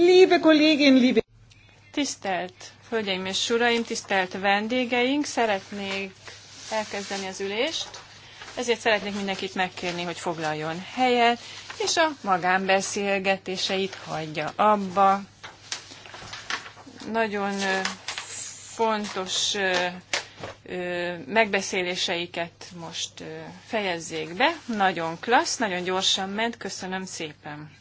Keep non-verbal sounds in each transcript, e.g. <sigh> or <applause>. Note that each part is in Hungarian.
Liebe Kollegin, liebe... Tisztelt Hölgyeim és Uraim, tisztelt vendégeink, szeretnék elkezdeni az ülést, ezért szeretnék mindenkit megkérni, hogy foglaljon helyet, és a magánbeszélgetéseit hagyja abba. Nagyon fontos megbeszéléseiket most fejezzék be. Nagyon klassz, nagyon gyorsan ment, köszönöm szépen.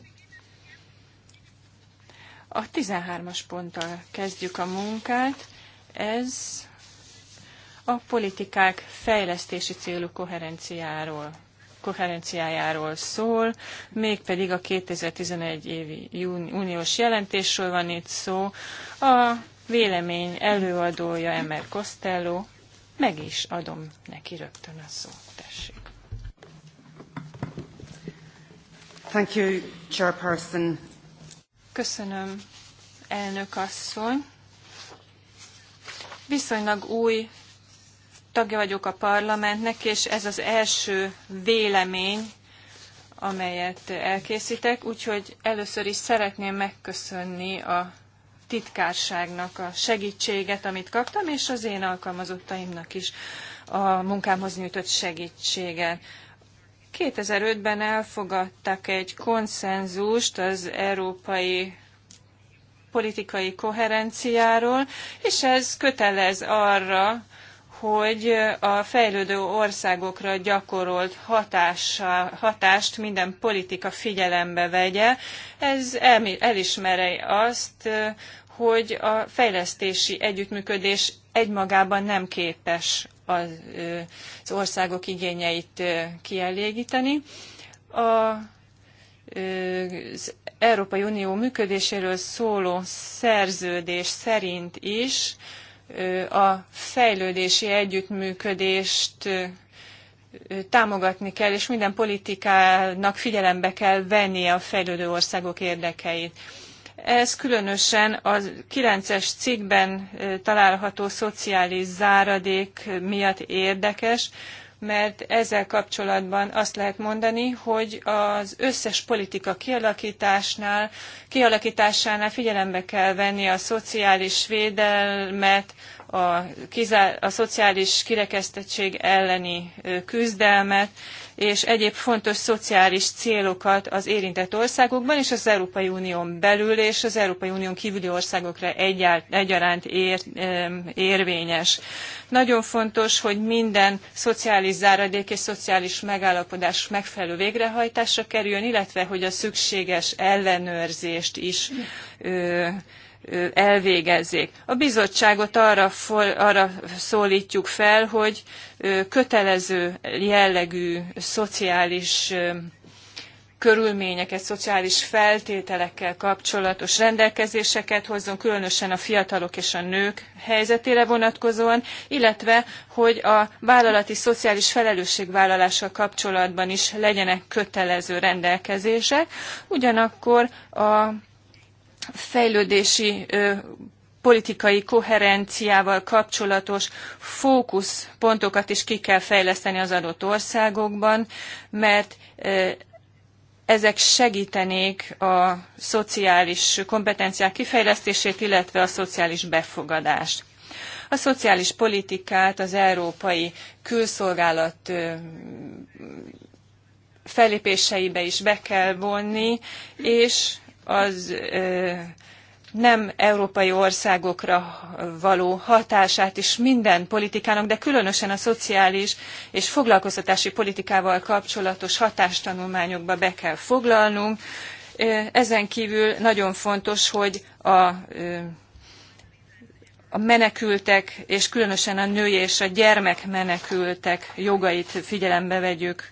A 13-as ponttal kezdjük a munkát. Ez a politikák fejlesztési célú koherenciáról koherenciájáról szól, mégpedig a 2011 évi uniós jelentésről van itt szó. A vélemény előadója Emer Costello, meg is adom neki rögtön a szót, tessék. Thank you, Chairperson. Köszönöm, elnök asszony. Viszonylag új tagja vagyok a parlamentnek, és ez az első vélemény, amelyet elkészítek, úgyhogy először is szeretném megköszönni a titkárságnak a segítséget, amit kaptam, és az én alkalmazottaimnak is a munkámhoz nyújtott segítséget. 2005-ben elfogadtak egy konszenzust az európai politikai koherenciáról, és ez kötelez arra, hogy a fejlődő országokra gyakorolt hatása, hatást minden politika figyelembe vegye. Ez elismeri azt, hogy a fejlesztési együttműködés egymagában nem képes az, országok igényeit kielégíteni. A, az Európai Unió működéséről szóló szerződés szerint is a fejlődési együttműködést támogatni kell, és minden politikának figyelembe kell vennie a fejlődő országok érdekeit. Ez különösen a 9-es cikkben található szociális záradék miatt érdekes, mert ezzel kapcsolatban azt lehet mondani, hogy az összes politika kialakításnál, kialakításánál figyelembe kell venni a szociális védelmet, a, kizá- a szociális kirekesztettség elleni küzdelmet, és egyéb fontos szociális célokat az érintett országokban és az Európai Unión belül és az Európai Unión kívüli országokra egyaránt ér, érvényes. Nagyon fontos, hogy minden szociális záradék és szociális megállapodás megfelelő végrehajtásra kerüljön, illetve hogy a szükséges ellenőrzést is ö, elvégezzék. A bizottságot arra, fol, arra szólítjuk fel, hogy kötelező jellegű szociális körülményeket, szociális feltételekkel kapcsolatos rendelkezéseket hozzon, különösen a fiatalok és a nők helyzetére vonatkozóan, illetve hogy a vállalati szociális felelősségvállalással kapcsolatban is legyenek kötelező rendelkezések. Ugyanakkor a fejlődési politikai koherenciával kapcsolatos fókuszpontokat is ki kell fejleszteni az adott országokban, mert ezek segítenék a szociális kompetenciák kifejlesztését, illetve a szociális befogadást. A szociális politikát az európai külszolgálat fellépéseibe is be kell vonni, és az nem európai országokra való hatását is minden politikának, de különösen a szociális és foglalkoztatási politikával kapcsolatos hatástanulmányokba be kell foglalnunk. Ezen kívül nagyon fontos, hogy a a menekültek, és különösen a női és a gyermekmenekültek jogait figyelembe vegyük,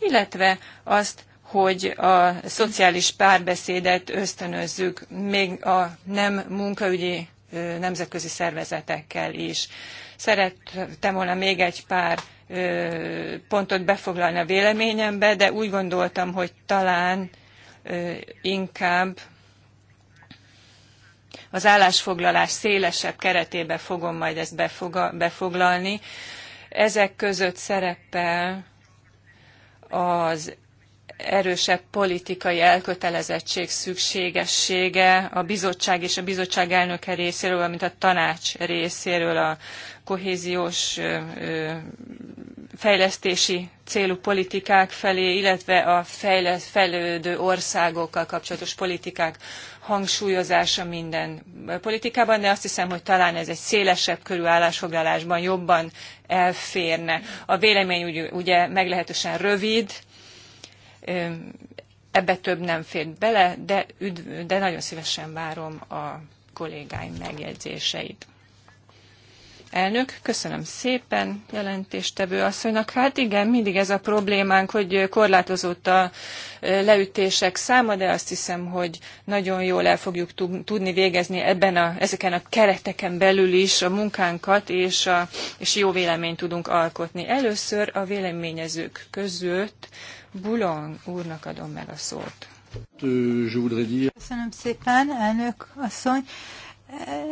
illetve azt, hogy a szociális párbeszédet ösztönözzük még a nem munkaügyi nemzetközi szervezetekkel is. Szerettem volna még egy pár pontot befoglalni a véleményembe, de úgy gondoltam, hogy talán inkább az állásfoglalás szélesebb keretébe fogom majd ezt befoglalni. Ezek között szerepel az erősebb politikai elkötelezettség szükségessége a bizottság és a bizottság elnöke részéről, valamint a tanács részéről a kohéziós fejlesztési célú politikák felé, illetve a fejlődő országokkal kapcsolatos politikák hangsúlyozása minden politikában, de azt hiszem, hogy talán ez egy szélesebb körű állásfoglalásban jobban elférne. A vélemény ugye meglehetősen rövid, Ebbe több nem fér bele, de, üdv, de nagyon szívesen várom a kollégáim megjegyzéseit. Elnök, köszönöm szépen jelentéstevő asszonynak. Hát igen, mindig ez a problémánk, hogy korlátozott a leütések száma, de azt hiszem, hogy nagyon jól el fogjuk tudni végezni ebben a, ezeken a kereteken belül is a munkánkat, és, a, és jó véleményt tudunk alkotni. Először a véleményezők között Bulon úrnak adom meg a szót. Köszönöm szépen, elnök asszony.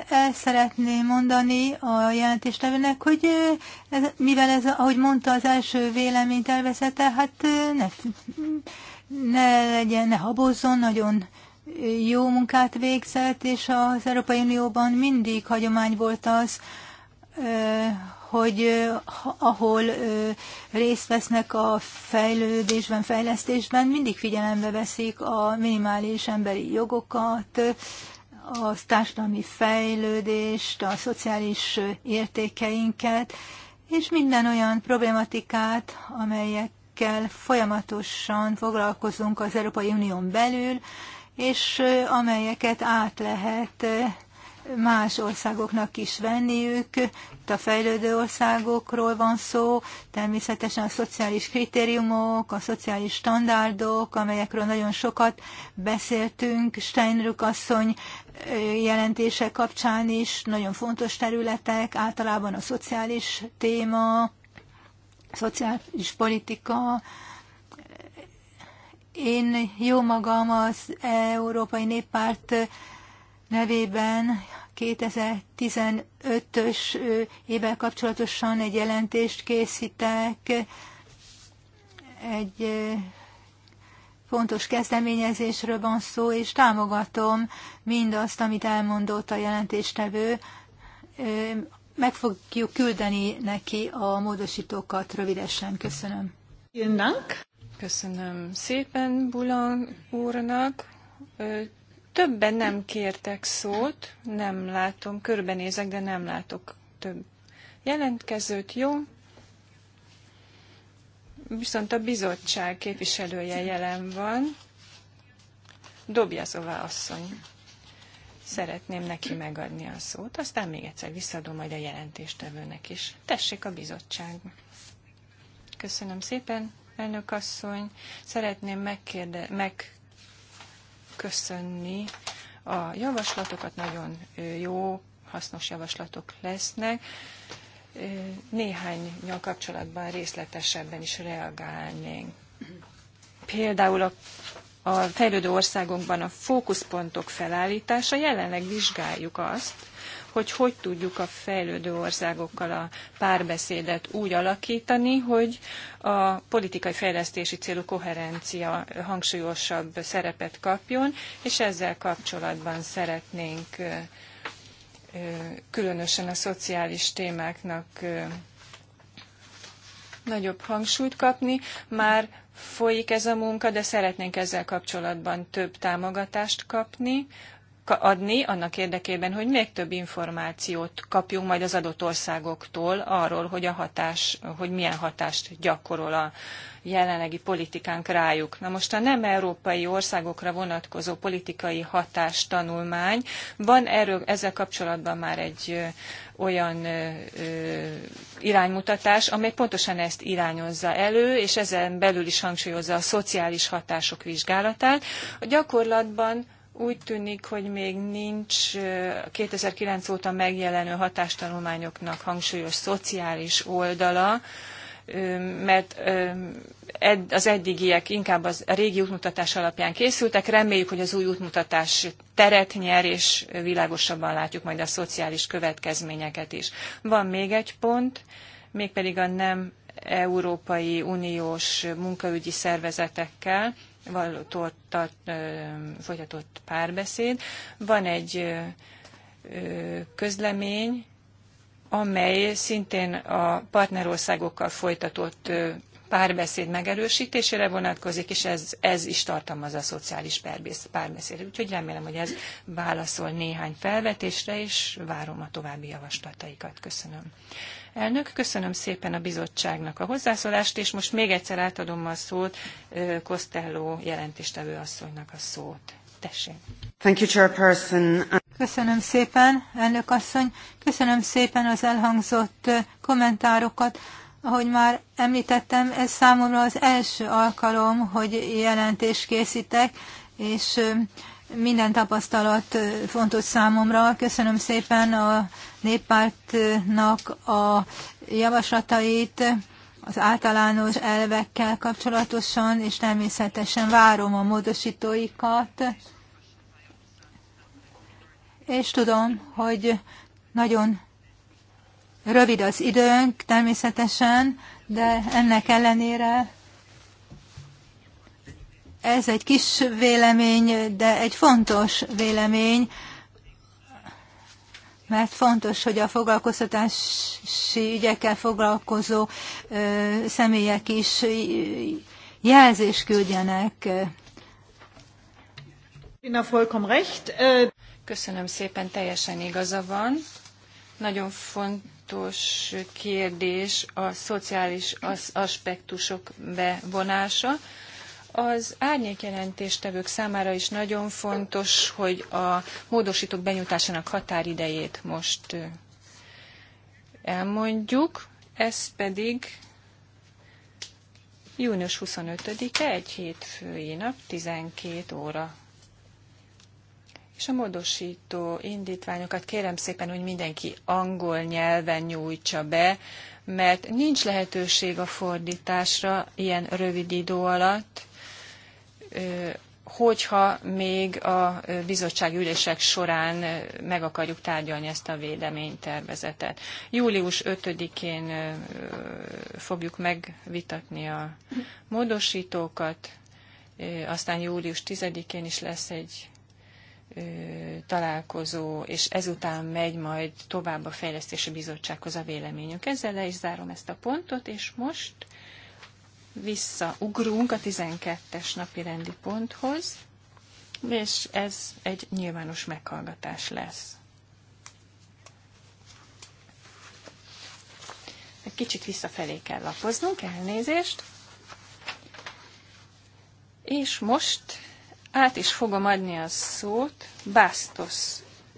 El szeretném mondani a jelentéstevőnek, hogy eh, ez, mivel ez, ahogy mondta, az első véleményt elveszette, hát eh, ne, ne legyen, ne habozzon, nagyon jó munkát végzett, és az Európai Unióban mindig hagyomány volt az, eh, hogy ahol részt vesznek a fejlődésben, fejlesztésben, mindig figyelembe veszik a minimális emberi jogokat, a társadalmi fejlődést, a szociális értékeinket, és minden olyan problematikát, amelyekkel folyamatosan foglalkozunk az Európai Unión belül, és amelyeket át lehet más országoknak is venniük. Itt a fejlődő országokról van szó, természetesen a szociális kritériumok, a szociális standardok, amelyekről nagyon sokat beszéltünk. Steinruck asszony jelentése kapcsán is nagyon fontos területek, általában a szociális téma, a szociális politika, én jó magam az Európai Néppárt nevében 2015-ös évvel kapcsolatosan egy jelentést készítek, egy fontos kezdeményezésről van szó, és támogatom mindazt, amit elmondott a jelentéstevő. Meg fogjuk küldeni neki a módosítókat rövidesen. Köszönöm. Köszönöm szépen Bulan úrnak Többen nem kértek szót, nem látom, körbenézek, de nem látok több jelentkezőt, jó? Viszont a bizottság képviselője jelen van. Dobjazová asszony. Szeretném neki megadni a szót, aztán még egyszer visszadom majd a jelentéstevőnek is. Tessék a bizottság. Köszönöm szépen, elnök asszony. Szeretném megkérde- meg köszönni a javaslatokat, nagyon jó, hasznos javaslatok lesznek. néhány kapcsolatban részletesebben is reagálnénk. Például a a fejlődő országokban a fókuszpontok felállítása, jelenleg vizsgáljuk azt, hogy hogy tudjuk a fejlődő országokkal a párbeszédet úgy alakítani, hogy a politikai fejlesztési célú koherencia hangsúlyosabb szerepet kapjon, és ezzel kapcsolatban szeretnénk különösen a szociális témáknak nagyobb hangsúlyt kapni. Már folyik ez a munka, de szeretnénk ezzel kapcsolatban több támogatást kapni adni annak érdekében, hogy még több információt kapjunk majd az adott országoktól arról, hogy a hatás, hogy milyen hatást gyakorol a jelenlegi politikánk rájuk. Na most a nem európai országokra vonatkozó politikai hatástanulmány, van erről ezzel kapcsolatban már egy olyan ö, iránymutatás, amely pontosan ezt irányozza elő, és ezen belül is hangsúlyozza a szociális hatások vizsgálatát. A gyakorlatban úgy tűnik, hogy még nincs 2009 eh, óta megjelenő hatástanulmányoknak hangsúlyos szociális oldala, mert az eddigiek inkább az, a régi útmutatás alapján készültek. Reméljük, hogy az új útmutatás teret nyer, és világosabban látjuk majd a szociális következményeket is. Van még egy pont, mégpedig a nem Európai Uniós munkaügyi szervezetekkel folytatott párbeszéd. Van egy közlemény, amely szintén a partnerországokkal folytatott párbeszéd megerősítésére vonatkozik, és ez, ez is tartalmazza a szociális párbeszédet. Úgyhogy remélem, hogy ez válaszol néhány felvetésre, és várom a további javaslataikat. Köszönöm. Elnök, köszönöm szépen a bizottságnak a hozzászólást, és most még egyszer átadom a szót Costello jelentéstevő asszonynak a szót. Tessék. Thank you, Chairperson. Köszönöm szépen, elnök asszony. Köszönöm szépen az elhangzott kommentárokat. Ahogy már említettem, ez számomra az első alkalom, hogy jelentést készítek, és minden tapasztalat fontos számomra. Köszönöm szépen a néppártnak a javaslatait az általános elvekkel kapcsolatosan, és természetesen várom a módosítóikat. És tudom, hogy nagyon rövid az időnk természetesen, de ennek ellenére ez egy kis vélemény, de egy fontos vélemény, mert fontos, hogy a foglalkoztatási ügyekkel foglalkozó ö, személyek is jelzést küldjenek. Köszönöm szépen, teljesen igaza van. Nagyon fontos kérdés a szociális aspektusok bevonása. Az árnyékjelentéstevők számára is nagyon fontos, hogy a módosítók benyújtásának határidejét most elmondjuk, ez pedig június 25-e, egy hétfői nap, 12 óra. És a módosító indítványokat kérem szépen, hogy mindenki angol nyelven nyújtsa be, mert nincs lehetőség a fordításra ilyen rövid idő alatt, hogyha még a bizottsági ülések során meg akarjuk tárgyalni ezt a véleménytervezetet. Július 5-én fogjuk megvitatni a módosítókat, aztán július 10-én is lesz egy találkozó, és ezután megy majd tovább a Fejlesztési Bizottsághoz a véleményünk. Ezzel le is zárom ezt a pontot, és most visszaugrunk a 12-es napi rendi ponthoz, és ez egy nyilvános meghallgatás lesz. Egy kicsit visszafelé kell lapoznunk, elnézést. És most át is fogom adni a szót Bastos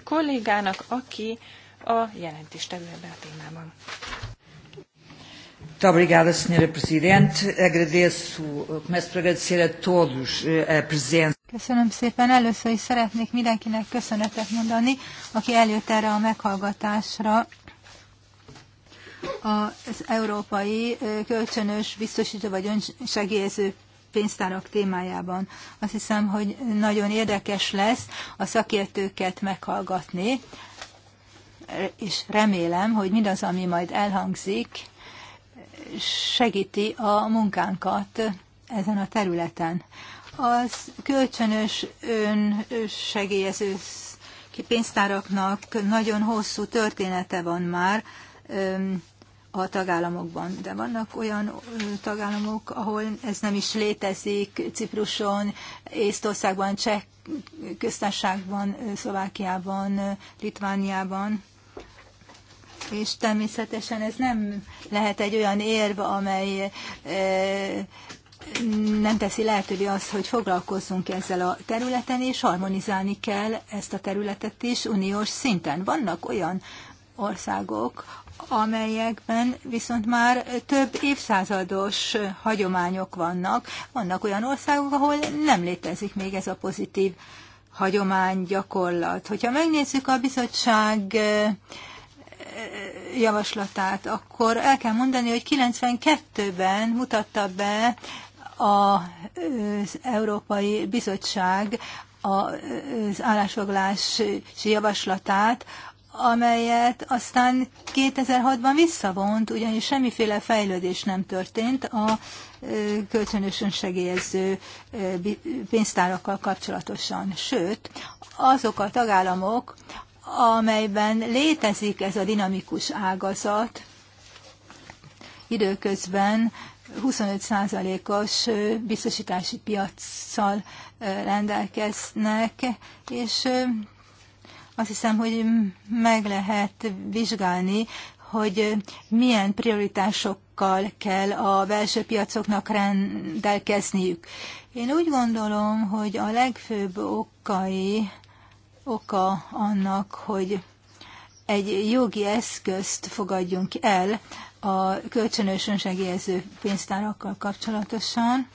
kollégának, aki a jelentéstevő ebben a témában. Muito obrigada, Sra. Presidente. Agradeço, eh, começo por agradecer a todos eh, a presença. Köszönöm szépen. Először is szeretnék mindenkinek köszönetet mondani, aki eljött erre a meghallgatásra az európai eh, kölcsönös biztosító vagy önsegélyező pénztárak témájában. Azt hiszem, hogy nagyon érdekes lesz a szakértőket meghallgatni, és remélem, hogy mindaz, ami majd elhangzik, segíti a munkánkat ezen a területen. Az kölcsönös önsegélyező pénztáraknak nagyon hosszú története van már a tagállamokban, de vannak olyan tagállamok, ahol ez nem is létezik, Cipruson, Észtországban, Cseh köztársaságban, Szlovákiában, Litvániában és természetesen ez nem lehet egy olyan érv, amely e, nem teszi lehetővé azt, hogy foglalkozzunk ezzel a területen, és harmonizálni kell ezt a területet is uniós szinten. Vannak olyan országok, amelyekben viszont már több évszázados hagyományok vannak. Vannak olyan országok, ahol nem létezik még ez a pozitív hagyomány, gyakorlat. Hogyha megnézzük a bizottság e, javaslatát, akkor el kell mondani, hogy 92-ben mutatta be az Európai Bizottság az állásfoglalási javaslatát, amelyet aztán 2006-ban visszavont, ugyanis semmiféle fejlődés nem történt a kölcsönösen segélyező pénztárakkal kapcsolatosan. Sőt, azok a tagállamok, amelyben létezik ez a dinamikus ágazat, időközben 25%-os biztosítási piacsal rendelkeznek, és azt hiszem, hogy meg lehet vizsgálni, hogy milyen prioritásokkal kell a belső piacoknak rendelkezniük. Én úgy gondolom, hogy a legfőbb okai oka annak, hogy egy jogi eszközt fogadjunk el a kölcsönös önsegélyező pénztárakkal kapcsolatosan,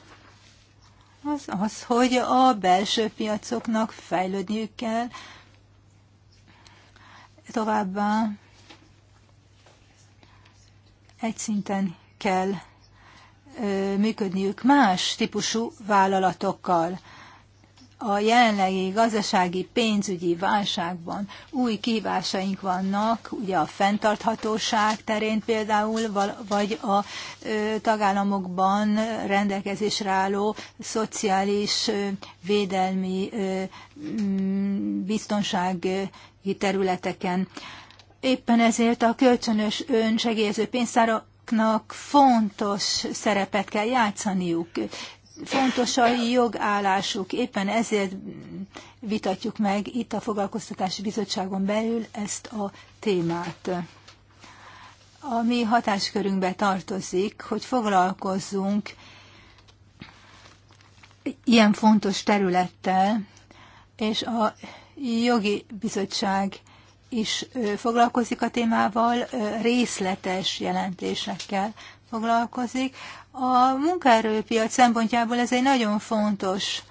az az, hogy a belső piacoknak fejlődniük kell, továbbá egy szinten kell működniük más típusú vállalatokkal a jelenlegi gazdasági pénzügyi válságban új kívásaink vannak, ugye a fenntarthatóság terén például, vagy a tagállamokban rendelkezésre álló szociális védelmi mm, biztonsági területeken. Éppen ezért a kölcsönös önsegélyező pénztáraknak fontos szerepet kell játszaniuk fontos a jogállásuk. Éppen ezért vitatjuk meg itt a Foglalkoztatási Bizottságon belül ezt a témát. A mi hatáskörünkbe tartozik, hogy foglalkozzunk ilyen fontos területtel, és a jogi bizottság is foglalkozik a témával, részletes jelentésekkel foglalkozik. A munkaerőpiac szempontjából ez egy nagyon fontos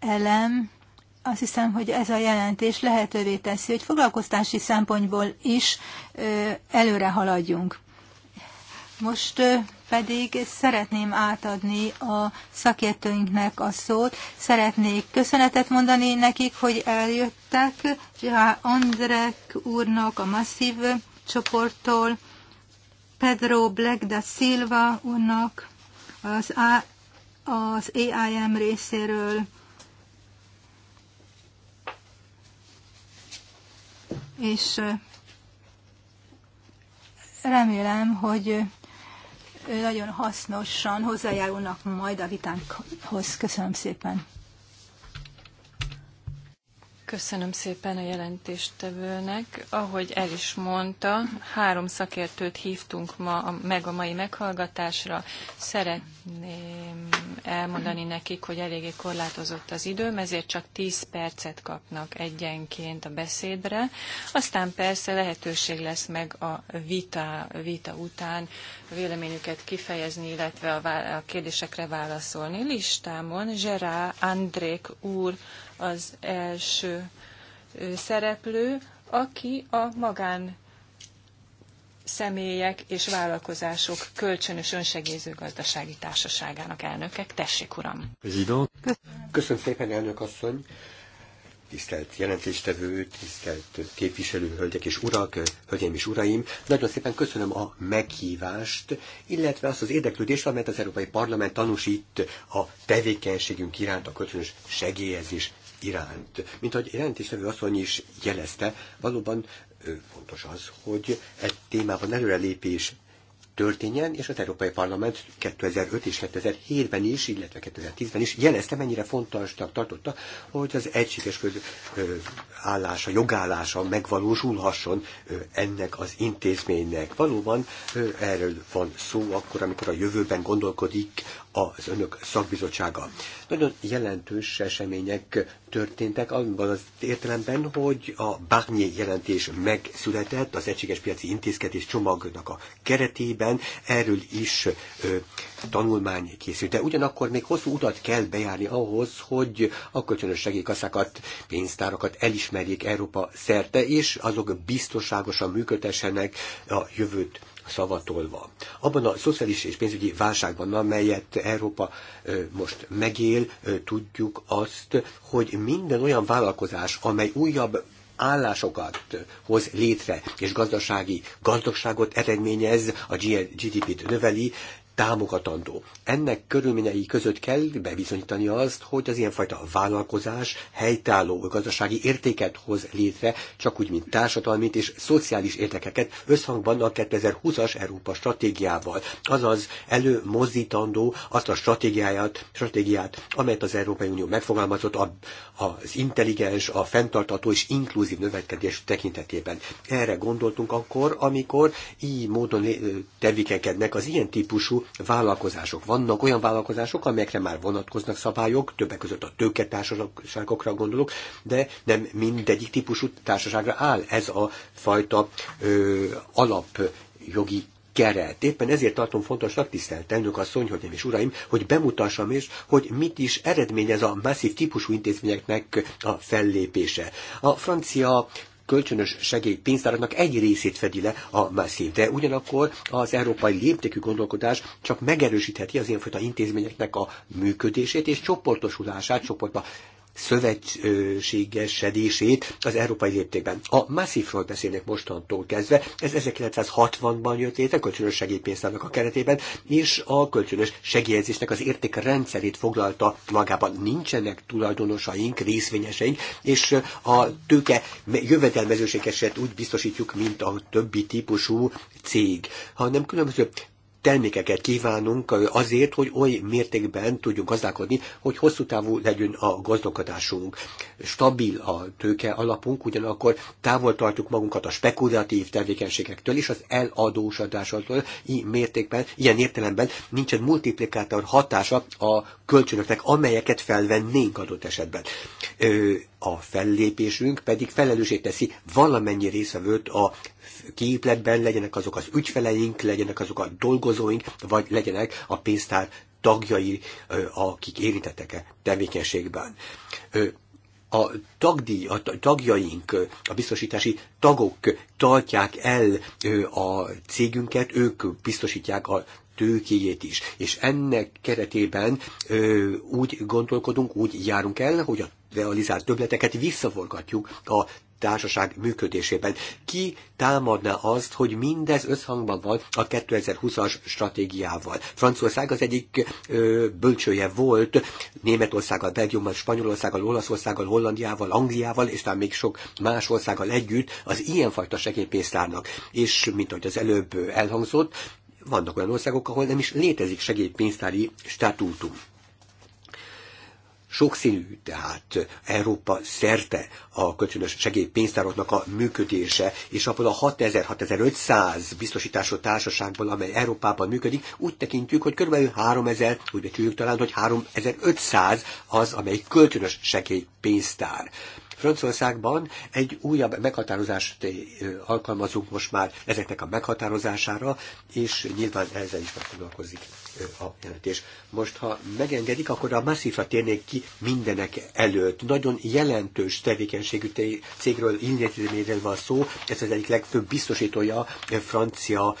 elem. Azt hiszem, hogy ez a jelentés lehetővé teszi, hogy foglalkoztási szempontból is előre haladjunk. Most pedig szeretném átadni a szakértőinknek a szót. Szeretnék köszönetet mondani nekik, hogy eljöttek. Andrek úrnak a masszív csoporttól, Pedro Black da Silva úrnak az, az AIM részéről, és remélem, hogy nagyon hasznosan hozzájárulnak majd a vitánkhoz. Köszönöm szépen! Köszönöm szépen a jelentéstevőnek. Ahogy el is mondta, három szakértőt hívtunk ma meg a mai meghallgatásra. Szeretném elmondani nekik, hogy eléggé korlátozott az időm, ezért csak 10 percet kapnak egyenként a beszédre. Aztán persze lehetőség lesz meg a vita, vita után a véleményüket kifejezni, illetve a, kérdésekre válaszolni. Listámon Gerard Andrék úr az első szereplő, aki a magán személyek és vállalkozások kölcsönös önsegéző gazdasági társaságának elnökek. Tessék, uram! Köszönöm szépen, elnök asszony! tisztelt jelentéstevő, tisztelt képviselő, hölgyek és urak, hölgyeim és uraim, nagyon szépen köszönöm a meghívást, illetve azt az érdeklődést, amelyet az Európai Parlament tanúsít a tevékenységünk iránt a kölcsönös segélyezés iránt. Mint ahogy jelentéstevő asszony is jelezte, valóban fontos az, hogy egy témában előrelépés történjen, és az Európai Parlament 2005 és 2007-ben is, illetve 2010-ben is jelezte, mennyire fontosnak tartotta, hogy az egységes állása, jogállása megvalósulhasson ennek az intézménynek. Valóban erről van szó akkor, amikor a jövőben gondolkodik az önök szakbizottsága. Nagyon jelentős események történtek abban az értelemben, hogy a Barnier jelentés megszületett az egységes piaci intézkedés csomagnak a keretében, erről is ö, tanulmány készült. De ugyanakkor még hosszú utat kell bejárni ahhoz, hogy a kölcsönös segélykasszákat, pénztárakat elismerjék Európa szerte, és azok biztonságosan működhessenek a jövőt szavatolva. Abban a szociális és pénzügyi válságban, amelyet Európa most megél, tudjuk azt, hogy minden olyan vállalkozás, amely újabb állásokat hoz létre, és gazdasági gazdagságot eredményez, a GDP-t növeli, támogatandó. Ennek körülményei között kell bebizonyítani azt, hogy az ilyenfajta vállalkozás helytálló gazdasági értéket hoz létre, csak úgy, mint társadalmi és szociális érdekeket összhangban a 2020-as Európa stratégiával. Azaz előmozdítandó azt a stratégiáját, stratégiát amelyet az Európai Unió megfogalmazott a, az intelligens, a fenntartató és inkluzív növekedés tekintetében. Erre gondoltunk akkor, amikor így módon eh, tevékenykednek az ilyen típusú vállalkozások. Vannak olyan vállalkozások, amelyekre már vonatkoznak szabályok, többek között a tőketársaságokra gondolok, de nem mindegyik típusú társaságra áll ez a fajta ö, alapjogi keret. Éppen ezért tartom fontosnak, tisztelt elnök asszony, hogy nem is uraim, hogy bemutassam is, hogy mit is eredményez a masszív típusú intézményeknek a fellépése. A francia kölcsönös segélypénztáraknak egy részét fedi le a masszív, de ugyanakkor az európai léptékű gondolkodás csak megerősítheti az ilyenfajta intézményeknek a működését és csoportosulását, csoportba szövetségesedését az európai léptékben. A masszívról beszélnek mostantól kezdve, ez 1960-ban jött létre, kölcsönös segélypénztárnak a keretében, és a kölcsönös segélyezésnek az rendszerét foglalta magában. Nincsenek tulajdonosaink, részvényeseink, és a tőke jövedelmezőségeset úgy biztosítjuk, mint a többi típusú cég, hanem különböző termékeket kívánunk azért, hogy oly mértékben tudjunk gazdálkodni, hogy hosszú távú legyen a gazdálkodásunk. Stabil a tőke alapunk, ugyanakkor távol tartjuk magunkat a spekulatív tevékenységektől és az eladósodásoktól, így mértékben, ilyen értelemben nincsen multiplikátor hatása a kölcsönöknek, amelyeket felvennénk adott esetben. a fellépésünk pedig felelősé teszi valamennyi részvevőt a képletben, legyenek azok az ügyfeleink, legyenek azok a dolgozóink, vagy legyenek a pénztár tagjai, akik érintettek -e tevékenységben. A tagdíj, a tagjaink, a biztosítási tagok tartják el a cégünket, ők biztosítják a tőkéjét is. És ennek keretében úgy gondolkodunk, úgy járunk el, hogy a realizált töbleteket visszaforgatjuk a társaság működésében. Ki támadna azt, hogy mindez összhangban van a 2020-as stratégiával? Franciaország az egyik ö, bölcsője volt Németországgal, Belgiummal, Spanyolországgal, Olaszországgal, Hollandiával, Angliával, és talán még sok más országgal együtt az ilyenfajta segélypénztárnak. És mint ahogy az előbb elhangzott, vannak olyan országok, ahol nem is létezik segélypénztári statútum sokszínű, tehát Európa szerte a kölcsönös segélypénztároknak a működése, és abból a 6000-6500 biztosítású társaságból, amely Európában működik, úgy tekintjük, hogy kb. 3000, úgy becsüljük talán, hogy 3500 az, amely kölcsönös segélypénztár. Franciaországban egy újabb meghatározást eh, alkalmazunk most már ezeknek a meghatározására, és nyilván ezzel is megfoglalkozik a jelentés. Most, ha megengedik, akkor a masszívra térnék ki mindenek előtt. Nagyon jelentős tevékenységű cégről, intézményről van szó, ez az egyik legfőbb biztosítója francia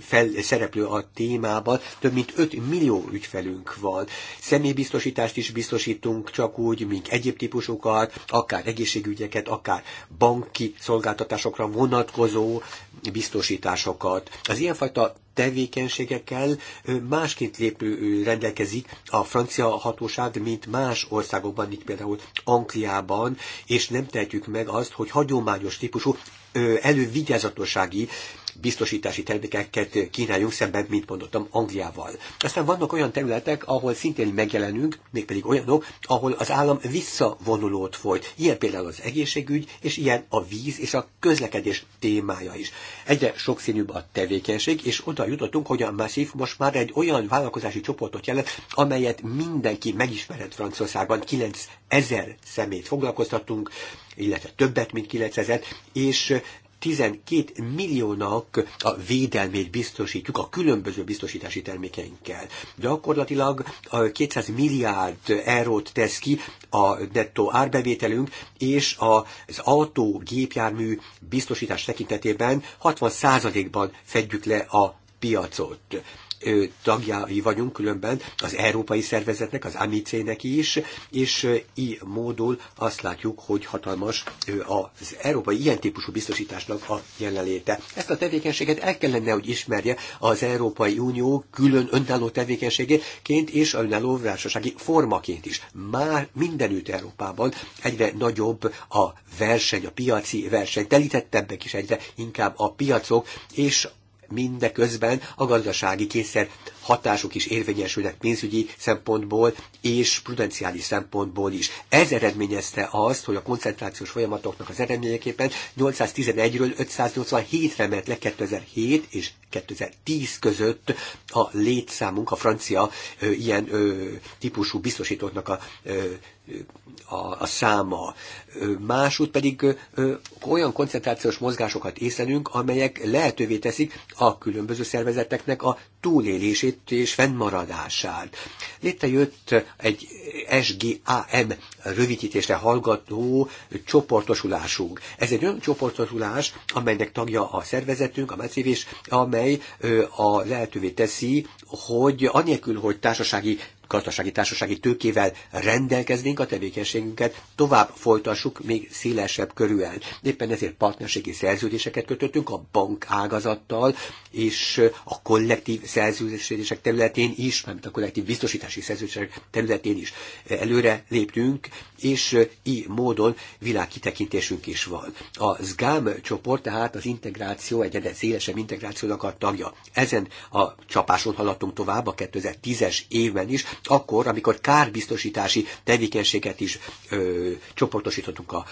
fel, szereplő a témában. Több mint 5 millió ügyfelünk van. Személybiztosítást is biztosítunk, csak úgy, mint egyéb típusokat, akár egészségügyeket, akár banki szolgáltatásokra vonatkozó biztosításokat. Az ilyenfajta tevékenységekkel másként lépő rendelkezik a francia hatóság, mint más országokban, mint például Angliában, és nem tehetjük meg azt, hogy hagyományos típusú elővigyázatossági biztosítási termékeket kínáljunk szemben, mint mondottam, Angliával. Aztán vannak olyan területek, ahol szintén megjelenünk, mégpedig olyanok, ahol az állam visszavonulót folyt. Ilyen például az egészségügy, és ilyen a víz és a közlekedés témája is. Egyre sokszínűbb a tevékenység, és oda jutottunk, hogy a Massif most már egy olyan vállalkozási csoportot jelent, amelyet mindenki megismerhet Franciaországban. 9000 szemét foglalkoztatunk, illetve többet, mint 9000, és 12 milliónak a védelmét biztosítjuk a különböző biztosítási termékeinkkel. Gyakorlatilag 200 milliárd eurót tesz ki a nettó árbevételünk, és az autó gépjármű biztosítás tekintetében 60 ban fedjük le a piacot tagjai vagyunk különben az európai szervezetnek, az AMIC-nek is, és így módul azt látjuk, hogy hatalmas az európai ilyen típusú biztosításnak a jelenléte. Ezt a tevékenységet el kellene, hogy ismerje az Európai Unió külön önálló tevékenységeként és önálló társasági formaként is. Már mindenütt Európában egyre nagyobb a verseny, a piaci verseny, telítettebbek is egyre inkább a piacok, és mindeközben a gazdasági kényszer hatásuk is érvényesülnek pénzügyi szempontból és prudenciális szempontból is. Ez eredményezte azt, hogy a koncentrációs folyamatoknak az eredményeképpen 811-ről 587-re ment le 2007 és 2010 között a létszámunk, a francia ö, ilyen ö, típusú biztosítóknak a ö, a, a száma. Másút pedig ö, olyan koncentrációs mozgásokat észlelünk, amelyek lehetővé teszik a különböző szervezeteknek a túlélését együttműködés fennmaradását. Létrejött egy SGAM rövidítésre hallgató csoportosulásunk. Ez egy olyan csoportosulás, amelynek tagja a szervezetünk, a MECIV, és amely a lehetővé teszi, hogy anélkül, hogy társasági gazdasági társasági tőkével rendelkeznénk, a tevékenységünket tovább folytassuk még szélesebb körűen. Éppen ezért partnerségi szerződéseket kötöttünk a bank ágazattal, és a kollektív szerződések területén is, mert a kollektív biztosítási szerződések területén is előre léptünk, és így módon világkitekintésünk is van. A SGAM csoport tehát az integráció, egy egyre szélesebb integrációnak a tagja. Ezen a csapáson haladtunk tovább a 2010-es évben is, akkor, amikor kárbiztosítási tevékenységet is ö, csoportosítottunk a,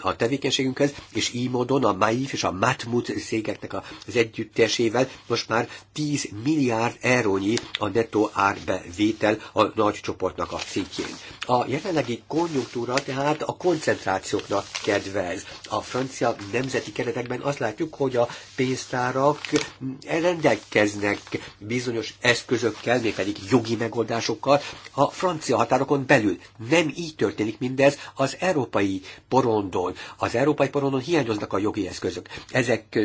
a tevékenységünkhez, és így módon a MAIF és a MATMUT szégeknek az együttesével most már 10 milliárd eurónyi a nettó árbevétel a nagy csoportnak a székjén. A jelenlegi konjunktúra tehát a koncentrációknak kedvez. A francia nemzeti keretekben azt látjuk, hogy a pénztárak rendelkeznek bizonyos eszközökkel, mégpedig jogi megoldásokkal, ha a francia határokon belül. Nem így történik mindez az európai porondon. Az európai porondon hiányoznak a jogi eszközök. Ezek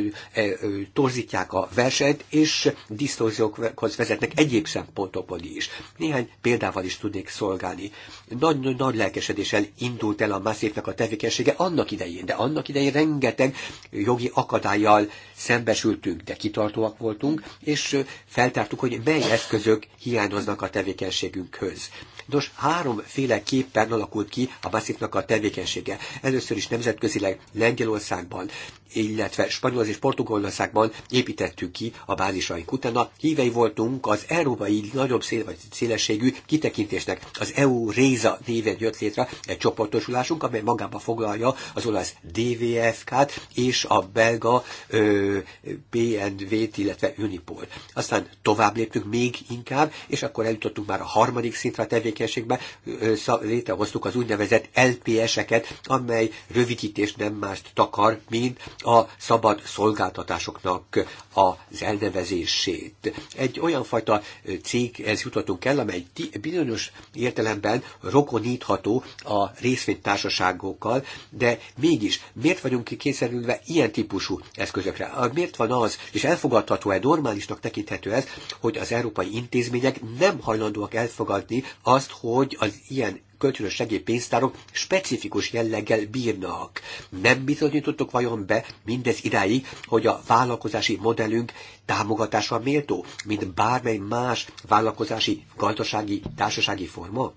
torzítják a versenyt, és disztorziókhoz vezetnek egyéb szempontokból is. Néhány példával is tudnék szolgálni nagy, nagy, nagy lelkesedéssel indult el a Masszépnek a tevékenysége annak idején, de annak idején rengeteg jogi akadályjal szembesültünk, de kitartóak voltunk, és feltártuk, hogy mely eszközök hiányoznak a tevékenységünkhöz. Nos, háromféleképpen alakult ki a Masszépnak a tevékenysége. Először is nemzetközileg Lengyelországban, illetve Spanyol és Portugálországban építettük ki a bázisaink. Utána hívei voltunk az európai nagyobb szél, vagy szélességű kitekintésnek, az EU rész TISA néven jött létre egy csoportosulásunk, amely magába foglalja az olasz DVFK-t és a belga ö, PNV-t, illetve Unipol. Aztán tovább léptünk még inkább, és akkor eljutottunk már a harmadik szintre a tevékenységbe, ö, létrehoztuk az úgynevezett LPS-eket, amely rövidítés nem mást takar, mint a szabad szolgáltatásoknak az elnevezését. Egy olyan fajta céghez jutottunk el, amely bizonyos értelemben rokonítható a részvénytársaságokkal, de mégis miért vagyunk kényszerülve ilyen típusú eszközökre? Miért van az, és elfogadható-e, normálisnak tekinthető ez, hogy az európai intézmények nem hajlandóak elfogadni azt, hogy az ilyen kölcsönös segélypénztárok specifikus jelleggel bírnak. Nem bizonyítottuk vajon be mindez idáig, hogy a vállalkozási modellünk támogatásra méltó, mint bármely más vállalkozási, gazdasági, társasági forma?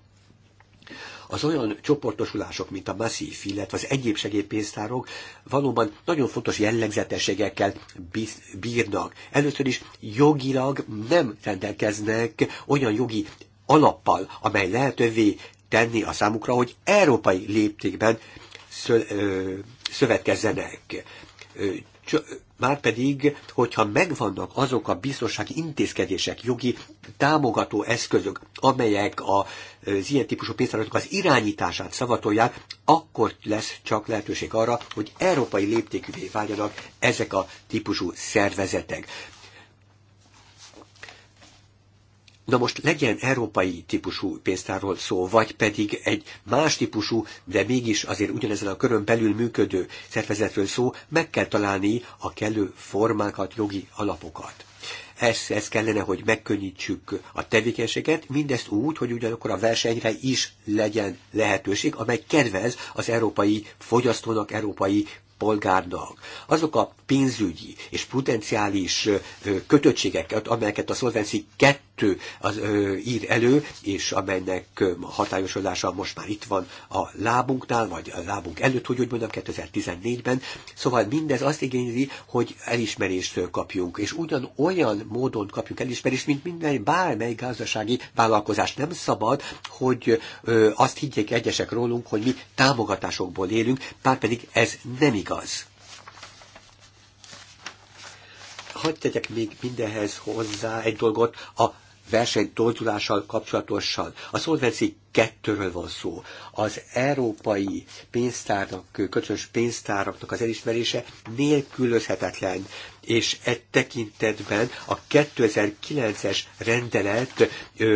Az olyan csoportosulások, mint a masszív, illetve az egyéb segélypénztárok valóban nagyon fontos jellegzetességekkel bírnak. Először is jogilag nem rendelkeznek olyan jogi alappal, amely lehetővé tenni a számukra, hogy európai léptékben szövetkezzenek Márpedig, hogyha megvannak azok a biztonsági intézkedések, jogi támogató eszközök, amelyek az ilyen típusú pénztárosok az irányítását szavatolják, akkor lesz csak lehetőség arra, hogy európai léptékűvé váljanak ezek a típusú szervezetek. Na most legyen európai típusú pénztárról szó, vagy pedig egy más típusú, de mégis azért ugyanezen a körön belül működő szervezetről szó, meg kell találni a kellő formákat, jogi alapokat. Ez, ez kellene, hogy megkönnyítsük a tevékenységet, mindezt úgy, hogy ugyanakkor a versenyre is legyen lehetőség, amely kedvez az európai fogyasztónak, európai polgárnak. Azok a pénzügyi és prudenciális kötöttségek, amelyeket a Solvency 2 az, ö, ír elő, és amelynek hatályosodása most már itt van a lábunknál, vagy a lábunk előtt, hogy úgy mondjam, 2014-ben. Szóval mindez azt igényli, hogy elismerést kapjunk, és ugyan olyan módon kapjuk elismerést, mint minden bármely gazdasági vállalkozás. Nem szabad, hogy ö, azt higgyék egyesek rólunk, hogy mi támogatásokból élünk, bár pedig ez nem igaz igaz. Hadd tegyek még mindenhez hozzá egy dolgot a versenytordulással kapcsolatosan. A szolvenci kettőről van szó. Az európai pénztárnak, kötős pénztáraknak az elismerése nélkülözhetetlen és egy tekintetben a 2009-es rendelet,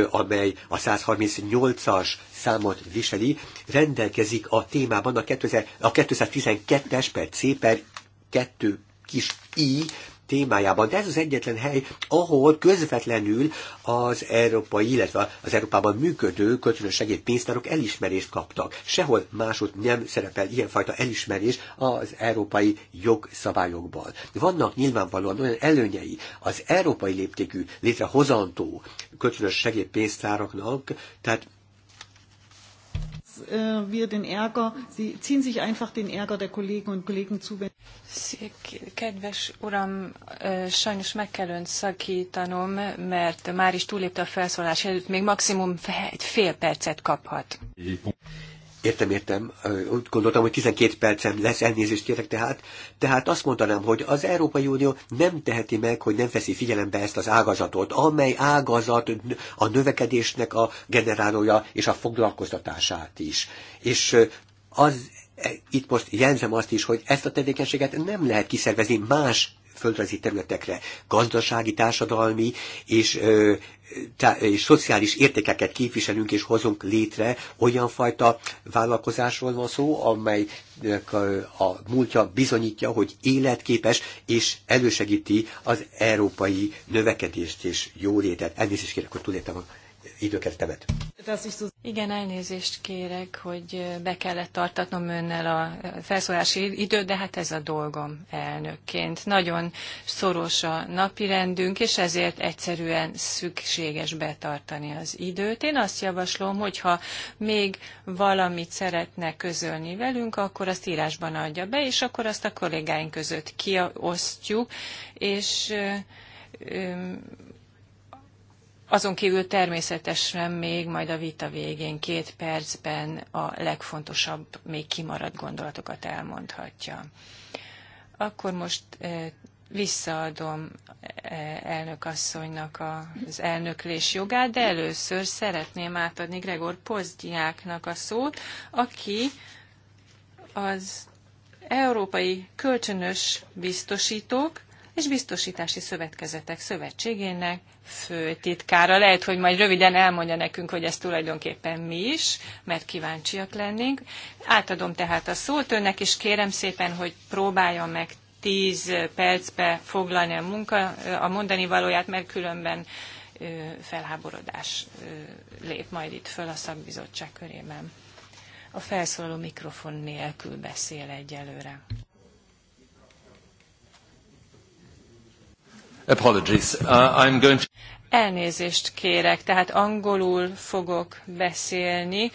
amely a 138-as számot viseli, rendelkezik a témában a, 2012 a 212-es per C per 2 kis i témájában, de ez az egyetlen hely, ahol közvetlenül az európai, illetve az Európában működő kölcsönös segédpénztárok elismerést kaptak. Sehol másod nem szerepel ilyenfajta elismerés az európai jogszabályokban. Vannak nyilvánvalóan olyan előnyei az európai léptékű létrehozantó kölcsönös segédpénztáraknak, tehát Äh, wir den Ärger, Sie ziehen sich einfach den Ärger der Kollegen und Kollegen zu. Kedves uram, sajnos meg kell önt szakítanom, mert már is túlépte a felszólás előtt, még maximum egy fél percet kaphat. Értem, értem. Úgy gondoltam, hogy 12 percem lesz, elnézést kérek tehát. Tehát azt mondanám, hogy az Európai Unió nem teheti meg, hogy nem veszi figyelembe ezt az ágazatot, amely ágazat a növekedésnek a generálója és a foglalkoztatását is. És az e, itt most jelzem azt is, hogy ezt a tevékenységet nem lehet kiszervezni más földrajzi területekre gazdasági, társadalmi és és szociális értékeket képviselünk és hozunk létre, olyan fajta vállalkozásról van szó, amely a múltja bizonyítja, hogy életképes és elősegíti az európai növekedést és jólétet. Elnézést kérek, hogy túléltem az időkeretemet. Igen, elnézést kérek, hogy be kellett tartatnom önnel a felszólási időt, de hát ez a dolgom elnökként. Nagyon szoros a rendünk, és ezért egyszerűen szükséges betartani az időt. Én azt javaslom, hogyha még valamit szeretne közölni velünk, akkor azt írásban adja be, és akkor azt a kollégáink között kiosztjuk, és azon kívül természetesen még majd a vita végén két percben a legfontosabb, még kimaradt gondolatokat elmondhatja. Akkor most eh, visszaadom eh, elnök asszonynak az elnöklés jogát, de először szeretném átadni Gregor Pozdiáknak a szót, aki az európai kölcsönös biztosítók és biztosítási szövetkezetek szövetségének főtitkára. Lehet, hogy majd röviden elmondja nekünk, hogy ez tulajdonképpen mi is, mert kíváncsiak lennénk. Átadom tehát a szót önnek, és kérem szépen, hogy próbálja meg 10 percbe foglalni a, munka, a mondani valóját, mert különben felháborodás lép majd itt föl a szakbizottság körében. A felszóló mikrofon nélkül beszél egyelőre. Apologies. Uh, I'm going to... Elnézést kérek, tehát angolul fogok beszélni.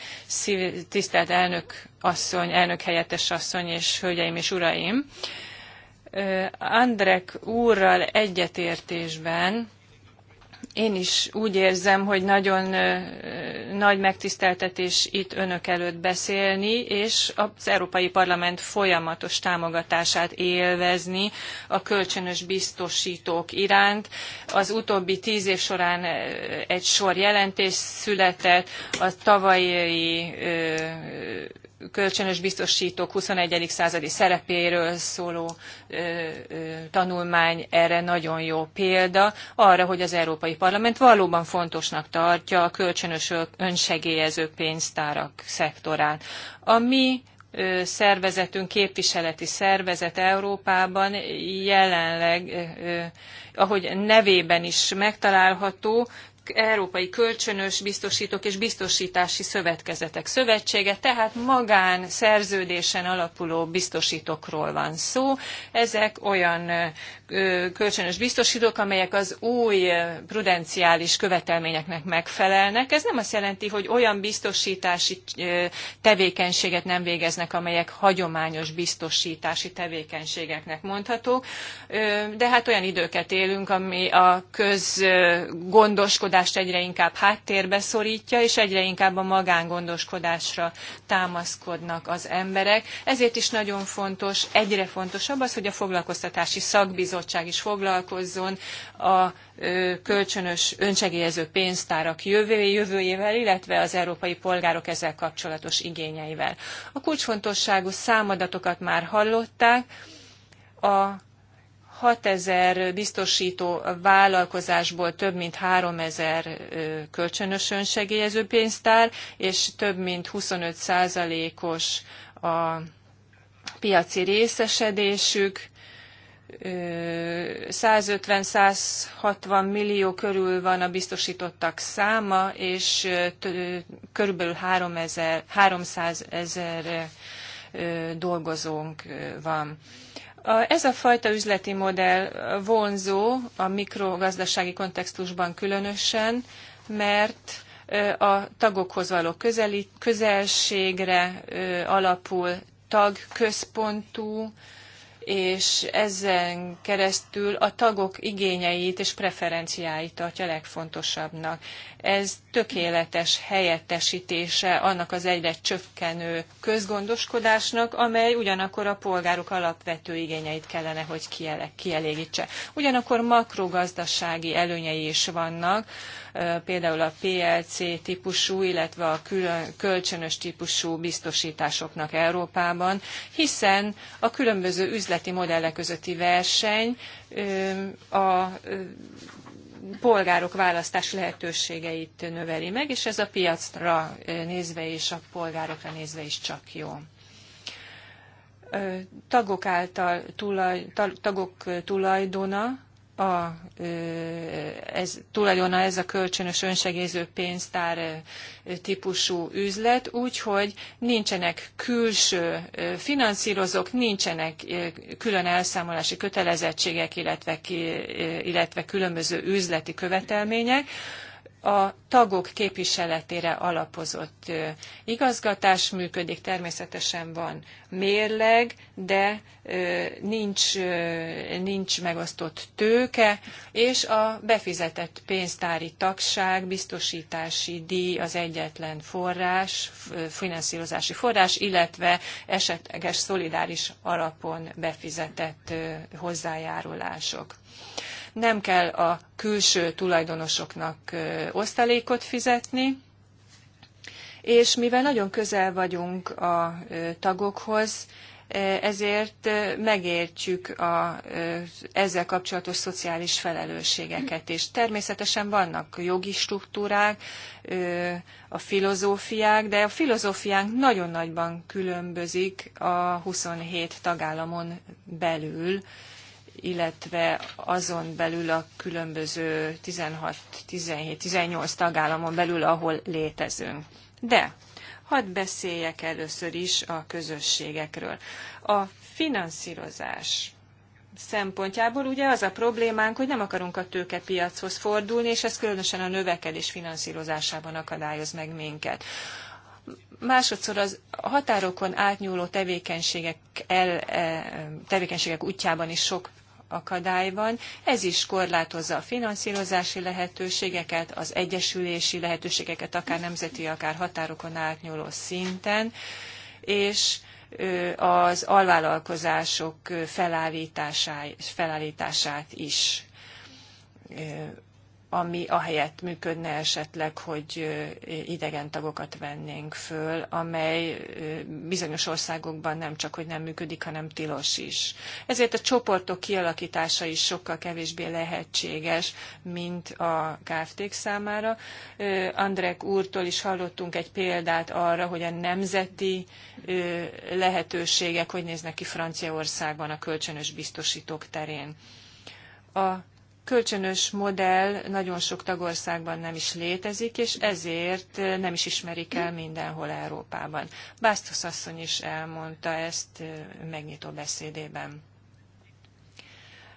Tisztelt elnök asszony, elnök helyettes asszony és hölgyeim és uraim! Andrek úrral egyetértésben én is úgy érzem, hogy nagyon nagy megtiszteltetés itt önök előtt beszélni, és az Európai Parlament folyamatos támogatását élvezni a kölcsönös biztosítók iránt. Az utóbbi tíz év során egy sor jelentés született, a tavalyi kölcsönös biztosítók 21. századi szerepéről szóló ö, ö, tanulmány erre nagyon jó példa, arra, hogy az Európai Parlament valóban fontosnak tartja a kölcsönös önsegélyező pénztárak szektorát. A mi ö, szervezetünk, képviseleti szervezet Európában jelenleg, ahogy nevében is megtalálható, európai kölcsönös biztosítók és biztosítási szövetkezetek szövetsége, tehát magán szerződésen alapuló biztosítókról van szó. Ezek olyan kölcsönös biztosítók, amelyek az új prudenciális követelményeknek megfelelnek. Ez nem azt jelenti, hogy olyan biztosítási tevékenységet nem végeznek, amelyek hagyományos biztosítási tevékenységeknek mondhatók, de hát olyan időket élünk, ami a közgondoskodást egyre inkább háttérbe szorítja, és egyre inkább a magángondoskodásra támaszkodnak az emberek. Ezért is nagyon fontos, egyre fontosabb az, hogy a foglalkoztatási szakbizottság bizottság is foglalkozzon a kölcsönös önsegélyező pénztárak jövőjével, illetve az európai polgárok ezzel kapcsolatos igényeivel. A kulcsfontosságú számadatokat már hallották. A 6000 biztosító vállalkozásból több mint 3000 kölcsönös önsegélyező pénztár, és több mint 25 százalékos a piaci részesedésük, 150-160 millió körül van a biztosítottak száma, és körülbelül 3000, 300 ezer dolgozónk van. Ez a fajta üzleti modell vonzó a mikrogazdasági kontextusban különösen, mert a tagokhoz való közeli, közelségre alapul tagközpontú, és ezen keresztül a tagok igényeit és preferenciáit tartja legfontosabbnak. Ez tökéletes helyettesítése annak az egyre csökkenő közgondoskodásnak, amely ugyanakkor a polgárok alapvető igényeit kellene, hogy kielégítse. Ugyanakkor makrogazdasági előnyei is vannak, például a PLC típusú, illetve a külön, kölcsönös típusú biztosításoknak Európában, hiszen a különböző üzleti modellek közötti verseny a polgárok választási lehetőségeit növeli meg, és ez a piacra nézve és a polgárokra nézve is csak jó tagok által tulaj, tagok tulajdona a, ez, tulajdona ez a kölcsönös önsegéző pénztár típusú üzlet, úgyhogy nincsenek külső finanszírozók, nincsenek külön elszámolási kötelezettségek, illetve, illetve különböző üzleti követelmények, a tagok képviseletére alapozott igazgatás működik, természetesen van mérleg, de nincs, nincs megosztott tőke, és a befizetett pénztári tagság, biztosítási díj az egyetlen forrás, finanszírozási forrás, illetve esetleges szolidáris alapon befizetett hozzájárulások nem kell a külső tulajdonosoknak osztalékot fizetni, és mivel nagyon közel vagyunk a tagokhoz, ezért megértjük a ezzel kapcsolatos szociális felelősségeket is. Természetesen vannak jogi struktúrák, a filozófiák, de a filozófiánk nagyon nagyban különbözik a 27 tagállamon belül illetve azon belül a különböző 16, 17, 18 tagállamon belül, ahol létezünk. De hadd beszéljek először is a közösségekről. A finanszírozás szempontjából ugye az a problémánk, hogy nem akarunk a tőkepiachoz fordulni, és ez különösen a növekedés finanszírozásában akadályoz meg minket. Másodszor az határokon átnyúló tevékenységek, el, eh, tevékenységek útjában is sok akadály van. Ez is korlátozza a finanszírozási lehetőségeket, az egyesülési lehetőségeket, akár nemzeti, akár határokon átnyúló szinten, és az alvállalkozások felállítását is ami ahelyett működne esetleg, hogy idegen tagokat vennénk föl, amely bizonyos országokban nem csak, hogy nem működik, hanem tilos is. Ezért a csoportok kialakítása is sokkal kevésbé lehetséges, mint a kft számára. Andrek úrtól is hallottunk egy példát arra, hogy a nemzeti lehetőségek hogy néznek ki Franciaországban a kölcsönös biztosítók terén. A kölcsönös modell nagyon sok tagországban nem is létezik, és ezért eh, nem is ismerik el mindenhol Európában. Básztusz asszony is elmondta ezt eh, megnyitó beszédében.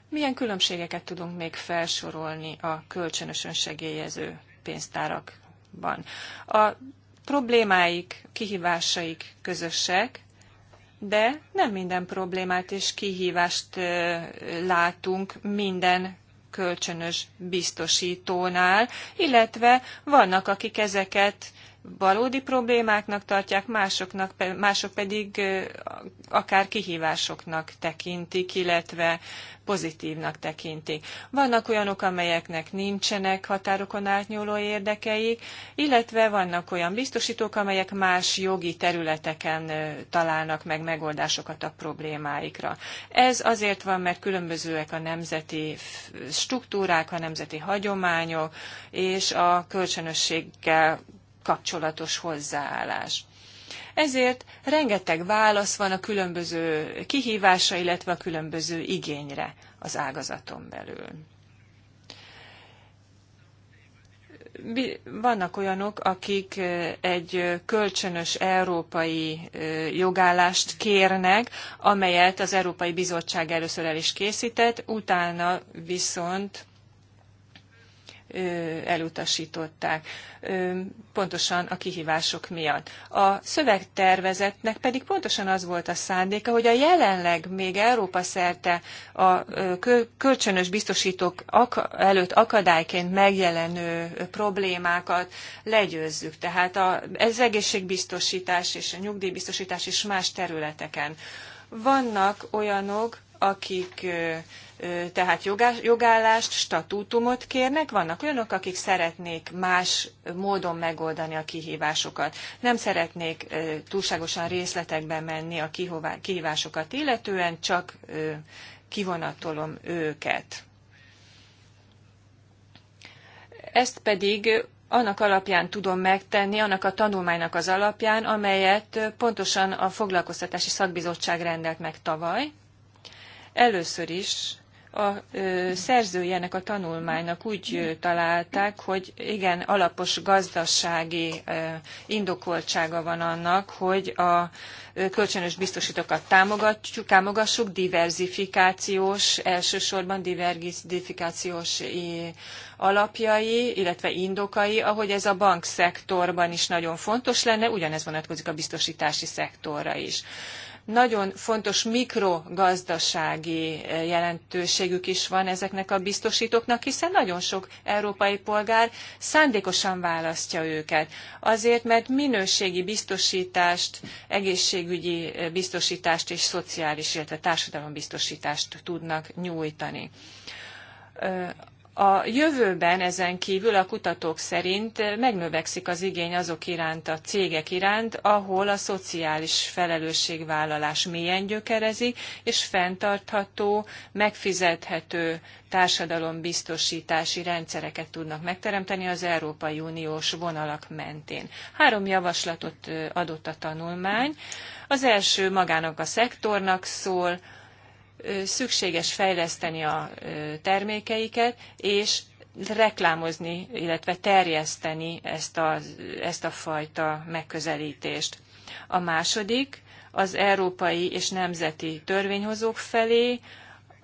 Milyen különbségeket tudunk még felsorolni a kölcsönös önsegélyező pénztárakban? A problémáik, kihívásaik közösek, de nem minden problémát és kihívást eh, látunk minden kölcsönös biztosítónál, illetve vannak, akik ezeket valódi problémáknak tartják, másoknak, mások pedig akár kihívásoknak tekintik, illetve pozitívnak tekintik. Vannak olyanok, amelyeknek nincsenek határokon átnyúló érdekeik, illetve vannak olyan biztosítók, amelyek más jogi területeken találnak meg megoldásokat a problémáikra. Ez azért van, mert különbözőek a nemzeti struktúrák, a nemzeti hagyományok, és a kölcsönösséggel kapcsolatos hozzáállás. Ezért rengeteg válasz van a különböző kihívása, illetve a különböző igényre az ágazaton belül. Vannak olyanok, akik egy kölcsönös európai jogállást kérnek, amelyet az Európai Bizottság először el is készített, utána viszont elutasították, pontosan a kihívások miatt. A szövegtervezetnek pedig pontosan az volt a szándéka, hogy a jelenleg még Európa szerte a kölcsönös biztosítók előtt akadályként megjelenő problémákat legyőzzük. Tehát az egészségbiztosítás és a nyugdíjbiztosítás és más területeken. Vannak olyanok, akik tehát jogállást, statútumot kérnek. Vannak olyanok, akik szeretnék más módon megoldani a kihívásokat. Nem szeretnék túlságosan részletekbe menni a kihívásokat illetően, csak kivonatolom őket. Ezt pedig annak alapján tudom megtenni, annak a tanulmánynak az alapján, amelyet pontosan a foglalkoztatási szakbizottság rendelt meg tavaly. Először is a szerzőjének a tanulmánynak úgy találták, hogy igen, alapos gazdasági indokoltsága van annak, hogy a kölcsönös biztosítókat támogatjuk, támogassuk, diverzifikációs, elsősorban diverzifikációs alapjai, illetve indokai, ahogy ez a bankszektorban is nagyon fontos lenne, ugyanez vonatkozik a biztosítási szektorra is. Nagyon fontos mikrogazdasági eh, jelentőségük is van ezeknek a biztosítóknak, hiszen nagyon sok európai polgár szándékosan választja őket. Azért, mert minőségi biztosítást, egészségügyi eh, biztosítást és szociális, illetve társadalombiztosítást tudnak nyújtani eh, a jövőben ezen kívül a kutatók szerint megnövekszik az igény azok iránt, a cégek iránt, ahol a szociális felelősségvállalás mélyen gyökerezi, és fenntartható, megfizethető társadalombiztosítási rendszereket tudnak megteremteni az Európai Uniós vonalak mentén. Három javaslatot adott a tanulmány. Az első magának a szektornak szól, szükséges fejleszteni a termékeiket, és reklámozni, illetve terjeszteni ezt a, ezt a fajta megközelítést. A második az európai és nemzeti törvényhozók felé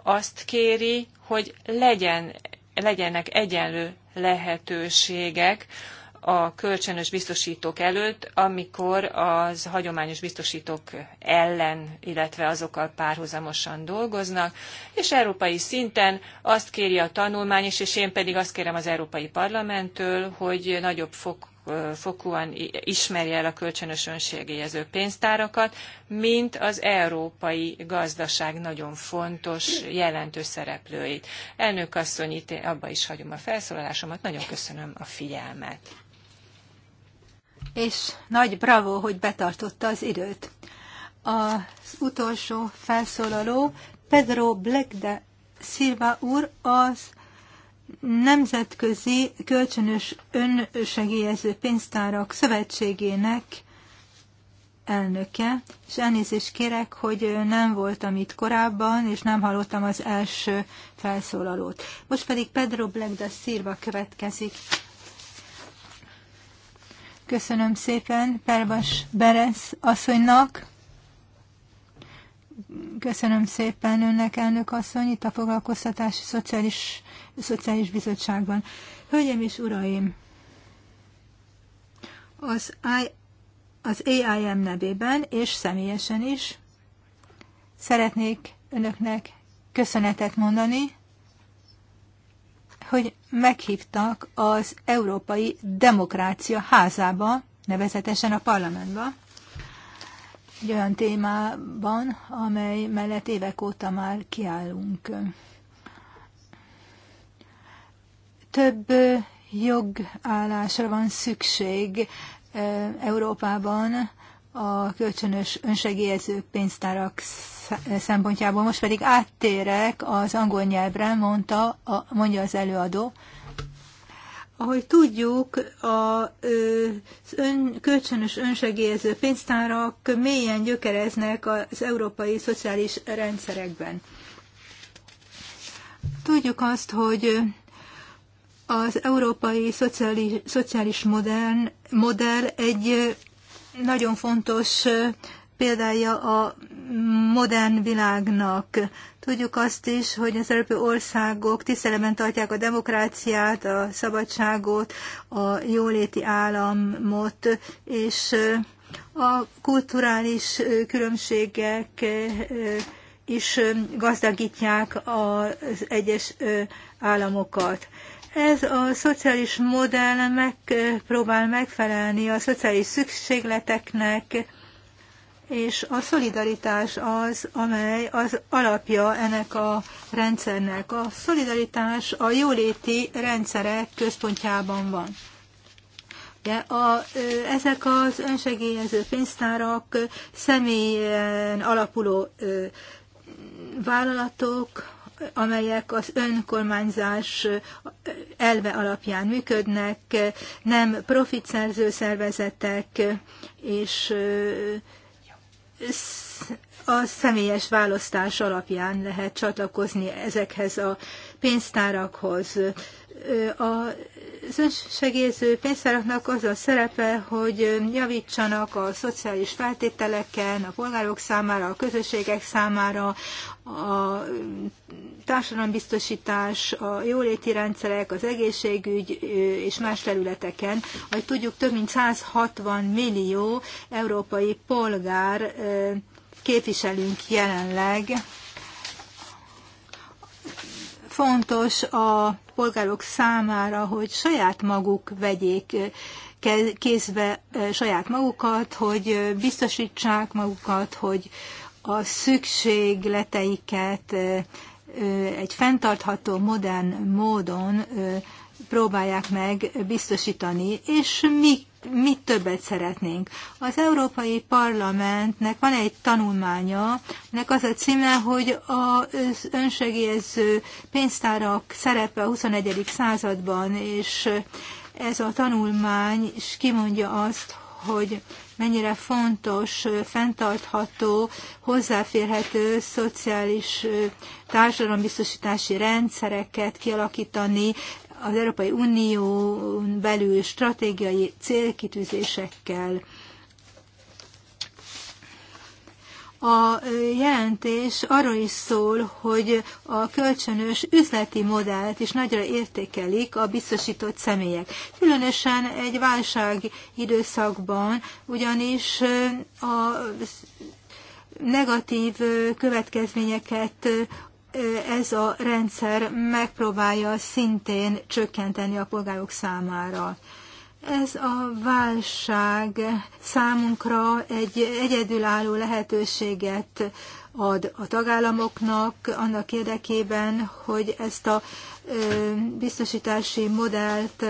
azt kéri, hogy legyen, legyenek egyenlő lehetőségek a kölcsönös biztosítók előtt, amikor az hagyományos biztosítók ellen, illetve azokkal párhuzamosan dolgoznak, és európai szinten azt kéri a tanulmány is, és én pedig azt kérem az Európai Parlamenttől, hogy nagyobb fok, fokúan ismerje el a kölcsönös önségélyező pénztárakat, mint az európai gazdaság nagyon fontos, jelentős szereplőit. Elnök asszony, itt abba is hagyom a felszólalásomat, nagyon köszönöm a figyelmet és nagy bravo, hogy betartotta az időt. Az utolsó felszólaló Pedro Black de Silva úr az Nemzetközi Kölcsönös Önsegélyező Pénztárak Szövetségének elnöke, és elnézést kérek, hogy nem voltam itt korábban, és nem hallottam az első felszólalót. Most pedig Pedro Black de Silva következik. Köszönöm szépen Perbas Beres asszonynak. Köszönöm szépen önnek, elnök asszony, itt a Foglalkoztatási Szociális, Szociális Bizottságban. Hölgyeim és uraim, az, I, az AIM nevében és személyesen is szeretnék önöknek köszönetet mondani hogy meghívtak az Európai Demokrácia házába, nevezetesen a parlamentba, egy olyan témában, amely mellett évek óta már kiállunk. Több jogállásra van szükség eh, Európában, a kölcsönös önsegélyező pénztárak szempontjából. Most pedig áttérek az angol nyelvre, mondta, a, mondja az előadó. Ahogy tudjuk, a, az ön, kölcsönös önsegélyező pénztárak mélyen gyökereznek az európai szociális rendszerekben. Tudjuk azt, hogy az európai szociális, szociális modern, modell egy nagyon fontos példája a modern világnak. Tudjuk azt is, hogy az európai országok tiszteletben tartják a demokráciát, a szabadságot, a jóléti államot, és a kulturális különbségek is gazdagítják az egyes államokat. Ez a szociális modell megpróbál megfelelni a szociális szükségleteknek, és a szolidaritás az, amely az alapja ennek a rendszernek. A szolidaritás a jóléti rendszerek központjában van. De a, ezek az önsegélyező pénztárak személyen alapuló vállalatok, amelyek az önkormányzás elve alapján működnek, nem szerző szervezetek, és a személyes választás alapján lehet csatlakozni ezekhez a pénztárakhoz. A az önsegélyző pénztáraknak az a szerepe, hogy javítsanak a szociális feltételeken, a polgárok számára, a közösségek számára, a társadalombiztosítás, a jóléti rendszerek, az egészségügy és más területeken. Ahogy tudjuk, több mint 160 millió európai polgár képviselünk jelenleg. Fontos a polgárok számára, hogy saját maguk vegyék kézbe saját magukat, hogy biztosítsák magukat, hogy a szükségleteiket egy fenntartható, modern módon próbálják meg biztosítani, és mi mit többet szeretnénk. Az Európai Parlamentnek van egy tanulmánya, ennek az a címe, hogy az önsegélyező pénztárak szerepe a 21. században, és ez a tanulmány is kimondja azt, hogy mennyire fontos, fenntartható, hozzáférhető szociális társadalombiztosítási rendszereket kialakítani, az Európai Unió belül stratégiai célkitűzésekkel. A jelentés arról is szól, hogy a kölcsönös üzleti modellt is nagyra értékelik a biztosított személyek. Különösen egy válság időszakban, ugyanis a negatív következményeket ez a rendszer megpróbálja szintén csökkenteni a polgárok számára. Ez a válság számunkra egy egyedülálló lehetőséget ad a tagállamoknak annak érdekében, hogy ezt a biztosítási modellt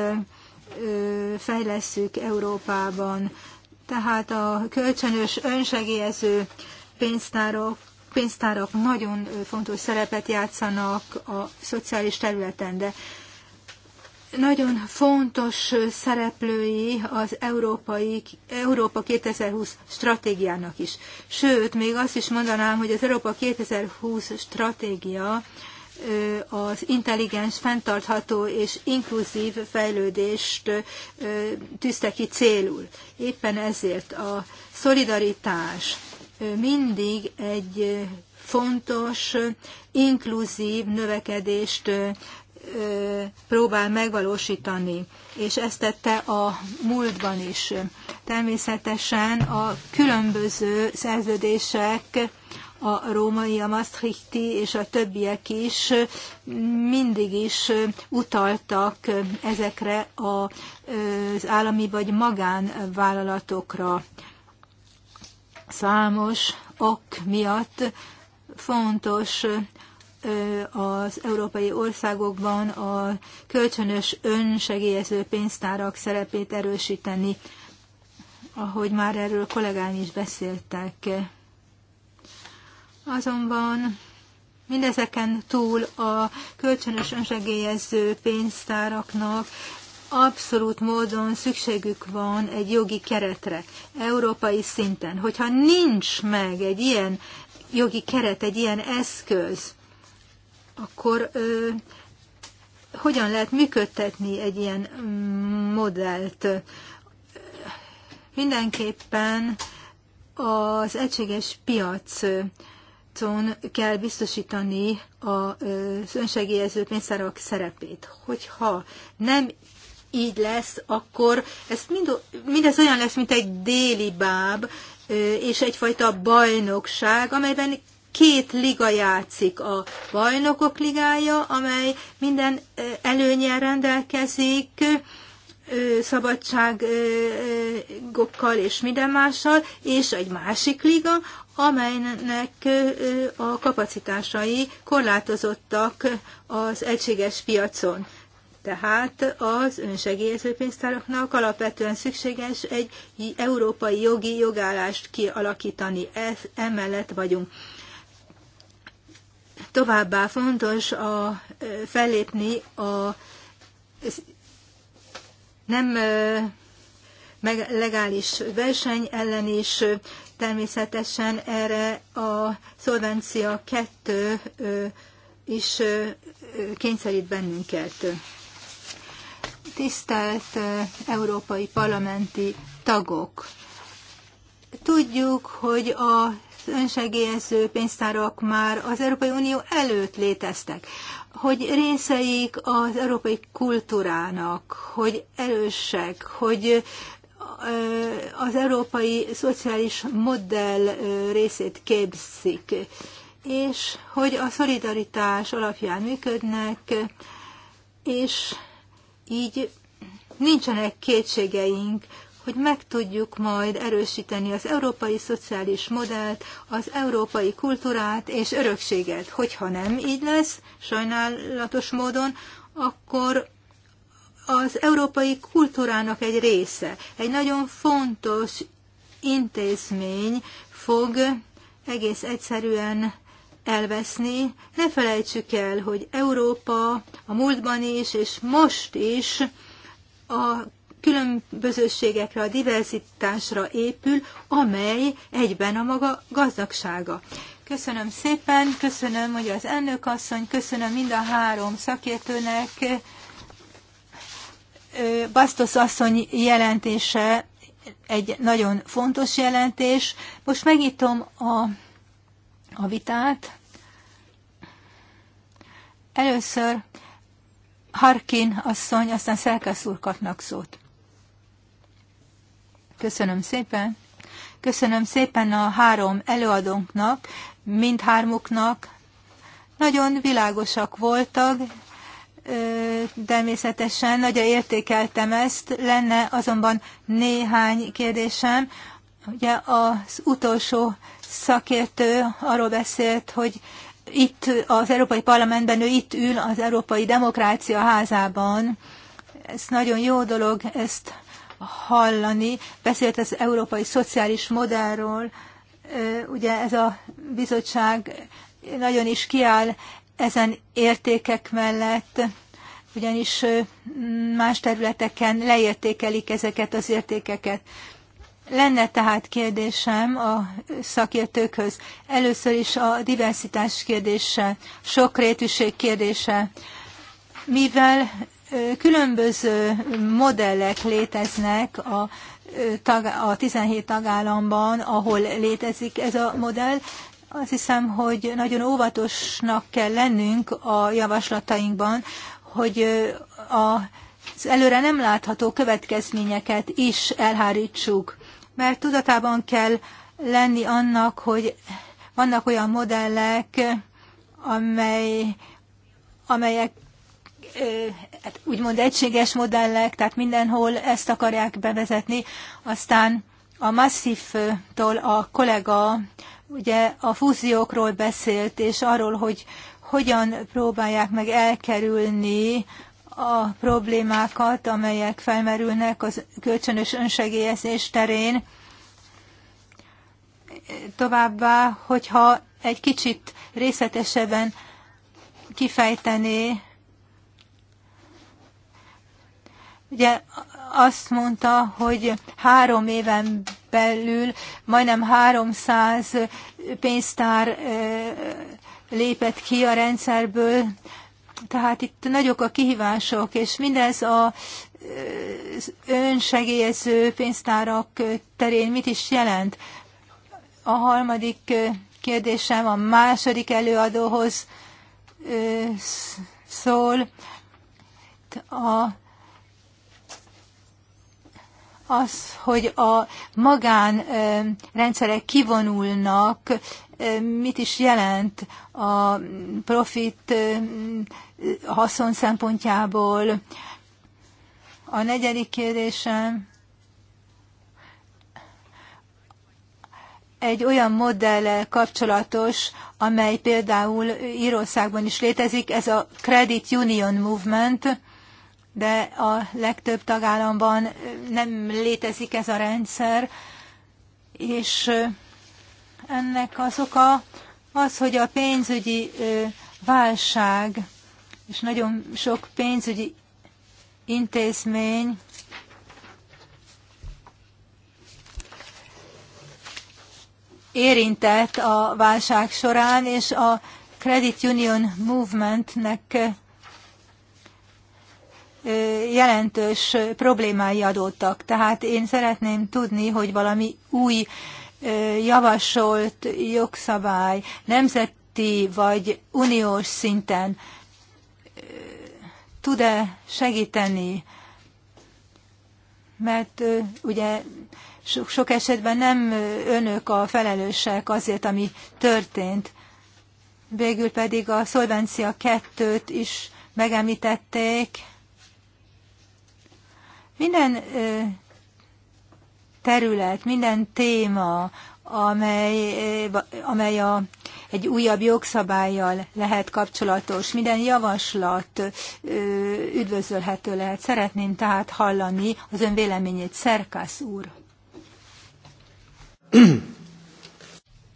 fejleszük Európában. Tehát a kölcsönös önsegélyező pénztárok pénztárak nagyon fontos szerepet játszanak a szociális területen, de nagyon fontos szereplői az európai, Európa 2020 stratégiának is. Sőt, még azt is mondanám, hogy az Európa 2020 stratégia az intelligens, fenntartható és inkluzív fejlődést tűzte ki célul. Éppen ezért a szolidaritás, mindig egy fontos, inkluzív növekedést próbál megvalósítani, és ezt tette a múltban is. Természetesen a különböző szerződések, a római, a Maastrichti és a többiek is mindig is utaltak ezekre az állami vagy magánvállalatokra. Számos ok miatt fontos az európai országokban a kölcsönös önsegélyező pénztárak szerepét erősíteni, ahogy már erről kollégáim is beszéltek. Azonban mindezeken túl a kölcsönös önsegélyező pénztáraknak abszolút módon szükségük van egy jogi keretre, európai szinten. Hogyha nincs meg egy ilyen jogi keret, egy ilyen eszköz, akkor ö, hogyan lehet működtetni egy ilyen mm, modellt? Mindenképpen az egységes piacon kell biztosítani az önsegélyező pénztárak szerepét. Hogyha nem így lesz, akkor ez mind, mindez olyan lesz, mint egy déli báb, és egyfajta bajnokság, amelyben két liga játszik, a bajnokok ligája, amely minden előnyel rendelkezik, szabadságokkal és minden mással, és egy másik liga, amelynek a kapacitásai korlátozottak az egységes piacon. Tehát az önsegélyező pénztáraknak alapvetően szükséges egy európai jogi jogállást kialakítani. Ez, emellett vagyunk. Továbbá fontos a, fellépni a nem meg legális verseny ellen is, természetesen erre a szolvencia 2 is kényszerít bennünket. Tisztelt európai parlamenti tagok! Tudjuk, hogy a önsegélyező pénztárak már az Európai Unió előtt léteztek, hogy részeik az európai kultúrának, hogy erősek, hogy az európai szociális modell részét képzik, és hogy a szolidaritás alapján működnek, és így nincsenek kétségeink, hogy meg tudjuk majd erősíteni az európai szociális modellt, az európai kultúrát és örökséget. Hogyha nem így lesz, sajnálatos módon, akkor az európai kultúrának egy része, egy nagyon fontos intézmény fog egész egyszerűen elveszni. Ne felejtsük el, hogy Európa a múltban is, és most is a különbözőségekre, a diverzitásra épül, amely egyben a maga gazdagsága. Köszönöm szépen, köszönöm, hogy az elnök asszony, köszönöm mind a három szakértőnek. Basztos asszony jelentése egy nagyon fontos jelentés. Most megítom a a vitát. Először Harkin asszony, aztán Szelkesz úr kapnak szót. Köszönöm szépen. Köszönöm szépen a három előadónknak, mindhármuknak. Nagyon világosak voltak, természetesen nagyon értékeltem ezt, lenne azonban néhány kérdésem. Ugye az utolsó szakértő arról beszélt, hogy itt az Európai Parlamentben, ő itt ül az Európai Demokrácia házában. Ez nagyon jó dolog ezt hallani. Beszélt az európai szociális modellről. Ugye ez a bizottság nagyon is kiáll ezen értékek mellett, ugyanis más területeken leértékelik ezeket az értékeket. Lenne tehát kérdésem a szakértőkhöz. Először is a diversitás kérdése, sokrétűség kérdése. Mivel különböző modellek léteznek a, a 17 tagállamban, ahol létezik ez a modell, azt hiszem, hogy nagyon óvatosnak kell lennünk a javaslatainkban, hogy az előre nem látható következményeket is elhárítsuk mert tudatában kell lenni annak, hogy vannak olyan modellek, amely, amelyek hát úgymond egységes modellek, tehát mindenhol ezt akarják bevezetni. Aztán a Massif-tól a kollega ugye a fúziókról beszélt, és arról, hogy hogyan próbálják meg elkerülni a problémákat, amelyek felmerülnek a kölcsönös önsegélyezés terén. Továbbá, hogyha egy kicsit részletesebben kifejtené, ugye azt mondta, hogy három éven belül majdnem 300 pénztár lépett ki a rendszerből, tehát itt nagyok a kihívások, és mindez a önsegélyező pénztárak terén mit is jelent? A harmadik kérdésem a második előadóhoz szól. A, az, hogy a magánrendszerek kivonulnak mit is jelent a profit haszon szempontjából. A negyedik kérdésem egy olyan modell kapcsolatos, amely például Írországban is létezik, ez a Credit Union Movement, de a legtöbb tagállamban nem létezik ez a rendszer, és ennek az oka az, hogy a pénzügyi válság és nagyon sok pénzügyi intézmény érintett a válság során, és a Credit Union Movementnek jelentős problémái adódtak. Tehát én szeretném tudni, hogy valami új javasolt jogszabály nemzeti vagy uniós szinten tud-e segíteni? Mert ugye sok, sok esetben nem önök a felelősek azért, ami történt. Végül pedig a szolvencia kettőt is megemlítették. Minden terület, minden téma, amely, amely a, egy újabb jogszabályjal lehet kapcsolatos, minden javaslat üdvözölhető lehet. Szeretném tehát hallani az ön véleményét, Szerkász úr.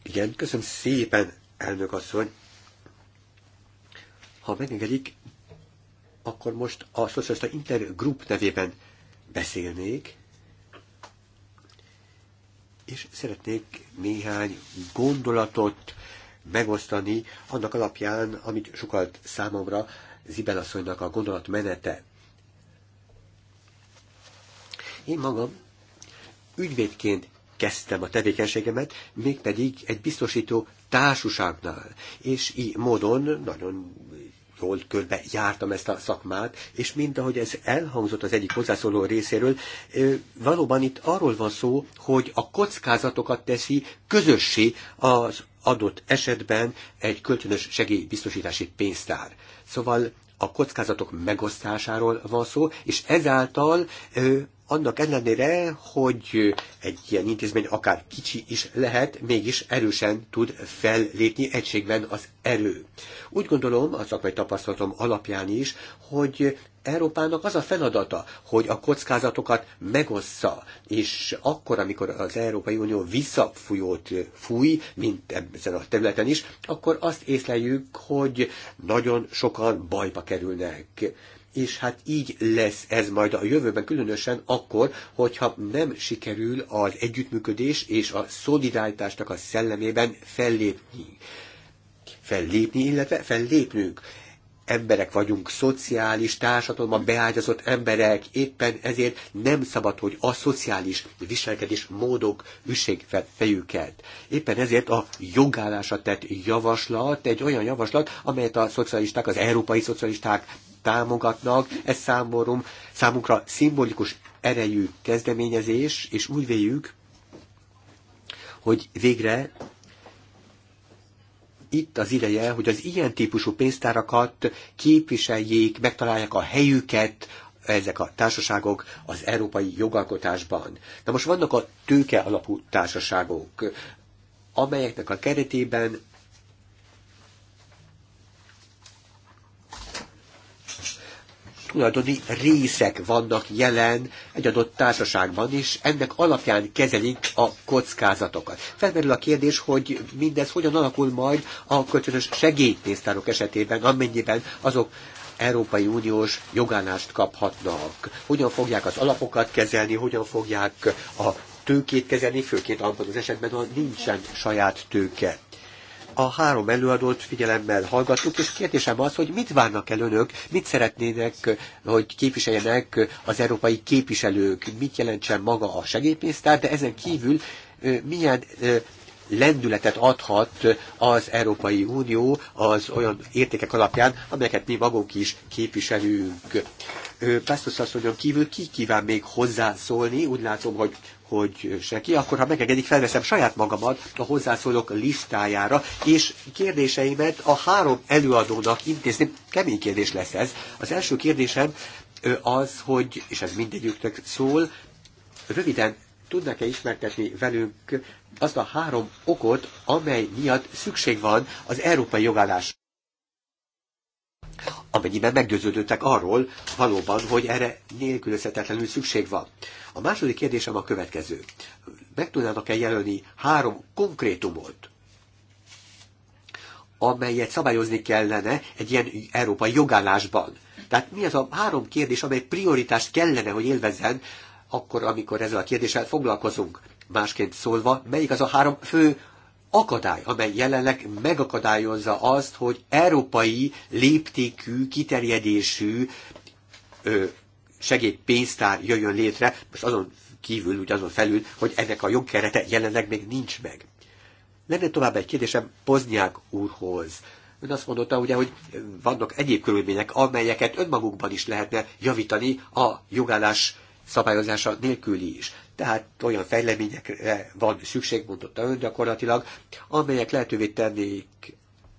Igen, köszönöm szépen, elnök asszony. Ha megengedik, akkor most a Szociálista intergroup nevében beszélnék, és szeretnék néhány gondolatot megosztani annak alapján, amit sokat számomra Zibel asszonynak a menete. Én magam ügyvédként kezdtem a tevékenységemet, mégpedig egy biztosító társaságnál, és így módon nagyon jól körbe jártam ezt a szakmát, és mind ahogy ez elhangzott az egyik hozzászóló részéről, valóban itt arról van szó, hogy a kockázatokat teszi közössé az adott esetben egy kölcsönös segélybiztosítási pénztár. Szóval a kockázatok megosztásáról van szó, és ezáltal annak ellenére, hogy egy ilyen intézmény akár kicsi is lehet, mégis erősen tud fellépni egységben az erő. Úgy gondolom, a szakmai tapasztalatom alapján is, hogy Európának az a feladata, hogy a kockázatokat megossza, és akkor, amikor az Európai Unió visszafújót fúj, mint ezen a területen is, akkor azt észleljük, hogy nagyon sokan bajba kerülnek és hát így lesz ez majd a jövőben, különösen akkor, hogyha nem sikerül az együttműködés és a szolidaritásnak a szellemében fellépni. Fellépni, illetve fellépnünk emberek vagyunk, szociális társadalomba beágyazott emberek, éppen ezért nem szabad, hogy a szociális viselkedés módok üsség fel fejüket. Éppen ezért a jogállásra tett javaslat, egy olyan javaslat, amelyet a szocialisták, az európai szocialisták támogatnak. Ez számorom, számunkra szimbolikus erejű kezdeményezés, és úgy véljük, hogy végre itt az ideje, hogy az ilyen típusú pénztárakat képviseljék, megtalálják a helyüket ezek a társaságok az európai jogalkotásban. Na most vannak a tőke alapú társaságok, amelyeknek a keretében tulajdoni részek vannak jelen egy adott társaságban, és ennek alapján kezelik a kockázatokat. Felmerül a kérdés, hogy mindez hogyan alakul majd a kölcsönös segélypénztárok esetében, amennyiben azok Európai Uniós jogállást kaphatnak. Hogyan fogják az alapokat kezelni, hogyan fogják a tőkét kezelni, főként abban az esetben, ha nincsen saját tőke a három előadót figyelemmel hallgattuk, és kérdésem az, hogy mit várnak el önök, mit szeretnének, hogy képviseljenek az európai képviselők, mit jelentsen maga a segélypénztár, de ezen kívül milyen lendületet adhat az Európai Unió az olyan értékek alapján, amelyeket mi magunk is képviselünk. Pásztusz kívül ki kíván még hozzászólni? Úgy látom, hogy hogy seki, akkor ha megengedik, felveszem saját magamat a hozzászólók listájára, és kérdéseimet a három előadónak intézni. Kemény kérdés lesz ez. Az első kérdésem az, hogy, és ez mindegyüknek szól, röviden tudnak-e ismertetni velünk azt a három okot, amely miatt szükség van az európai jogállásra? amennyiben meggyőződöttek arról valóban, hogy erre nélkülözhetetlenül szükség van. A második kérdésem a következő. Meg tudnának-e jelölni három konkrétumot, amelyet szabályozni kellene egy ilyen európai jogállásban? Tehát mi az a három kérdés, amely prioritást kellene, hogy élvezzen, akkor, amikor ezzel a kérdéssel foglalkozunk? Másként szólva, melyik az a három fő akadály, amely jelenleg megakadályozza azt, hogy európai léptékű, kiterjedésű ö, segédpénztár jöjjön létre, most azon kívül, úgy azon felül, hogy ennek a jogkerete jelenleg még nincs meg. Lenne tovább egy kérdésem Poznyák úrhoz. Ön azt mondotta, ugye, hogy vannak egyéb körülmények, amelyeket önmagukban is lehetne javítani a jogállás szabályozása nélkül is tehát olyan fejleményekre van szükség, mondotta ön gyakorlatilag, amelyek lehetővé tennék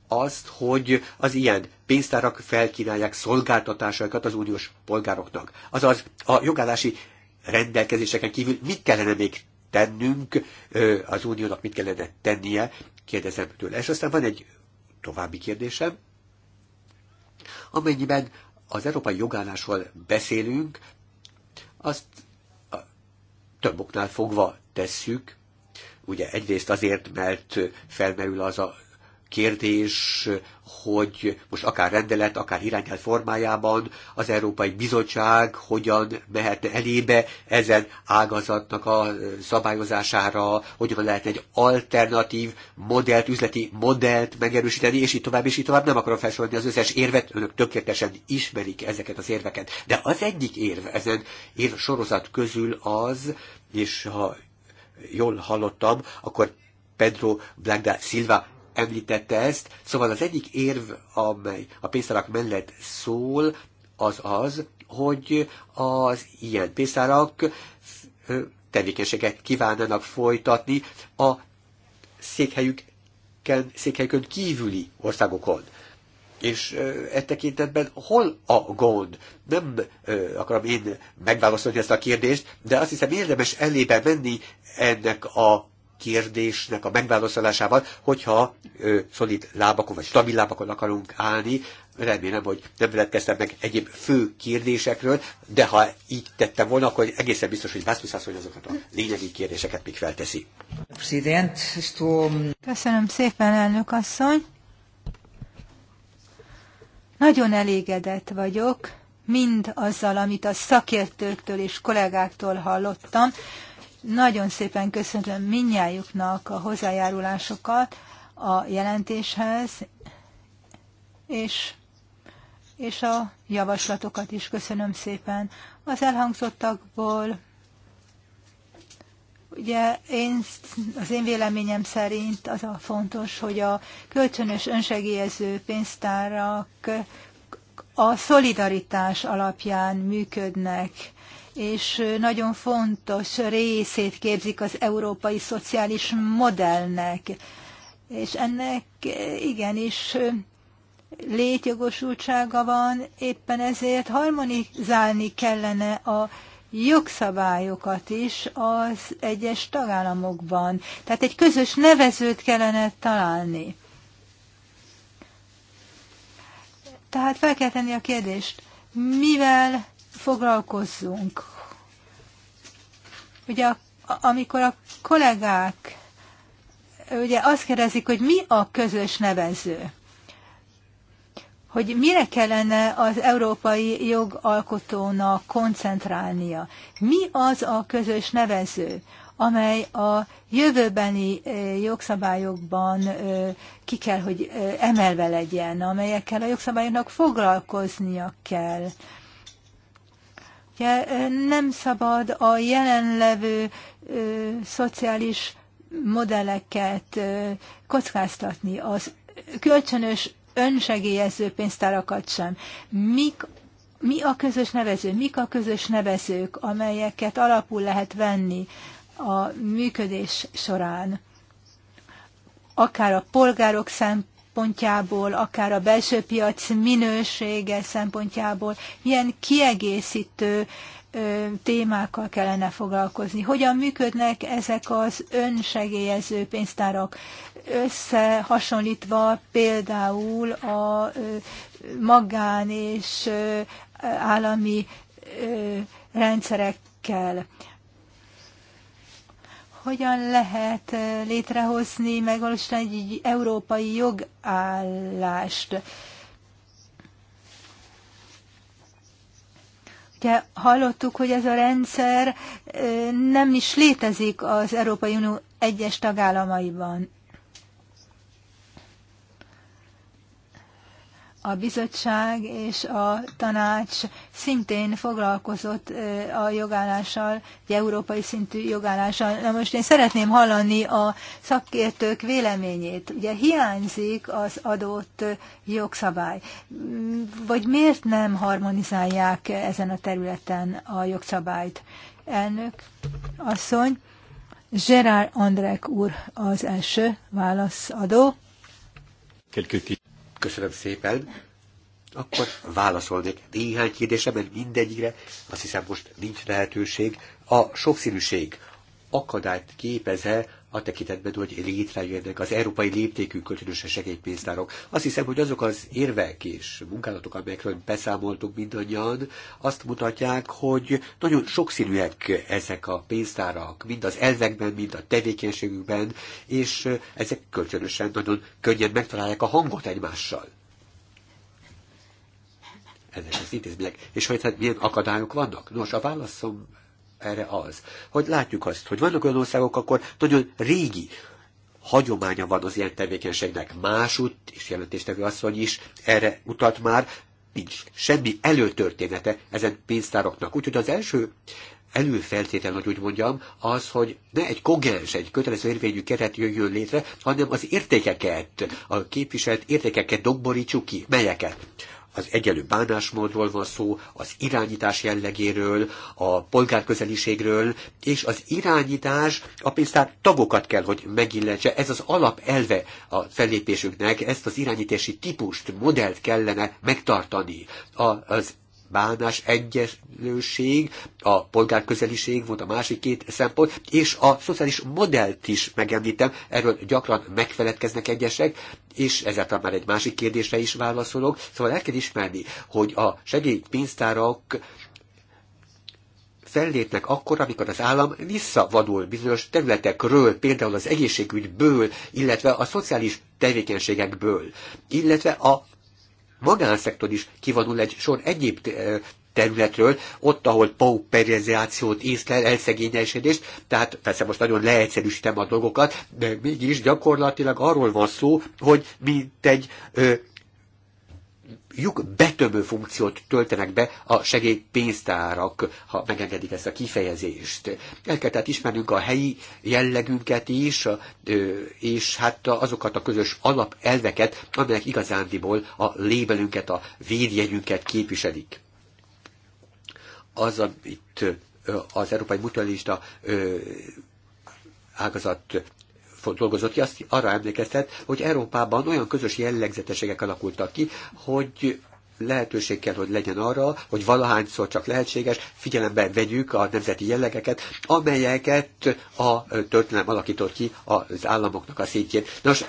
azt, hogy az ilyen pénztárak felkínálják szolgáltatásaikat az uniós polgároknak. Azaz a jogállási rendelkezéseken kívül mit kellene még tennünk, az uniónak mit kellene tennie, kérdezem tőle. És aztán van egy további kérdésem, amennyiben az európai jogállásról beszélünk, azt több oknál fogva tesszük, ugye egyrészt azért, mert felmerül az a kérdés, hogy most akár rendelet, akár irányelv formájában az Európai Bizottság hogyan mehetne elébe ezen ágazatnak a szabályozására, hogyan lehet egy alternatív modellt, üzleti modellt megerősíteni, és így tovább, és így tovább. Nem akarom felsorolni az összes érvet, önök tökéletesen ismerik ezeket az érveket. De az egyik érv ezen érv sorozat közül az, és ha jól hallottam, akkor Pedro Blanda Silva említette ezt, szóval az egyik érv, amely a pénztárak mellett szól, az az, hogy az ilyen pénztárak tevékenységet kívánnak folytatni a székhelyükön, székhelyükön kívüli országokon. És e tekintetben hol a gond? Nem e, akarom én megválaszolni ezt a kérdést, de azt hiszem érdemes elébe menni ennek a kérdésnek a megválaszolásával, hogyha ö, szolid lábakon vagy stabil lábakon akarunk állni, remélem, hogy nem veledkeztem meg egyéb fő kérdésekről, de ha így tette volna, akkor egészen biztos, hogy Vászló hogy azokat a lényegi kérdéseket még felteszi. Köszönöm szépen, elnök asszony. Nagyon elégedett vagyok mind azzal, amit a szakértőktől és kollégáktól hallottam, nagyon szépen köszönöm minnyájuknak a hozzájárulásokat a jelentéshez, és, és a javaslatokat is köszönöm szépen. Az elhangzottakból Ugye én, az én véleményem szerint az a fontos, hogy a kölcsönös önsegélyező pénztárak a szolidaritás alapján működnek és nagyon fontos részét képzik az európai szociális modellnek. És ennek igenis létjogosultsága van, éppen ezért harmonizálni kellene a jogszabályokat is az egyes tagállamokban. Tehát egy közös nevezőt kellene találni. Tehát fel kell tenni a kérdést, mivel foglalkozzunk. Ugye amikor a kollégák ugye azt kérdezik, hogy mi a közös nevező, hogy mire kellene az európai jogalkotónak koncentrálnia. Mi az a közös nevező, amely a jövőbeni jogszabályokban ki kell, hogy emelve legyen, amelyekkel a jogszabályoknak foglalkoznia kell nem szabad a jelenlevő ö, szociális modelleket ö, kockáztatni, az kölcsönös önsegélyező pénztárakat sem. Mik, mi a közös nevező, mik a közös nevezők, amelyeket alapul lehet venni a működés során? Akár a polgárok szem, szempontjából, akár a belső piac minősége szempontjából milyen kiegészítő témákkal kellene foglalkozni. Hogyan működnek ezek az önsegélyező pénztárak? Összehasonlítva például a magán és állami rendszerekkel hogyan lehet létrehozni, megvalósítani egy európai jogállást. Ugye hallottuk, hogy ez a rendszer nem is létezik az Európai Unió egyes tagállamaiban. a bizottság és a tanács szintén foglalkozott a jogállással, egy európai szintű jogállással. Na most én szeretném hallani a szakértők véleményét. Ugye hiányzik az adott jogszabály. Vagy miért nem harmonizálják ezen a területen a jogszabályt? Elnök, asszony, Gerard Andrek úr az első válaszadó. Quelques Köszönöm szépen. Akkor válaszolnék néhány kérdésre, mert mindegyikre azt hiszem most nincs lehetőség. A sokszínűség akadályt képeze a tekintetben, hogy létrejönnek az európai léptékű kölcsönös segélypénztárok. Azt hiszem, hogy azok az érvek és munkálatok, amelyekről beszámoltunk mindannyian, azt mutatják, hogy nagyon sokszínűek ezek a pénztárak, mind az elvekben, mind a tevékenységükben, és ezek kölcsönösen nagyon könnyen megtalálják a hangot egymással Ezek az intézmények. És hogy hát milyen akadályok vannak? Nos, a válaszom erre az, hogy látjuk azt, hogy vannak olyan országok, akkor nagyon régi hagyománya van az ilyen tevékenységnek. Másút, és jelentéstevő asszony is erre utalt már, nincs semmi előtörténete ezen pénztároknak. Úgyhogy az első előfeltétel, hogy úgy mondjam, az, hogy ne egy kogens, egy kötelező érvényű keret jöjjön létre, hanem az értékeket, a képviselt értékeket dobborítsuk ki. Melyeket? az egyenlő bánásmódról van szó, az irányítás jellegéről, a polgárközeliségről, és az irányítás a pénztár tagokat kell, hogy megilletse. Ez az alapelve a fellépésünknek, ezt az irányítási típust, modellt kellene megtartani. A, az bánás, egyenlőség, a polgárközeliség volt a másik két szempont, és a szociális modellt is megemlítem, erről gyakran megfeledkeznek egyesek, és ezáltal már egy másik kérdésre is válaszolok. Szóval el kell ismerni, hogy a segélypénztárak fellépnek akkor, amikor az állam visszavadul bizonyos területekről, például az egészségügyből, illetve a szociális tevékenységekből, illetve a magánszektor is kivonul egy sor egyéb eh, területről, ott, ahol pauperizációt észlel, elszegényesedést, tehát persze most nagyon leegyszerűsítem a dolgokat, de mégis gyakorlatilag arról van szó, hogy mint egy ö, lyuk betömő funkciót töltenek be a segélypénztárak, ha megengedik ezt a kifejezést. El kell tehát ismernünk a helyi jellegünket is, és hát azokat a közös alapelveket, amelyek igazándiból a lébelünket, a védjegyünket képviselik. Az, amit az Európai Mutualista ágazat dolgozott ki, azt arra emlékeztet, hogy Európában olyan közös jellegzetességek alakultak ki, hogy lehetőség kell, hogy legyen arra, hogy valahányszor csak lehetséges, figyelembe vegyük a nemzeti jellegeket, amelyeket a történelem alakított ki az államoknak a szintjén. Nos,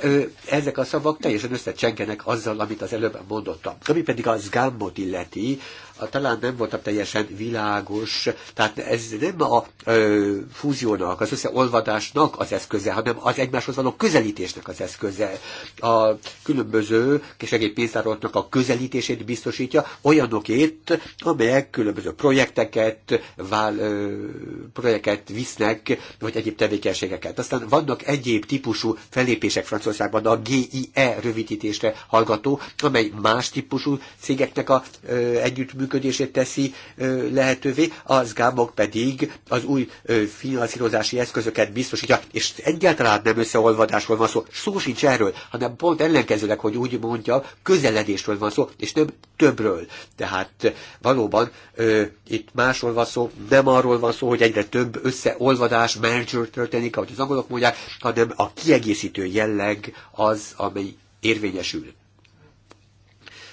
ezek a szavak teljesen összecsengenek azzal, amit az előbb mondottam. Ami pedig a zgámot illeti, talán nem voltam teljesen világos, tehát ez nem a ö, fúziónak, az összeolvadásnak az eszköze, hanem az egymáshoz való közelítésnek az eszköze. A különböző kisegélypénztároknak a közelítését biztosítja olyanokét, amelyek különböző projekteket, vál, ö, projekteket visznek, vagy egyéb tevékenységeket. Aztán vannak egyéb típusú felépések Franciaországban, a GIE rövidítésre hallgató, amely más típusú cégeknek a ö, együttműködés, működését teszi lehetővé, az GAMOK pedig az új finanszírozási eszközöket biztosítja, és egyáltalán nem összeolvadásról van szó, szó sincs erről, hanem pont ellenkezőleg, hogy úgy mondja, közeledésről van szó, és nem többről. Tehát valóban itt másról van szó, nem arról van szó, hogy egyre több összeolvadás, merger történik, ahogy az angolok mondják, hanem a kiegészítő jelleg az, amely érvényesül.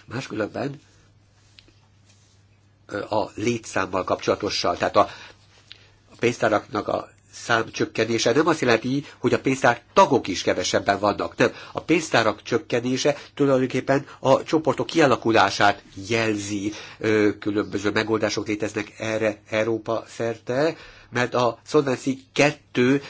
Máskülönben a létszámmal kapcsolatossal. Tehát a pénztáraknak a szám csökkenése nem azt jelenti, hogy a pénztár tagok is kevesebben vannak, nem. A pénztárak csökkenése tulajdonképpen a csoportok kialakulását jelzi. Különböző megoldások léteznek erre Európa szerte, mert a Solvency 2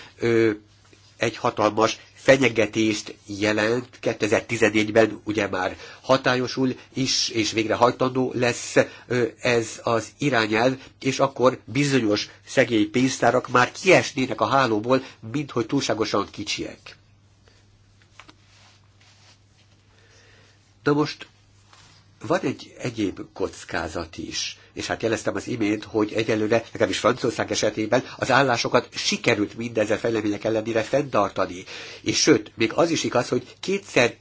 egy hatalmas fenyegetést jelent 2014-ben ugye már hatályosul is, és végre hajtandó lesz ez az irányelv, és akkor bizonyos szegély pénztárak már kiesnének a hálóból, mint hogy túlságosan kicsiek. Na most van egy egyéb kockázat is, és hát jeleztem az imént, hogy egyelőre, nekem is Franciaország esetében az állásokat sikerült mindezen fejlemények ellenére fenntartani. És sőt, még az is igaz, hogy kétszer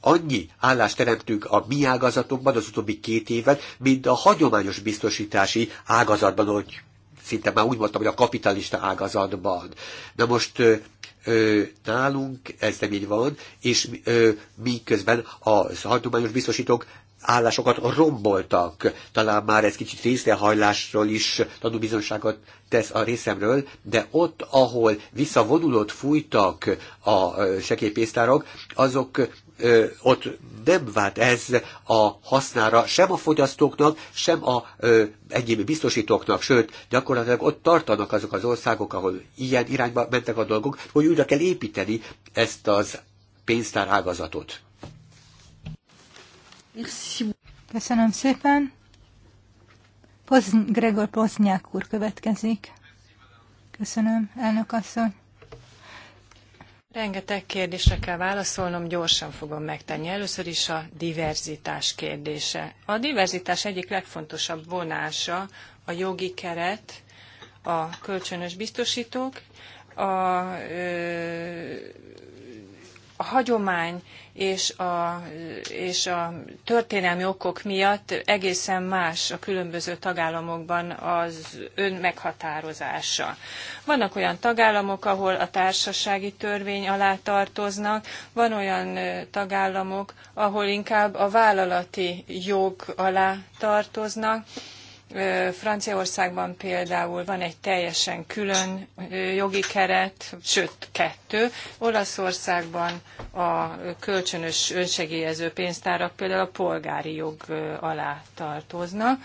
annyi állást teremtünk a mi ágazatunkban az utóbbi két évben, mint a hagyományos biztosítási ágazatban, hogy szinte már úgy mondtam, hogy a kapitalista ágazatban. Na most ö, ö, nálunk ez nem így van, és ö, mi közben a hagyományos biztosítók állásokat romboltak. Talán már ez kicsit részrehajlásról is tanúbizonságot tesz a részemről, de ott, ahol visszavonulót fújtak a sekélypésztárok, azok ott nem vált ez a hasznára sem a fogyasztóknak, sem a ö, egyéb biztosítóknak, sőt, gyakorlatilag ott tartanak azok az országok, ahol ilyen irányba mentek a dolgok, hogy újra kell építeni ezt az pénztár ágazatot. Köszönöm szépen. Pozny- Gregor Poznyák úr következik. Köszönöm, elnök asszony. Rengeteg kérdésre kell válaszolnom, gyorsan fogom megtenni. Először is a diverzitás kérdése. A diverzitás egyik legfontosabb vonása a jogi keret, a kölcsönös biztosítók, a ö, a hagyomány és a, és a történelmi okok miatt egészen más a különböző tagállamokban az ön meghatározása. Vannak olyan tagállamok, ahol a társasági törvény alá tartoznak, van olyan tagállamok, ahol inkább a vállalati jog alá tartoznak, Franciaországban például van egy teljesen külön jogi keret, sőt kettő. Olaszországban a kölcsönös önsegélyező pénztárak például a polgári jog alá tartoznak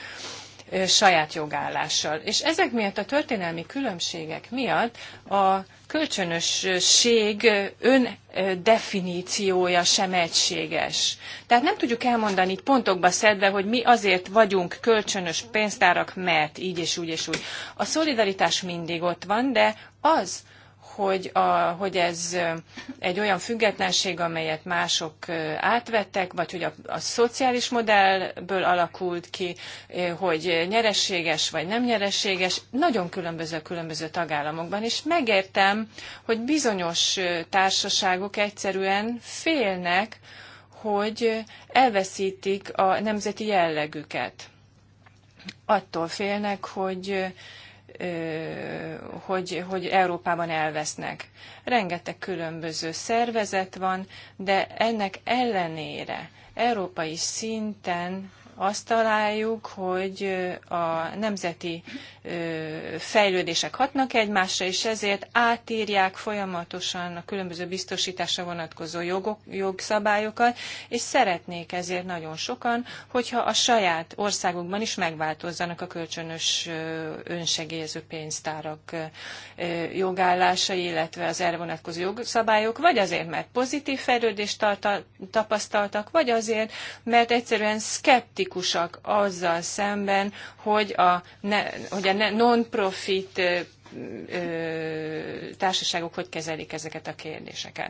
saját jogállással. És ezek miatt a történelmi különbségek miatt a kölcsönösség öndefiníciója sem egységes. Tehát nem tudjuk elmondani itt pontokba szedve, hogy mi azért vagyunk kölcsönös pénztárak, mert így és úgy és úgy. A szolidaritás mindig ott van, de az, hogy, a, hogy ez egy olyan függetlenség, amelyet mások átvettek, vagy hogy a, a szociális modellből alakult ki, hogy nyereséges vagy nem nyereséges, nagyon különböző különböző tagállamokban. És megértem, hogy bizonyos társaságok egyszerűen félnek, hogy elveszítik a nemzeti jellegüket. Attól félnek, hogy hogy, hogy Európában elvesznek. Rengeteg különböző szervezet van, de ennek ellenére európai szinten azt találjuk, hogy a nemzeti fejlődések hatnak egymásra, és ezért átírják folyamatosan a különböző biztosításra vonatkozó jogok, jogszabályokat, és szeretnék ezért nagyon sokan, hogyha a saját országukban is megváltozzanak a kölcsönös önsegélyező pénztárak jogállásai, illetve az erre vonatkozó jogszabályok, vagy azért, mert pozitív fejlődést tapasztaltak, vagy azért, mert egyszerűen szkeptikus kritikusak azzal szemben, hogy a, ne, hogy a non-profit társaságok hogy kezelik ezeket a kérdéseket.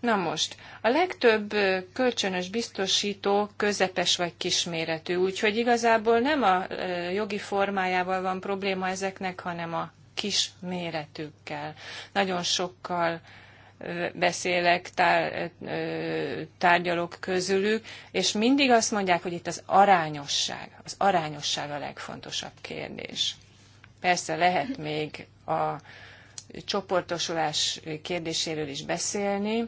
Na most, a legtöbb kölcsönös biztosító közepes vagy kisméretű, úgyhogy igazából nem a jogi formájával van probléma ezeknek, hanem a kisméretükkel. Nagyon sokkal beszélek, tár, tárgyalok közülük, és mindig azt mondják, hogy itt az arányosság, az arányosság a legfontosabb kérdés. Persze lehet még a csoportosulás kérdéséről is beszélni,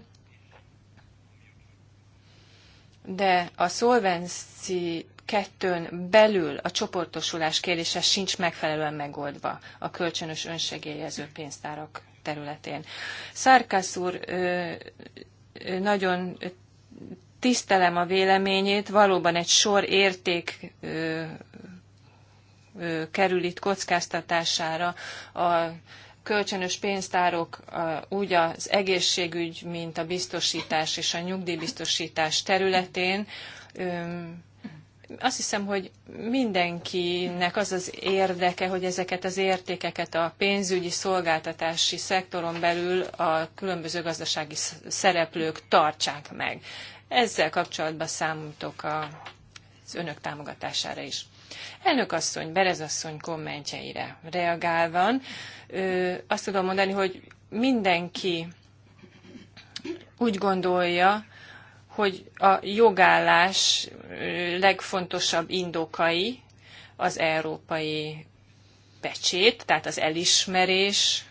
de a szolvenci kettőn belül a csoportosulás kérdése sincs megfelelően megoldva a kölcsönös önsegélyező pénztárak területén. Szárkász úr nagyon tisztelem a véleményét, valóban egy sor érték kerül itt kockáztatására a kölcsönös pénztárok úgy az egészségügy, mint a biztosítás és a nyugdíjbiztosítás területén azt hiszem, hogy mindenkinek az az érdeke, hogy ezeket az értékeket a pénzügyi szolgáltatási szektoron belül a különböző gazdasági szereplők tartsák meg. Ezzel kapcsolatban számítok az önök támogatására is. Elnök asszony, Berez asszony kommentjeire reagálva, azt tudom mondani, hogy mindenki úgy gondolja, hogy a jogállás legfontosabb indokai az európai pecsét, tehát az elismerés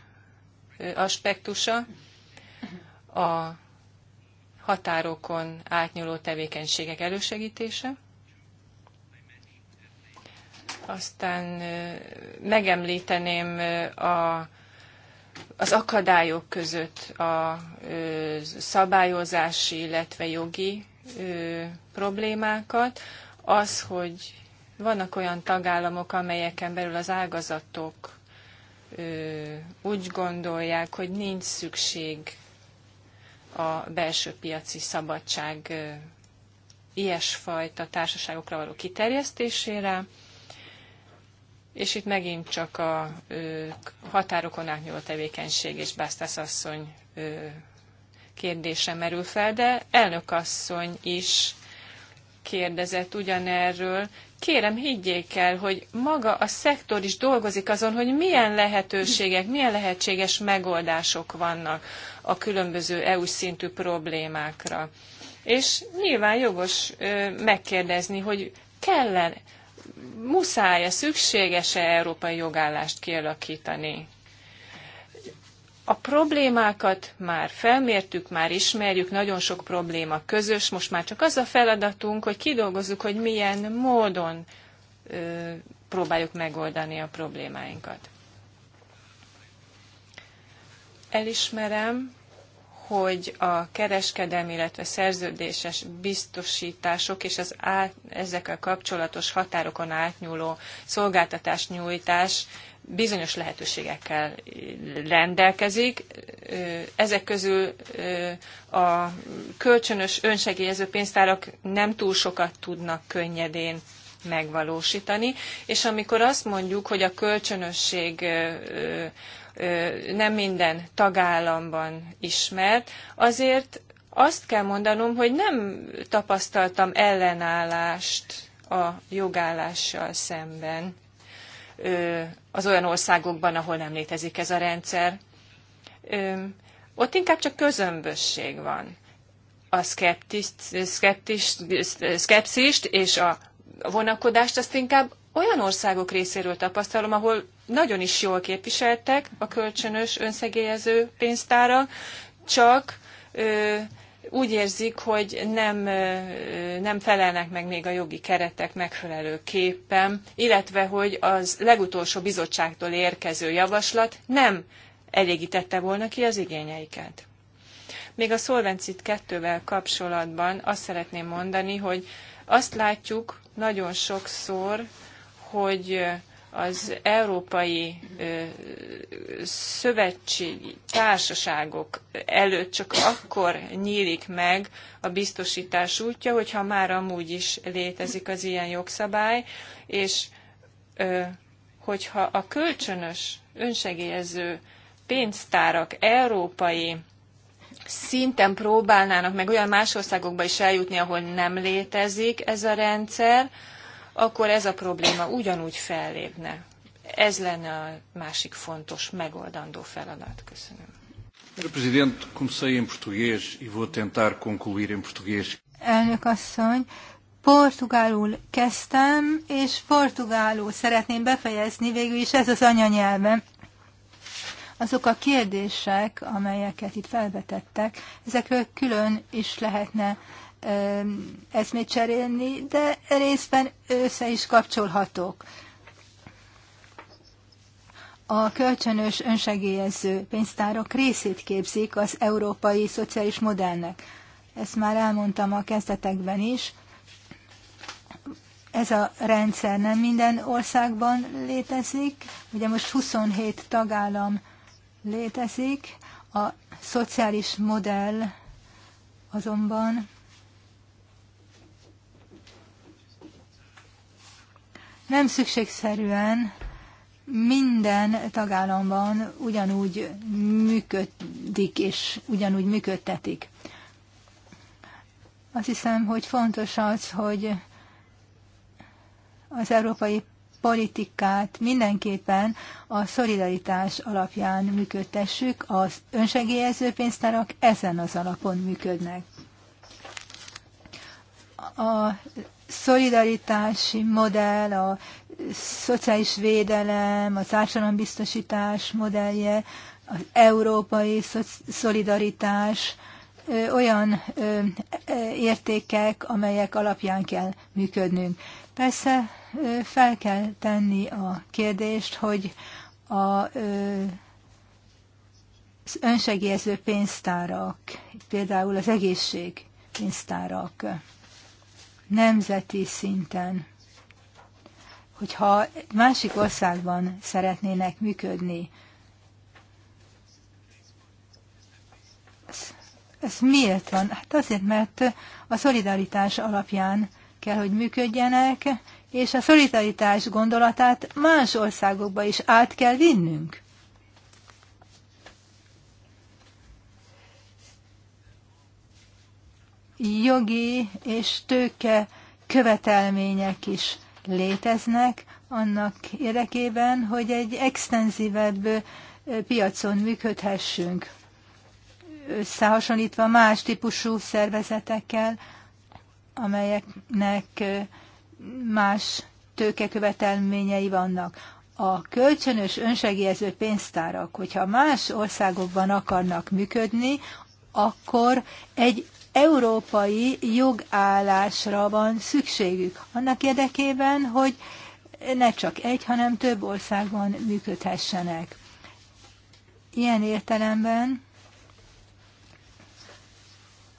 aspektusa, a határokon átnyúló tevékenységek elősegítése, aztán megemlíteném a az akadályok között a szabályozási, illetve jogi problémákat, az, hogy vannak olyan tagállamok, amelyeken belül az ágazatok úgy gondolják, hogy nincs szükség a belső piaci szabadság ilyesfajta társaságokra való kiterjesztésére, és itt megint csak a határokon átnyúló tevékenység és Bastas asszony kérdése merül fel, de elnök asszony is kérdezett ugyanerről. Kérem, higgyék el, hogy maga a szektor is dolgozik azon, hogy milyen lehetőségek, milyen lehetséges megoldások vannak a különböző EU szintű problémákra. És nyilván jogos megkérdezni, hogy kellene muszáj-e, szükséges-e európai jogállást kialakítani? A problémákat már felmértük, már ismerjük, nagyon sok probléma közös, most már csak az a feladatunk, hogy kidolgozzuk, hogy milyen módon ö, próbáljuk megoldani a problémáinkat. Elismerem, hogy a kereskedelmi, illetve szerződéses biztosítások és az át, ezekkel kapcsolatos határokon átnyúló szolgáltatás nyújtás bizonyos lehetőségekkel rendelkezik. Ezek közül a kölcsönös önsegélyező pénztárak nem túl sokat tudnak könnyedén megvalósítani, és amikor azt mondjuk, hogy a kölcsönösség nem minden tagállamban ismert, azért azt kell mondanom, hogy nem tapasztaltam ellenállást a jogállással szemben az olyan országokban, ahol nem létezik ez a rendszer. Ott inkább csak közömbösség van. A szkeptis, szkepszist és a vonakodást azt inkább olyan országok részéről tapasztalom, ahol nagyon is jól képviseltek a kölcsönös önszegélyező pénztára, csak ö, úgy érzik, hogy nem, nem felelnek meg még a jogi keretek megfelelő megfelelőképpen, illetve hogy az legutolsó bizottságtól érkező javaslat nem elégítette volna ki az igényeiket. Még a szolvencit kettővel kapcsolatban azt szeretném mondani, hogy azt látjuk nagyon sokszor, hogy az európai szövetségi társaságok előtt csak akkor nyílik meg a biztosítás útja, hogyha már amúgy is létezik az ilyen jogszabály, és hogyha a kölcsönös önsegélyező pénztárak európai szinten próbálnának meg olyan más országokba is eljutni, ahol nem létezik ez a rendszer, akkor ez a probléma ugyanúgy fellépne. Ez lenne a másik fontos, megoldandó feladat. Köszönöm. E Elnök asszony, portugálul kezdtem, és portugálul szeretném befejezni, végül is ez az anyanyelvem. Azok a kérdések, amelyeket itt felvetettek, ezekről külön is lehetne eszmét cserélni, de részben össze is kapcsolhatók. A kölcsönös önsegélyező pénztárak részét képzik az európai szociális modellnek. Ezt már elmondtam a kezdetekben is. Ez a rendszer nem minden országban létezik. Ugye most 27 tagállam létezik. A szociális modell azonban nem szükségszerűen minden tagállamban ugyanúgy működik és ugyanúgy működtetik. Azt hiszem, hogy fontos az, hogy az európai politikát mindenképpen a szolidaritás alapján működtessük, az önsegélyező pénztárak ezen az alapon működnek. A szolidaritási modell, a szociális védelem, a társadalombiztosítás modellje, az európai szolidaritás, olyan értékek, amelyek alapján kell működnünk. Persze fel kell tenni a kérdést, hogy a az önsegélyező pénztárak, például az egészség pénztárak nemzeti szinten, hogyha másik országban szeretnének működni, ez miért van? Hát azért, mert a szolidaritás alapján kell, hogy működjenek, és a szolidaritás gondolatát más országokba is át kell vinnünk. jogi és tőke követelmények is léteznek annak érdekében, hogy egy extenzívebb piacon működhessünk, összehasonlítva más típusú szervezetekkel, amelyeknek más tőkekövetelményei vannak. A kölcsönös önsegélyező pénztárak, hogyha más országokban akarnak működni, akkor egy európai jogállásra van szükségük annak érdekében, hogy ne csak egy, hanem több országban működhessenek. Ilyen értelemben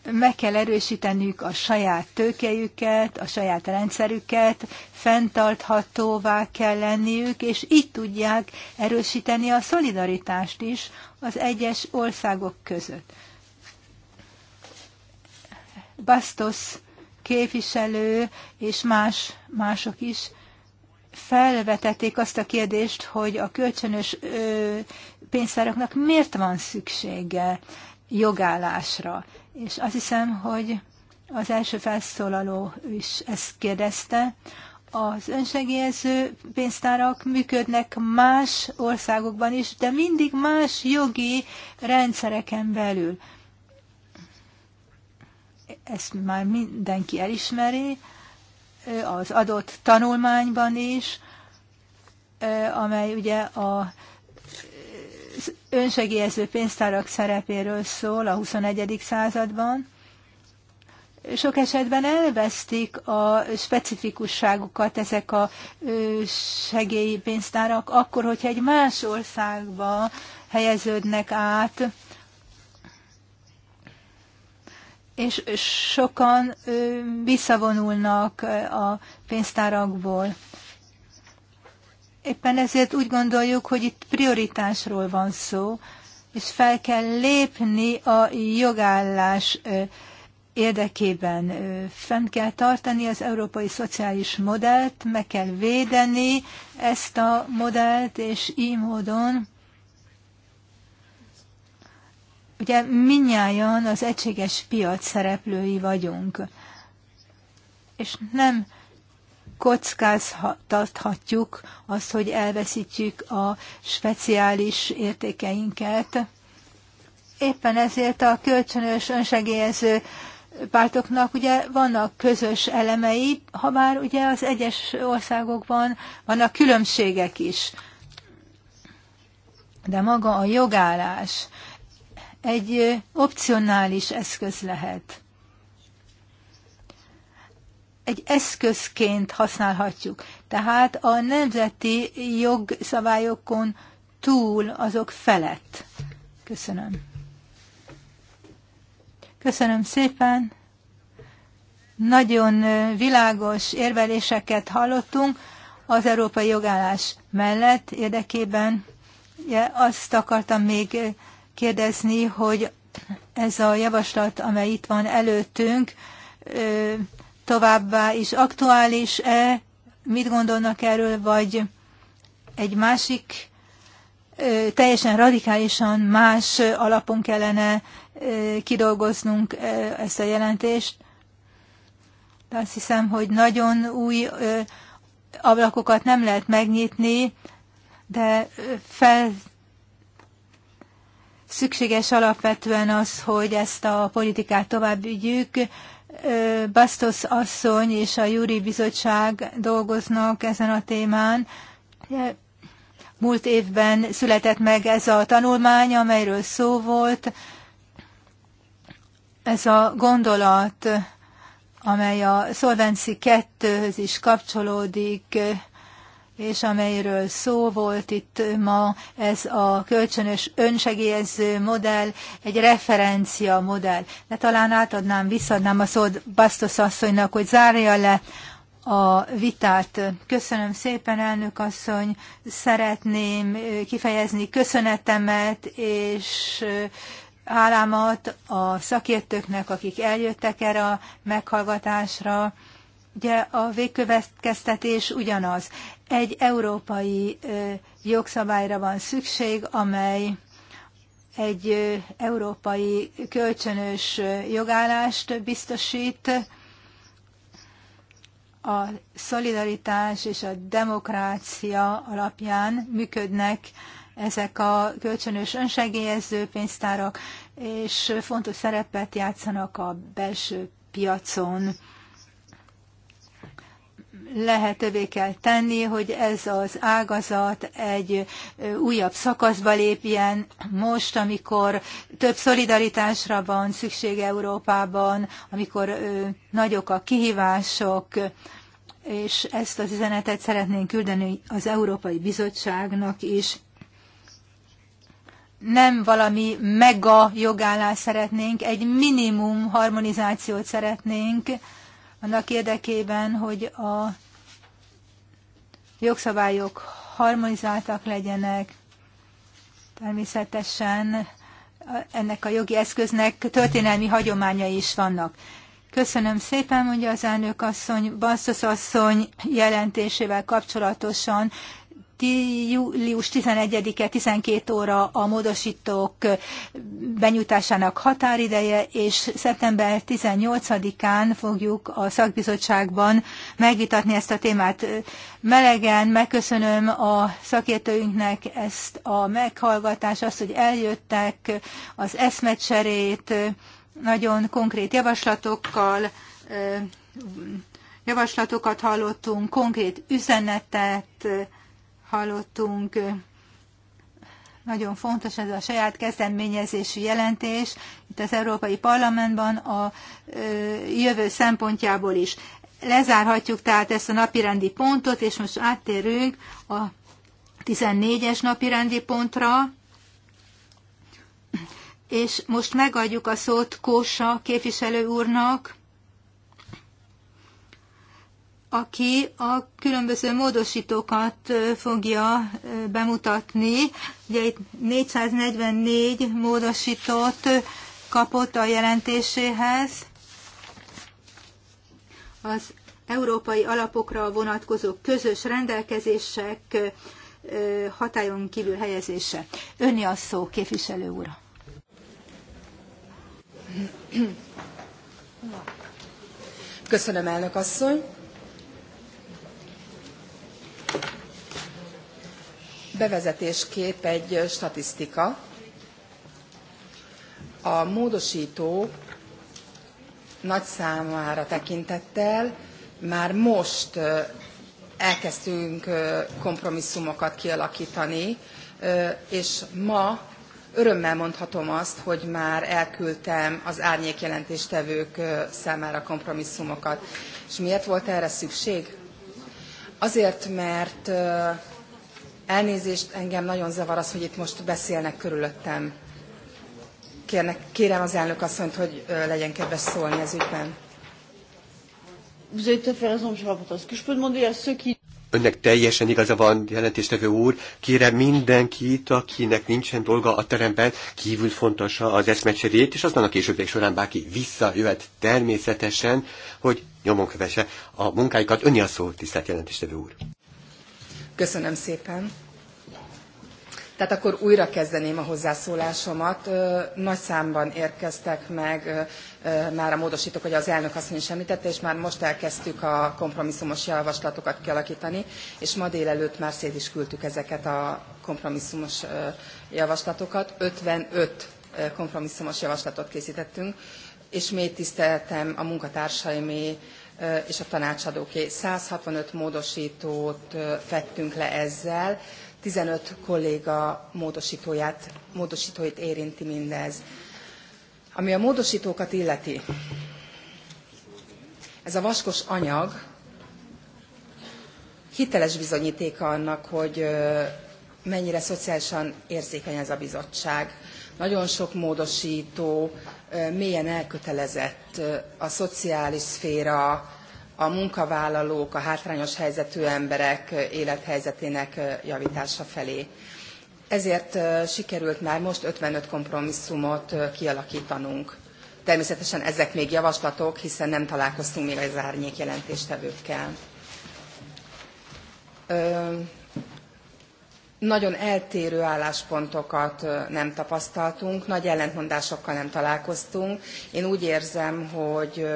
meg kell erősíteniük a saját tőkejüket, a saját rendszerüket, fenntarthatóvá kell lenniük, és így tudják erősíteni a szolidaritást is az egyes országok között. Bastos képviselő és más, mások is felvetették azt a kérdést, hogy a kölcsönös ö, pénztáraknak miért van szüksége jogállásra. És azt hiszem, hogy az első felszólaló is ezt kérdezte. Az önsegélyező pénztárak működnek más országokban is, de mindig más jogi rendszereken belül ezt már mindenki elismeri, az adott tanulmányban is, amely ugye a önsegélyező pénztárak szerepéről szól a 21. században. Sok esetben elvesztik a specifikusságukat ezek a segélypénztárak, akkor, hogyha egy más országba helyeződnek át, és sokan visszavonulnak a pénztárakból. Éppen ezért úgy gondoljuk, hogy itt prioritásról van szó, és fel kell lépni a jogállás érdekében. fenn kell tartani az európai szociális modellt, meg kell védeni ezt a modellt, és így módon Ugye minnyáján az egységes piac szereplői vagyunk, és nem kockáztathatjuk azt, hogy elveszítjük a speciális értékeinket. Éppen ezért a kölcsönös önsegélyező pártoknak ugye vannak közös elemei, ha már ugye az egyes országokban vannak különbségek is. De maga a jogállás, egy opcionális eszköz lehet. Egy eszközként használhatjuk. Tehát a nemzeti jogszabályokon túl azok felett. Köszönöm. Köszönöm szépen. Nagyon világos érveléseket hallottunk az európai jogállás mellett érdekében. Ja, azt akartam még kérdezni, hogy ez a javaslat, amely itt van előttünk, továbbá is aktuális-e, mit gondolnak erről, vagy egy másik, teljesen radikálisan más alapon kellene kidolgoznunk ezt a jelentést. De azt hiszem, hogy nagyon új ablakokat nem lehet megnyitni, de fel Szükséges alapvetően az, hogy ezt a politikát tovább vigyük. Bastos asszony és a Júri Bizottság dolgoznak ezen a témán. Múlt évben született meg ez a tanulmány, amelyről szó volt. Ez a gondolat, amely a Solvency 2-höz is kapcsolódik, és amelyről szó volt itt ma, ez a kölcsönös önsegélyező modell, egy referencia modell. De talán átadnám, visszadnám a szót Bastos asszonynak, hogy zárja le a vitát. Köszönöm szépen, elnök asszony, szeretném kifejezni köszönetemet, és hálámat a szakértőknek, akik eljöttek erre a meghallgatásra. Ugye a végkövetkeztetés ugyanaz. Egy európai jogszabályra van szükség, amely egy európai kölcsönös jogállást biztosít, a szolidaritás és a demokrácia alapján működnek ezek a kölcsönös önsegélyező pénztárak, és fontos szerepet játszanak a belső piacon lehetővé kell tenni, hogy ez az ágazat egy újabb szakaszba lépjen most, amikor több szolidaritásra van szükség Európában, amikor nagyok a kihívások, és ezt az üzenetet szeretnénk küldeni az Európai Bizottságnak is. Nem valami mega jogállást szeretnénk, egy minimum harmonizációt szeretnénk, annak érdekében, hogy a jogszabályok harmonizáltak legyenek. Természetesen ennek a jogi eszköznek történelmi hagyományai is vannak. Köszönöm szépen, mondja az elnök asszony, Basszus asszony jelentésével kapcsolatosan július 11-e 12 óra a módosítók benyújtásának határideje, és szeptember 18-án fogjuk a szakbizottságban megvitatni ezt a témát. Melegen megköszönöm a szakértőinknek ezt a meghallgatást, azt, hogy eljöttek az eszmecserét, nagyon konkrét javaslatokkal, javaslatokat hallottunk, konkrét üzenetet, hallottunk. Nagyon fontos ez a saját kezdeményezésű jelentés itt az Európai Parlamentben a jövő szempontjából is. Lezárhatjuk tehát ezt a napirendi pontot, és most áttérünk a 14-es napirendi pontra, és most megadjuk a szót Kósa képviselő úrnak aki a különböző módosítókat fogja bemutatni. Ugye itt 444 módosítót kapott a jelentéséhez. Az európai alapokra vonatkozó közös rendelkezések hatályon kívül helyezése. Önni a szó, képviselő úr. Köszönöm, elnök asszony. Bevezetésképp egy statisztika. A módosító nagy számára tekintettel már most elkezdtünk kompromisszumokat kialakítani, és ma örömmel mondhatom azt, hogy már elküldtem az árnyékjelentéstevők számára kompromisszumokat. És miért volt erre szükség? Azért, mert elnézést, engem nagyon zavar az, hogy itt most beszélnek körülöttem. Kérnek, kérem az elnök asszonyt, hogy legyen kedves szólni az ügyben. Vous avez fait raison, monsieur le rapporteur. Ce que je peux demander à ceux qui önnek teljesen igaza van, jelentéstevő úr, kérem mindenkit, akinek nincsen dolga a teremben, kívül fontos az eszmecserét, és aztán a későbbiek során bárki visszajöhet természetesen, hogy nyomon kövesse a munkáikat. Önni a szó, tisztelt jelentéstevő úr. Köszönöm szépen. Tehát akkor újra kezdeném a hozzászólásomat. Nagy számban érkeztek meg már a módosítók, hogy az elnök azt is említette, és már most elkezdtük a kompromisszumos javaslatokat kialakítani, és ma délelőtt már szét is küldtük ezeket a kompromisszumos javaslatokat. 55 kompromisszumos javaslatot készítettünk, és mély tiszteltem a munkatársaimé és a tanácsadóké. 165 módosítót fettünk le ezzel, 15 kolléga módosítóját, módosítóit érinti mindez. Ami a módosítókat illeti, ez a vaskos anyag hiteles bizonyítéka annak, hogy mennyire szociálisan érzékeny ez a bizottság. Nagyon sok módosító mélyen elkötelezett a szociális szféra a munkavállalók, a hátrányos helyzetű emberek élethelyzetének javítása felé. Ezért sikerült már most 55 kompromisszumot kialakítanunk. Természetesen ezek még javaslatok, hiszen nem találkoztunk még az árnyék jelentéstevőkkel. Nagyon eltérő álláspontokat nem tapasztaltunk, nagy ellentmondásokkal nem találkoztunk. Én úgy érzem, hogy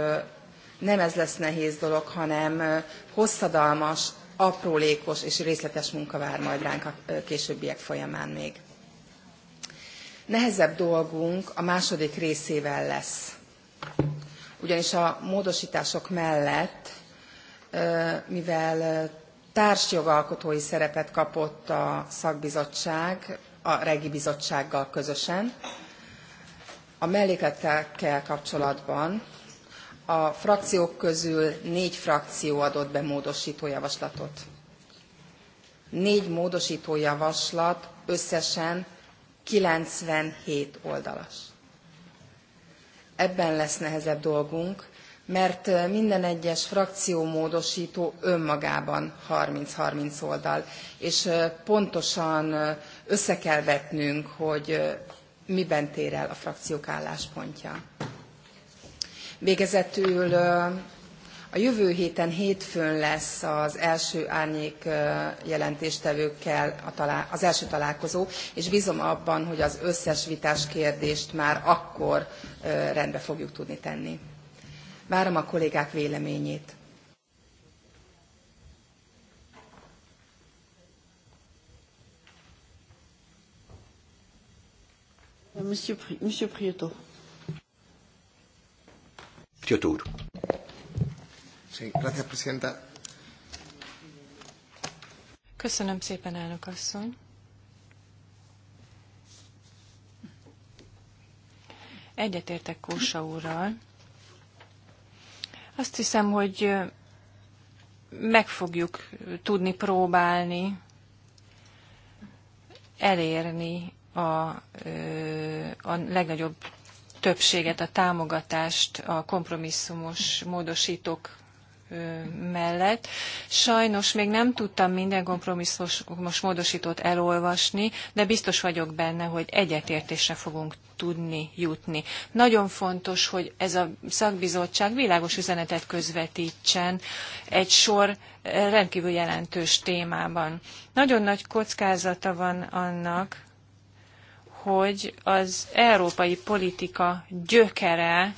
nem ez lesz nehéz dolog, hanem hosszadalmas, aprólékos és részletes munka vár majd ránk a későbbiek folyamán még. Nehezebb dolgunk a második részével lesz. Ugyanis a módosítások mellett, mivel társjogalkotói szerepet kapott a szakbizottság, a regi bizottsággal közösen, a mellékletekkel kapcsolatban a frakciók közül négy frakció adott be módosító javaslatot. Négy módosító javaslat összesen 97 oldalas. Ebben lesz nehezebb dolgunk, mert minden egyes frakció módosító önmagában 30-30 oldal, és pontosan össze kell vetnünk, hogy miben tér el a frakciók álláspontja. Végezetül a jövő héten hétfőn lesz az első árnyék jelentéstevőkkel az első találkozó, és bízom abban, hogy az összes vitás kérdést már akkor rendbe fogjuk tudni tenni. Várom a kollégák véleményét. Monsieur, Monsieur Prieto. Kyoto úr. Köszönöm szépen, elnök asszony. Egyetértek Kósa úrral. Azt hiszem, hogy meg fogjuk tudni próbálni elérni a, a legnagyobb többséget, a támogatást a kompromisszumos módosítók mellett. Sajnos még nem tudtam minden kompromisszumos módosítót elolvasni, de biztos vagyok benne, hogy egyetértésre fogunk tudni jutni. Nagyon fontos, hogy ez a szakbizottság világos üzenetet közvetítsen egy sor rendkívül jelentős témában. Nagyon nagy kockázata van annak, hogy az európai politika gyökere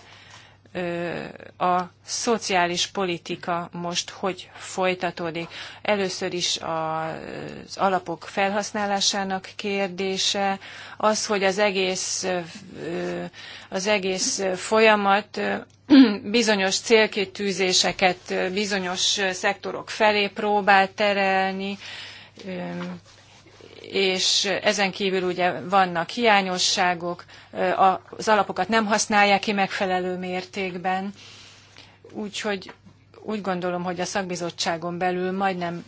a szociális politika most hogy folytatódik. Először is az alapok felhasználásának kérdése, az, hogy az egész, az egész folyamat bizonyos célkétűzéseket bizonyos szektorok felé próbál terelni, és ezen kívül ugye vannak hiányosságok, az alapokat nem használják ki megfelelő mértékben, úgyhogy úgy gondolom, hogy a szakbizottságon belül majdnem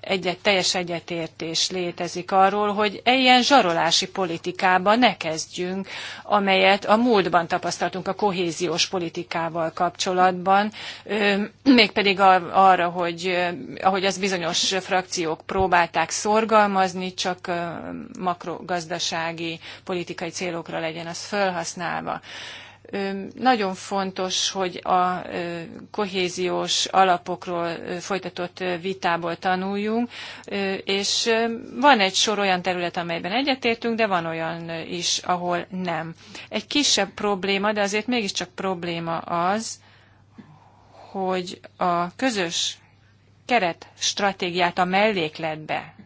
egyet, teljes egyetértés létezik arról, hogy ilyen zsarolási politikába ne kezdjünk, amelyet a múltban tapasztaltunk a kohéziós politikával kapcsolatban, mégpedig arra, hogy ahogy az bizonyos frakciók próbálták szorgalmazni, csak makrogazdasági politikai célokra legyen az felhasználva nagyon fontos, hogy a kohéziós alapokról folytatott vitából tanuljunk, és van egy sor olyan terület, amelyben egyetértünk, de van olyan is, ahol nem. Egy kisebb probléma, de azért mégiscsak probléma az, hogy a közös keretstratégiát a mellékletbe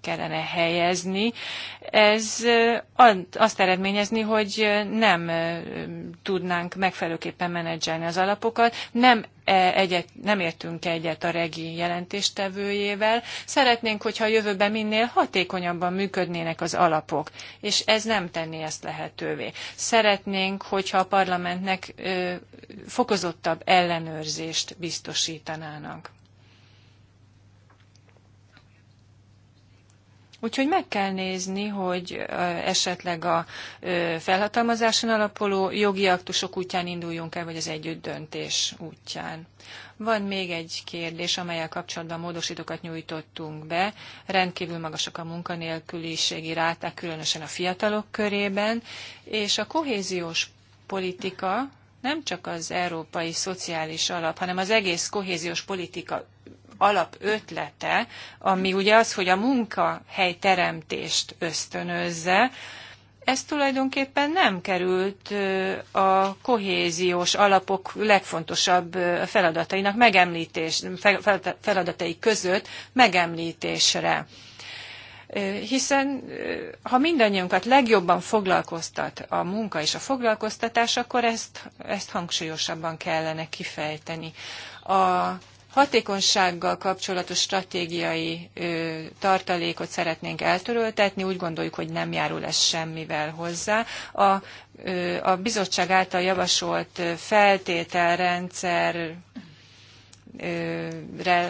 kellene helyezni, ez azt eredményezni, hogy nem tudnánk megfelelőképpen menedzselni az alapokat, nem, e, egyet, nem értünk egyet a regi jelentéstevőjével. Szeretnénk, hogyha a jövőben minél hatékonyabban működnének az alapok, és ez nem tenné ezt lehetővé. Szeretnénk, hogyha a parlamentnek fokozottabb ellenőrzést biztosítanának. Úgyhogy meg kell nézni, hogy esetleg a felhatalmazáson alapuló jogi aktusok útján induljunk el, vagy az együtt döntés útján. Van még egy kérdés, amelyel kapcsolatban módosítókat nyújtottunk be. Rendkívül magasak a munkanélküliségi ráták, különösen a fiatalok körében, és a kohéziós politika nem csak az európai szociális alap, hanem az egész kohéziós politika alapötlete, ami ugye az, hogy a munkahely teremtést ösztönözze, ez tulajdonképpen nem került a kohéziós alapok legfontosabb feladatainak megemlítés, feladatai között megemlítésre. Hiszen ha mindannyiunkat legjobban foglalkoztat a munka és a foglalkoztatás, akkor ezt, ezt hangsúlyosabban kellene kifejteni. A hatékonysággal kapcsolatos stratégiai ö, tartalékot szeretnénk eltöröltetni, úgy gondoljuk, hogy nem járul ez semmivel hozzá. A, ö, a bizottság által javasolt feltételrendszer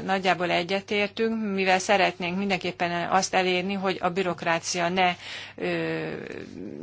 nagyjából egyetértünk, mivel szeretnénk mindenképpen azt elérni, hogy a bürokrácia ne,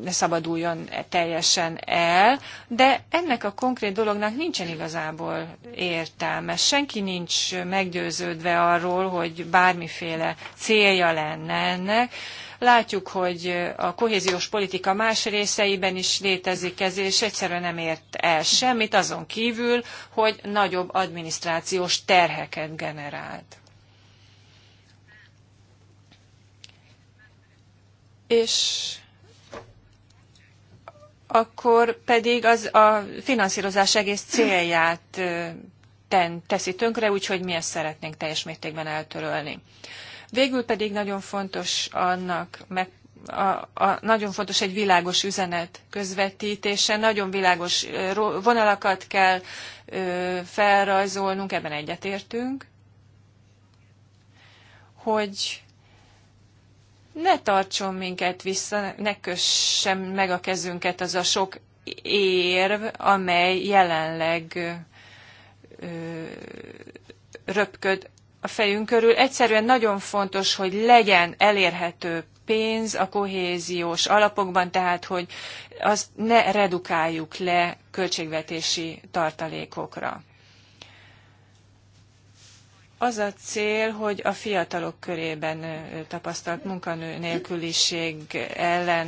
ne szabaduljon teljesen el, de ennek a konkrét dolognak nincsen igazából értelme. Senki nincs meggyőződve arról, hogy bármiféle célja lenne ennek, Látjuk, hogy a kohéziós politika más részeiben is létezik ez, és egyszerűen nem ért el semmit, azon kívül, hogy nagyobb adminisztrációs terheket generált. És akkor pedig az a finanszírozás egész célját ten, teszi tönkre, úgyhogy mi ezt szeretnénk teljes mértékben eltörölni. Végül pedig nagyon fontos annak meg a, a, nagyon fontos egy világos üzenet közvetítése, nagyon világos vonalakat kell ö, felrajzolnunk, ebben egyetértünk, hogy ne tartson minket vissza, ne kössem meg a kezünket az a sok érv, amely jelenleg ö, röpköd a fejünk körül. Egyszerűen nagyon fontos, hogy legyen elérhető pénz a kohéziós alapokban, tehát hogy azt ne redukáljuk le költségvetési tartalékokra. Az a cél, hogy a fiatalok körében tapasztalt munkanő nélküliség ellen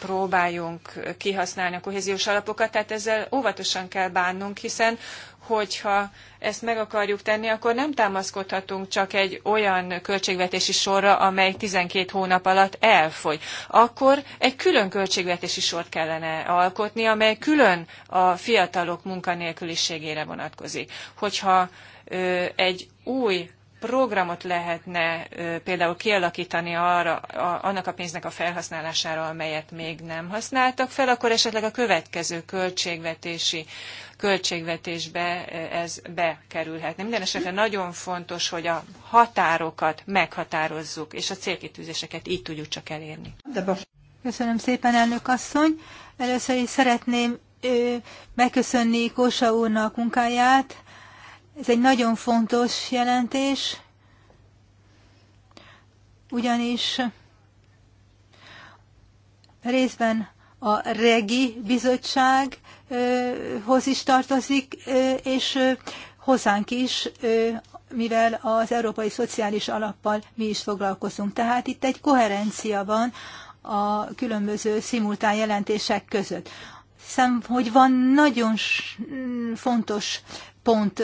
próbáljunk kihasználni a kohéziós alapokat, tehát ezzel óvatosan kell bánnunk, hiszen hogyha ezt meg akarjuk tenni, akkor nem támaszkodhatunk csak egy olyan költségvetési sorra, amely 12 hónap alatt elfogy. Akkor egy külön költségvetési sort kellene alkotni, amely külön a fiatalok munkanélküliségére vonatkozik. Hogyha egy új programot lehetne például kialakítani arra, a, annak a pénznek a felhasználására, amelyet még nem használtak fel, akkor esetleg a következő költségvetési költségvetésbe ez bekerülhetne. Minden esetre nagyon fontos, hogy a határokat meghatározzuk, és a célkitűzéseket így tudjuk csak elérni. Köszönöm szépen, elnök asszony. Először is szeretném megköszönni Kósa úrnak munkáját, ez egy nagyon fontos jelentés, ugyanis részben a REGI bizottsághoz is tartozik, és hozzánk is, mivel az Európai Szociális Alappal mi is foglalkozunk. Tehát itt egy koherencia van a különböző szimultán jelentések között hiszem, hogy van nagyon fontos pont,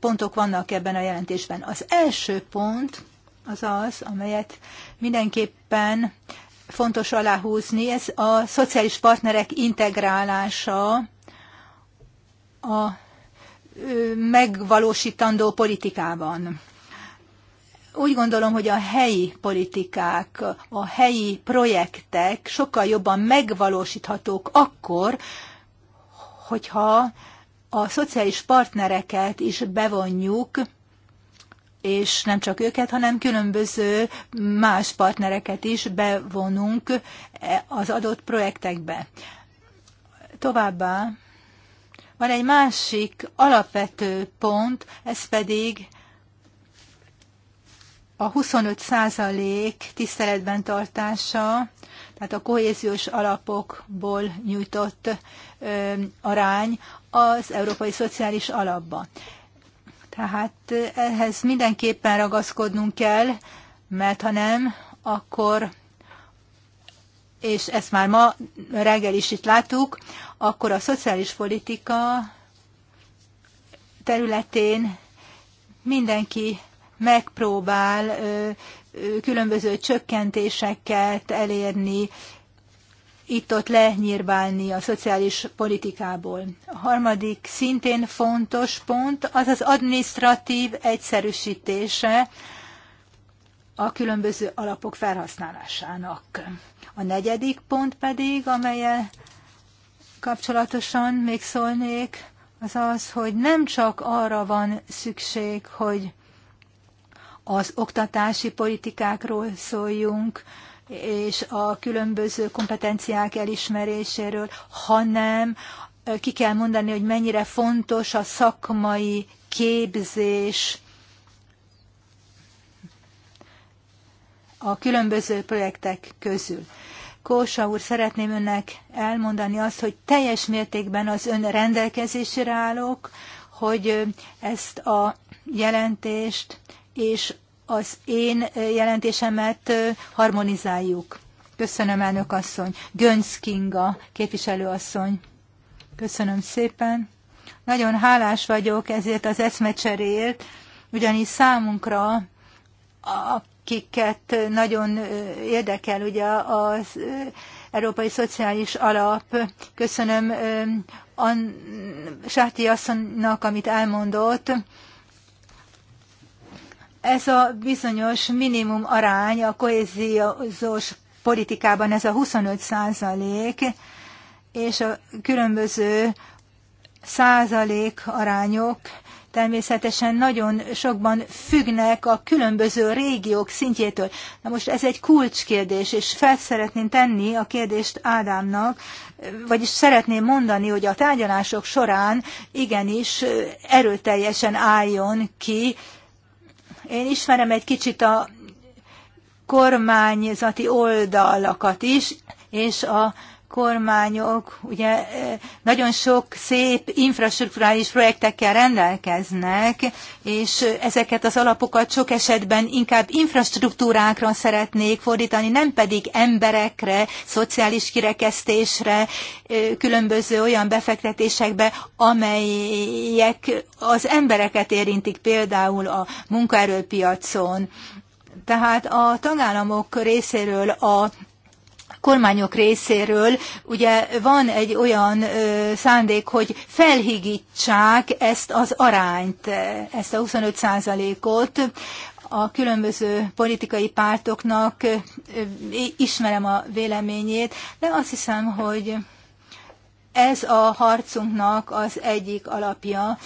pontok vannak ebben a jelentésben. Az első pont az az, amelyet mindenképpen fontos aláhúzni, ez a szociális partnerek integrálása a megvalósítandó politikában. Úgy gondolom, hogy a helyi politikák, a helyi projektek sokkal jobban megvalósíthatók akkor, hogyha a szociális partnereket is bevonjuk, és nem csak őket, hanem különböző más partnereket is bevonunk az adott projektekbe. Továbbá van egy másik alapvető pont, ez pedig a 25 tiszteletben tartása tehát a kohéziós alapokból nyújtott ö, arány az Európai Szociális Alapba. Tehát ehhez mindenképpen ragaszkodnunk kell, mert ha nem, akkor, és ezt már ma reggel is itt láttuk, akkor a szociális politika területén mindenki megpróbál ö, különböző csökkentéseket elérni, itt-ott lenyírválni a szociális politikából. A harmadik szintén fontos pont az az administratív egyszerűsítése a különböző alapok felhasználásának. A negyedik pont pedig, amelyel kapcsolatosan még szólnék, az az, hogy nem csak arra van szükség, hogy az oktatási politikákról szóljunk, és a különböző kompetenciák elismeréséről, hanem ki kell mondani, hogy mennyire fontos a szakmai képzés a különböző projektek közül. Kósa úr, szeretném önnek elmondani azt, hogy teljes mértékben az ön rendelkezésére állok, hogy ezt a jelentést és az én jelentésemet harmonizáljuk. Köszönöm, elnök asszony. Gönc Kinga, képviselő asszony. Köszönöm szépen. Nagyon hálás vagyok ezért az eszmecseréért, ugyanis számunkra, akiket nagyon érdekel ugye az Európai Szociális Alap, köszönöm Sáti asszonynak, amit elmondott, ez a bizonyos minimum arány a kohéziós politikában, ez a 25 százalék, és a különböző százalék arányok természetesen nagyon sokban függnek a különböző régiók szintjétől. Na most ez egy kulcskérdés, és fel szeretném tenni a kérdést Ádámnak, vagyis szeretném mondani, hogy a tárgyalások során igenis erőteljesen álljon ki én ismerem egy kicsit a kormányzati oldalakat is, és a kormányok ugye eh, nagyon sok szép infrastruktúrális projektekkel rendelkeznek, és ezeket az alapokat sok esetben inkább infrastruktúrákra szeretnék fordítani, nem pedig emberekre, szociális kirekesztésre, eh, különböző olyan befektetésekbe, amelyek az embereket érintik például a munkaerőpiacon. Tehát a tagállamok részéről a kormányok részéről ugye van egy olyan szándék, hogy felhigítsák ezt az arányt, ezt a 25 százalékot, a különböző politikai pártoknak ismerem a véleményét, de azt hiszem, hogy ez a harcunknak az egyik alapja.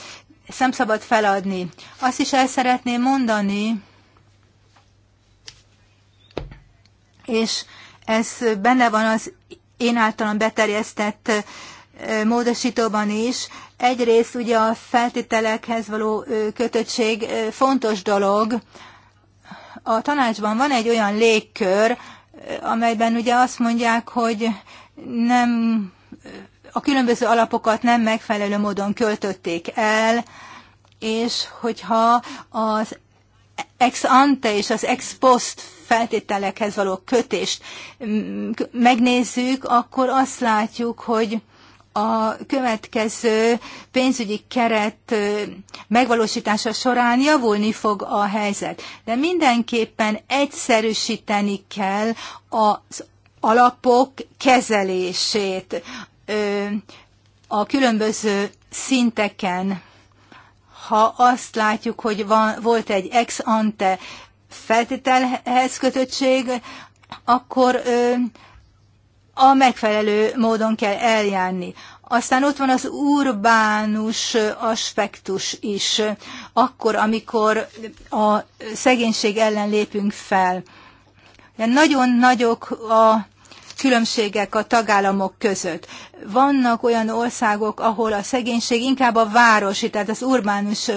Ezt nem szabad feladni. Azt is el szeretném mondani, és ez benne van az én általam beterjesztett módosítóban is. Egyrészt ugye a feltételekhez való kötöttség fontos dolog. A tanácsban van egy olyan légkör, amelyben ugye azt mondják, hogy nem a különböző alapokat nem megfelelő módon költötték el, és hogyha az ex ante és az ex post feltételekhez való kötést megnézzük, akkor azt látjuk, hogy a következő pénzügyi keret megvalósítása során javulni fog a helyzet. De mindenképpen egyszerűsíteni kell az alapok kezelését a különböző szinteken. Ha azt látjuk, hogy van, volt egy ex ante feltételhez kötöttség, akkor a megfelelő módon kell eljárni. Aztán ott van az urbánus aspektus is, akkor, amikor a szegénység ellen lépünk fel. Nagyon nagyok a különbségek a tagállamok között. Vannak olyan országok, ahol a szegénység inkább a városi, tehát az urbánus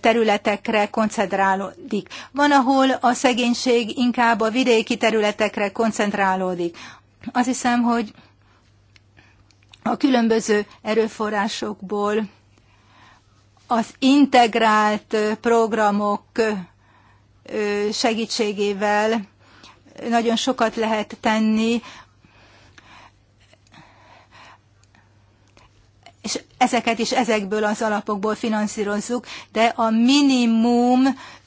területekre koncentrálódik. Van, ahol a szegénység inkább a vidéki területekre koncentrálódik. Azt hiszem, hogy a különböző erőforrásokból az integrált programok segítségével nagyon sokat lehet tenni, és ezeket is ezekből az alapokból finanszírozzuk, de a minimum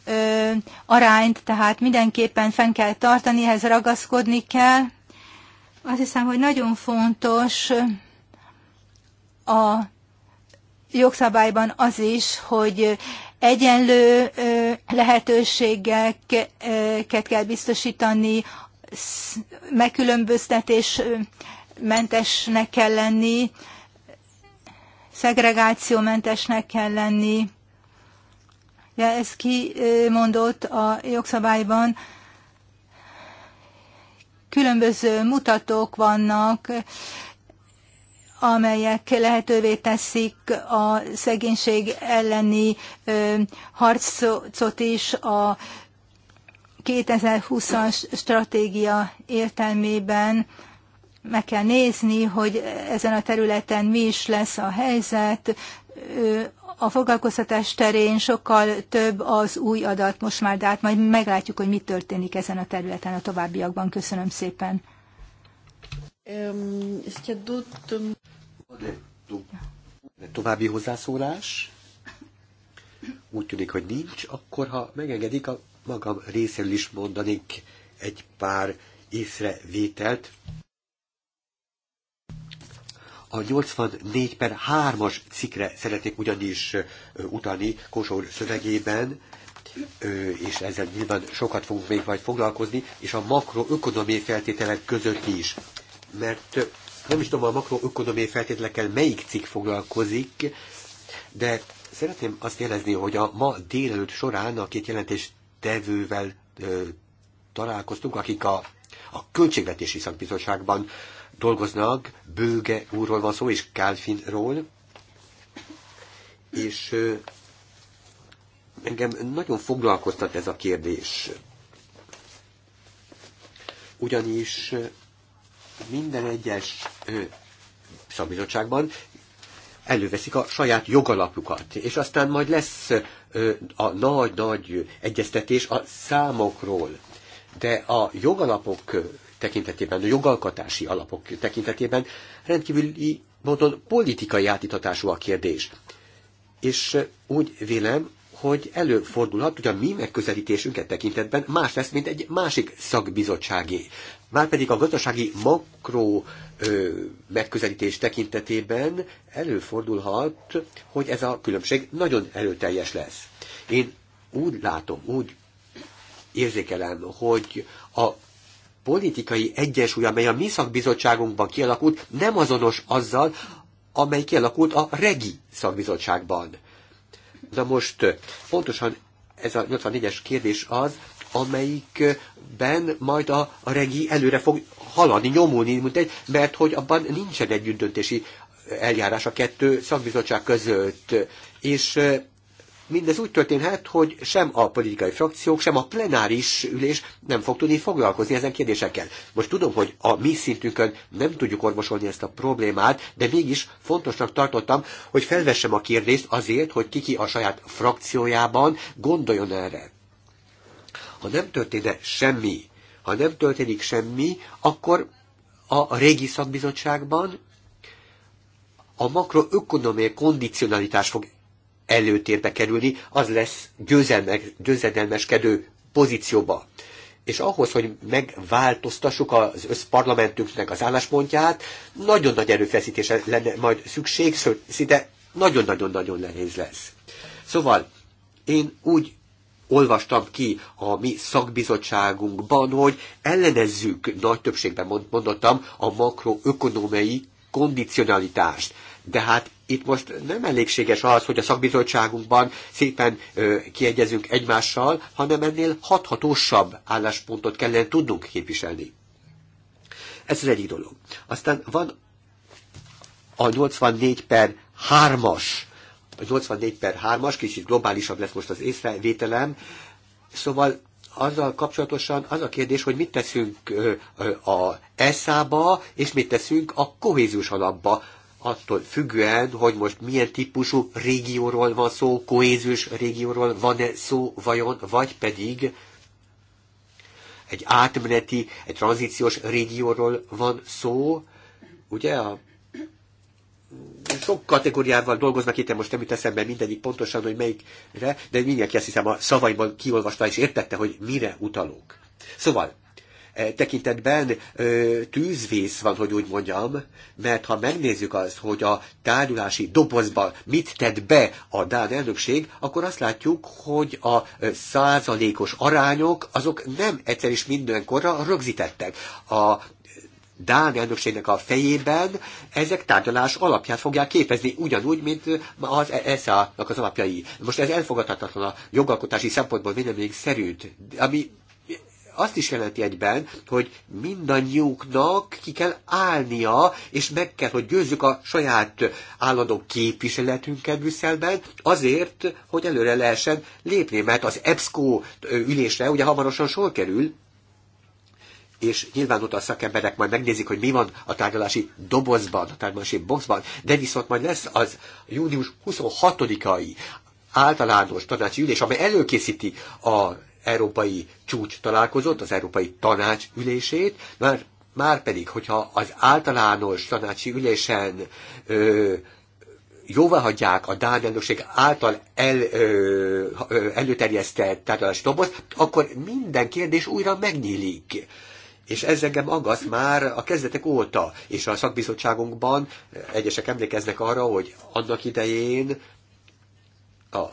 ö, arányt, tehát mindenképpen fenn kell tartani, ehhez ragaszkodni kell. Azt hiszem, hogy nagyon fontos a jogszabályban az is, hogy egyenlő lehetőségeket kell biztosítani, megkülönböztetés kell lenni, szegregációmentesnek kell lenni. Ja, ez kimondott a jogszabályban. Különböző mutatók vannak, amelyek lehetővé teszik a szegénység elleni harcot is a 2020-as stratégia értelmében meg kell nézni, hogy ezen a területen mi is lesz a helyzet. A foglalkoztatás terén sokkal több az új adat most már, de hát majd meglátjuk, hogy mi történik ezen a területen a továbbiakban. Köszönöm szépen további hozzászólás? Úgy tűnik, hogy nincs. Akkor, ha megengedik, a magam részéről is mondanék egy pár észrevételt. A 84 per 3-as cikre szeretnék ugyanis utalni Kosor szövegében, és ezzel nyilván sokat fogunk még majd foglalkozni, és a makroökonomiai feltételek között is. Mert nem is tudom a makroökonomiai feltételekkel melyik cikk foglalkozik, de szeretném azt jelezni, hogy a ma délelőtt során a két jelentés tevővel ö, találkoztunk, akik a, a Költségvetési Szakbizottságban dolgoznak, Bőge úrról van szó, és Kálfinról, és ö, engem nagyon foglalkoztat ez a kérdés. Ugyanis minden egyes ö, szakbizottságban előveszik a saját jogalapjukat, és aztán majd lesz ö, a nagy-nagy egyeztetés a számokról. De a jogalapok tekintetében, a jogalkotási alapok tekintetében rendkívüli módon politikai átítatású a kérdés. És úgy vélem, hogy előfordulhat, hogy a mi megközelítésünket tekintetben más lesz, mint egy másik szakbizottsági. Márpedig a gazdasági makro ö, megközelítés tekintetében előfordulhat, hogy ez a különbség nagyon erőteljes lesz. Én úgy látom, úgy érzékelem, hogy a politikai egyensúly, amely a mi szakbizottságunkban kialakult, nem azonos azzal, amely kialakult a regi szakbizottságban. Na most pontosan ez a 84-es kérdés az, amelyikben majd a, a regi előre fog haladni, nyomulni, mint egy, mert hogy abban nincsen együttdöntési eljárás a kettő szakbizottság között. És mindez úgy történhet, hogy sem a politikai frakciók, sem a plenáris ülés nem fog tudni foglalkozni ezen kérdésekkel. Most tudom, hogy a mi szintünkön nem tudjuk orvosolni ezt a problémát, de mégis fontosnak tartottam, hogy felvessem a kérdést azért, hogy kiki a saját frakciójában gondoljon erre. Ha nem történne semmi, ha nem történik semmi, akkor a régi szakbizottságban a makroökonomiai kondicionalitás fog előtérbe kerülni, az lesz győzedelmeskedő pozícióba. És ahhoz, hogy megváltoztassuk az összparlamentünknek az álláspontját, nagyon nagy erőfeszítés lenne majd szükség, sőt, szinte nagyon-nagyon-nagyon nehéz lesz. Szóval én úgy olvastam ki a mi szakbizottságunkban, hogy ellenezzük, nagy többségben mondottam, a makroökonomiai kondicionalitást de hát itt most nem elégséges az, hogy a szakbizottságunkban szépen ö, kiegyezünk egymással, hanem ennél hathatósabb álláspontot kellene tudnunk képviselni. Ez az egyik dolog. Aztán van a 84 per 3-as, a 84 per 3-as, kicsit globálisabb lesz most az észrevételem, szóval azzal kapcsolatosan az a kérdés, hogy mit teszünk a ESZÁ-ba, és mit teszünk a kohéziós alapba attól függően, hogy most milyen típusú régióról van szó, kohéziós régióról van-e szó vajon, vagy pedig egy átmeneti, egy tranzíciós régióról van szó, ugye a sok kategóriával dolgoznak itt, most nem jut eszembe mindegyik pontosan, hogy melyikre, de mindenki azt hiszem a szavaimban kiolvasta és értette, hogy mire utalunk. Szóval, tekintetben tűzvész van, hogy úgy mondjam, mert ha megnézzük azt, hogy a tárgyalási dobozban mit tett be a Dán elnökség, akkor azt látjuk, hogy a százalékos arányok azok nem egyszer is mindenkorra rögzítettek. A Dán elnökségnek a fejében ezek tárgyalás alapját fogják képezni, ugyanúgy, mint az ESA-nak az alapjai. Most ez elfogadhatatlan a jogalkotási szempontból még szerint, ami azt is jelenti egyben, hogy mindannyiuknak ki kell állnia, és meg kell, hogy győzzük a saját állandó képviseletünket Brüsszelben, azért, hogy előre lehessen lépni, mert az EBSCO ülésre ugye hamarosan sor kerül, és nyilván ott a szakemberek majd megnézik, hogy mi van a tárgyalási dobozban, a tárgyalási boxban, de viszont majd lesz az június 26-ai általános tanácsi ülés, amely előkészíti a európai csúcs találkozott, az európai tanács ülését, már, már pedig, hogyha az általános tanácsi ülésen ö, jóvá hagyják a Dán elnökség által el, ö, ö, előterjesztett tárgyalási dobozt, akkor minden kérdés újra megnyílik. És ez engem aggaszt már a kezdetek óta, és a szakbizottságunkban egyesek emlékeznek arra, hogy annak idején a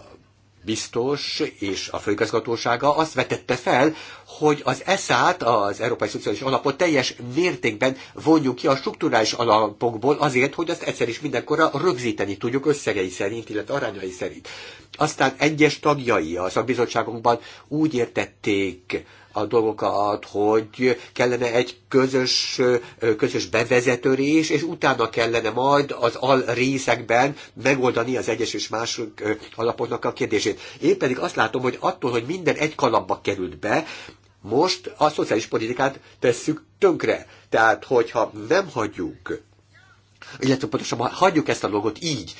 biztos és a főigazgatósága azt vetette fel, hogy az ESZ-át, az Európai Szociális Alapot teljes mértékben vonjuk ki a strukturális alapokból azért, hogy azt egyszer is mindenkorra rögzíteni tudjuk összegei szerint, illetve arányai szerint. Aztán egyes tagjai a szakbizottságunkban úgy értették, a dolgokat, hogy kellene egy közös, közös rés és utána kellene majd az al részekben megoldani az egyes és mások alapoknak a kérdését. Én pedig azt látom, hogy attól, hogy minden egy kalapba került be, most a szociális politikát tesszük tönkre. Tehát, hogyha nem hagyjuk illetve pontosabban hagyjuk ezt a dolgot így,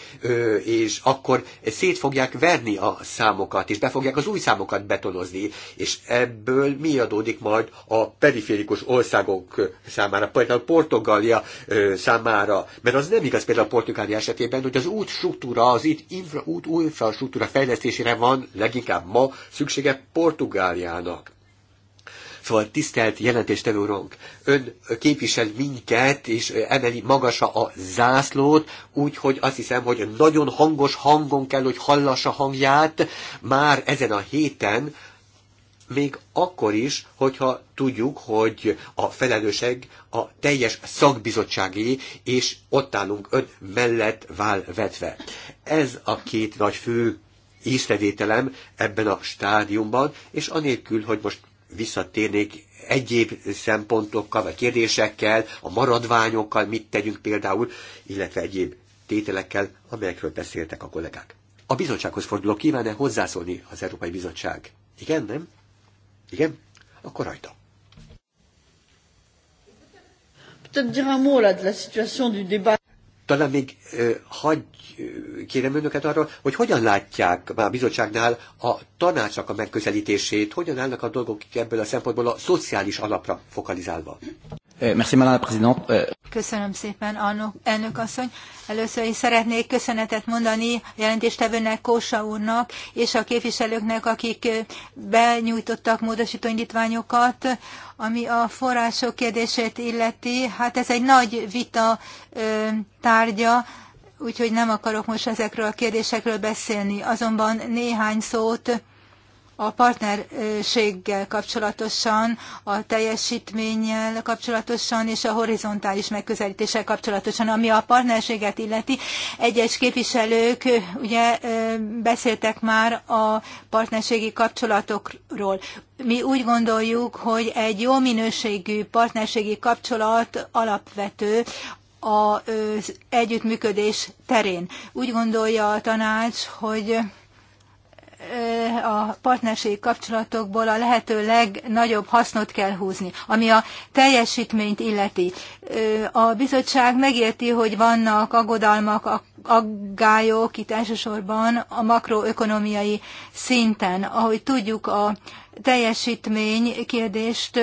és akkor szét fogják verni a számokat, és be fogják az új számokat betonozni, és ebből mi adódik majd a periférikus országok számára, például Portugália számára, mert az nem igaz például Portugália esetében, hogy az út struktúra, az itt infra, út infrastruktúra fejlesztésére van leginkább ma szüksége Portugáliának. Szóval tisztelt jelentéstevő urunk, ön képvisel minket, és emeli magasra a zászlót, úgyhogy azt hiszem, hogy nagyon hangos hangon kell, hogy hallassa hangját már ezen a héten, még akkor is, hogyha tudjuk, hogy a felelősség a teljes szakbizottságé, és ott állunk ön mellett válvetve. Ez a két nagy fő észrevételem ebben a stádiumban, és anélkül, hogy most visszatérnék egyéb szempontokkal, vagy kérdésekkel, a maradványokkal, mit tegyünk például, illetve egyéb tételekkel, amelyekről beszéltek a kollégák. A bizottsághoz fordulok, kíván-e hozzászólni az Európai Bizottság? Igen, nem? Igen? Akkor rajta. Peut-être dire un mot là de la situation du débat talán még hagy kérem önöket arra, hogy hogyan látják már a bizottságnál a tanácsnak a megközelítését, hogyan állnak a dolgok ebből a szempontból a szociális alapra fokalizálva. Euh, merci, Madame la Présidente. Euh, Köszönöm szépen, Annok, elnök asszony. Először is szeretnék köszönetet mondani a jelentéstevőnek, Kósa úrnak és a képviselőknek, akik benyújtottak módosító indítványokat, ami a források kérdését illeti. Hát ez egy nagy vita tárgya, úgyhogy nem akarok most ezekről a kérdésekről beszélni. Azonban néhány szót a partnerséggel kapcsolatosan, a teljesítménnyel kapcsolatosan és a horizontális megközelítéssel kapcsolatosan. Ami a partnerséget illeti, egyes képviselők ugye beszéltek már a partnerségi kapcsolatokról. Mi úgy gondoljuk, hogy egy jó minőségű partnerségi kapcsolat alapvető az együttműködés terén. Úgy gondolja a tanács, hogy a partnerségi kapcsolatokból a lehető legnagyobb hasznot kell húzni, ami a teljesítményt illeti. A bizottság megérti, hogy vannak aggodalmak, aggályok itt elsősorban a makroökonomiai szinten. Ahogy tudjuk, a teljesítmény kérdést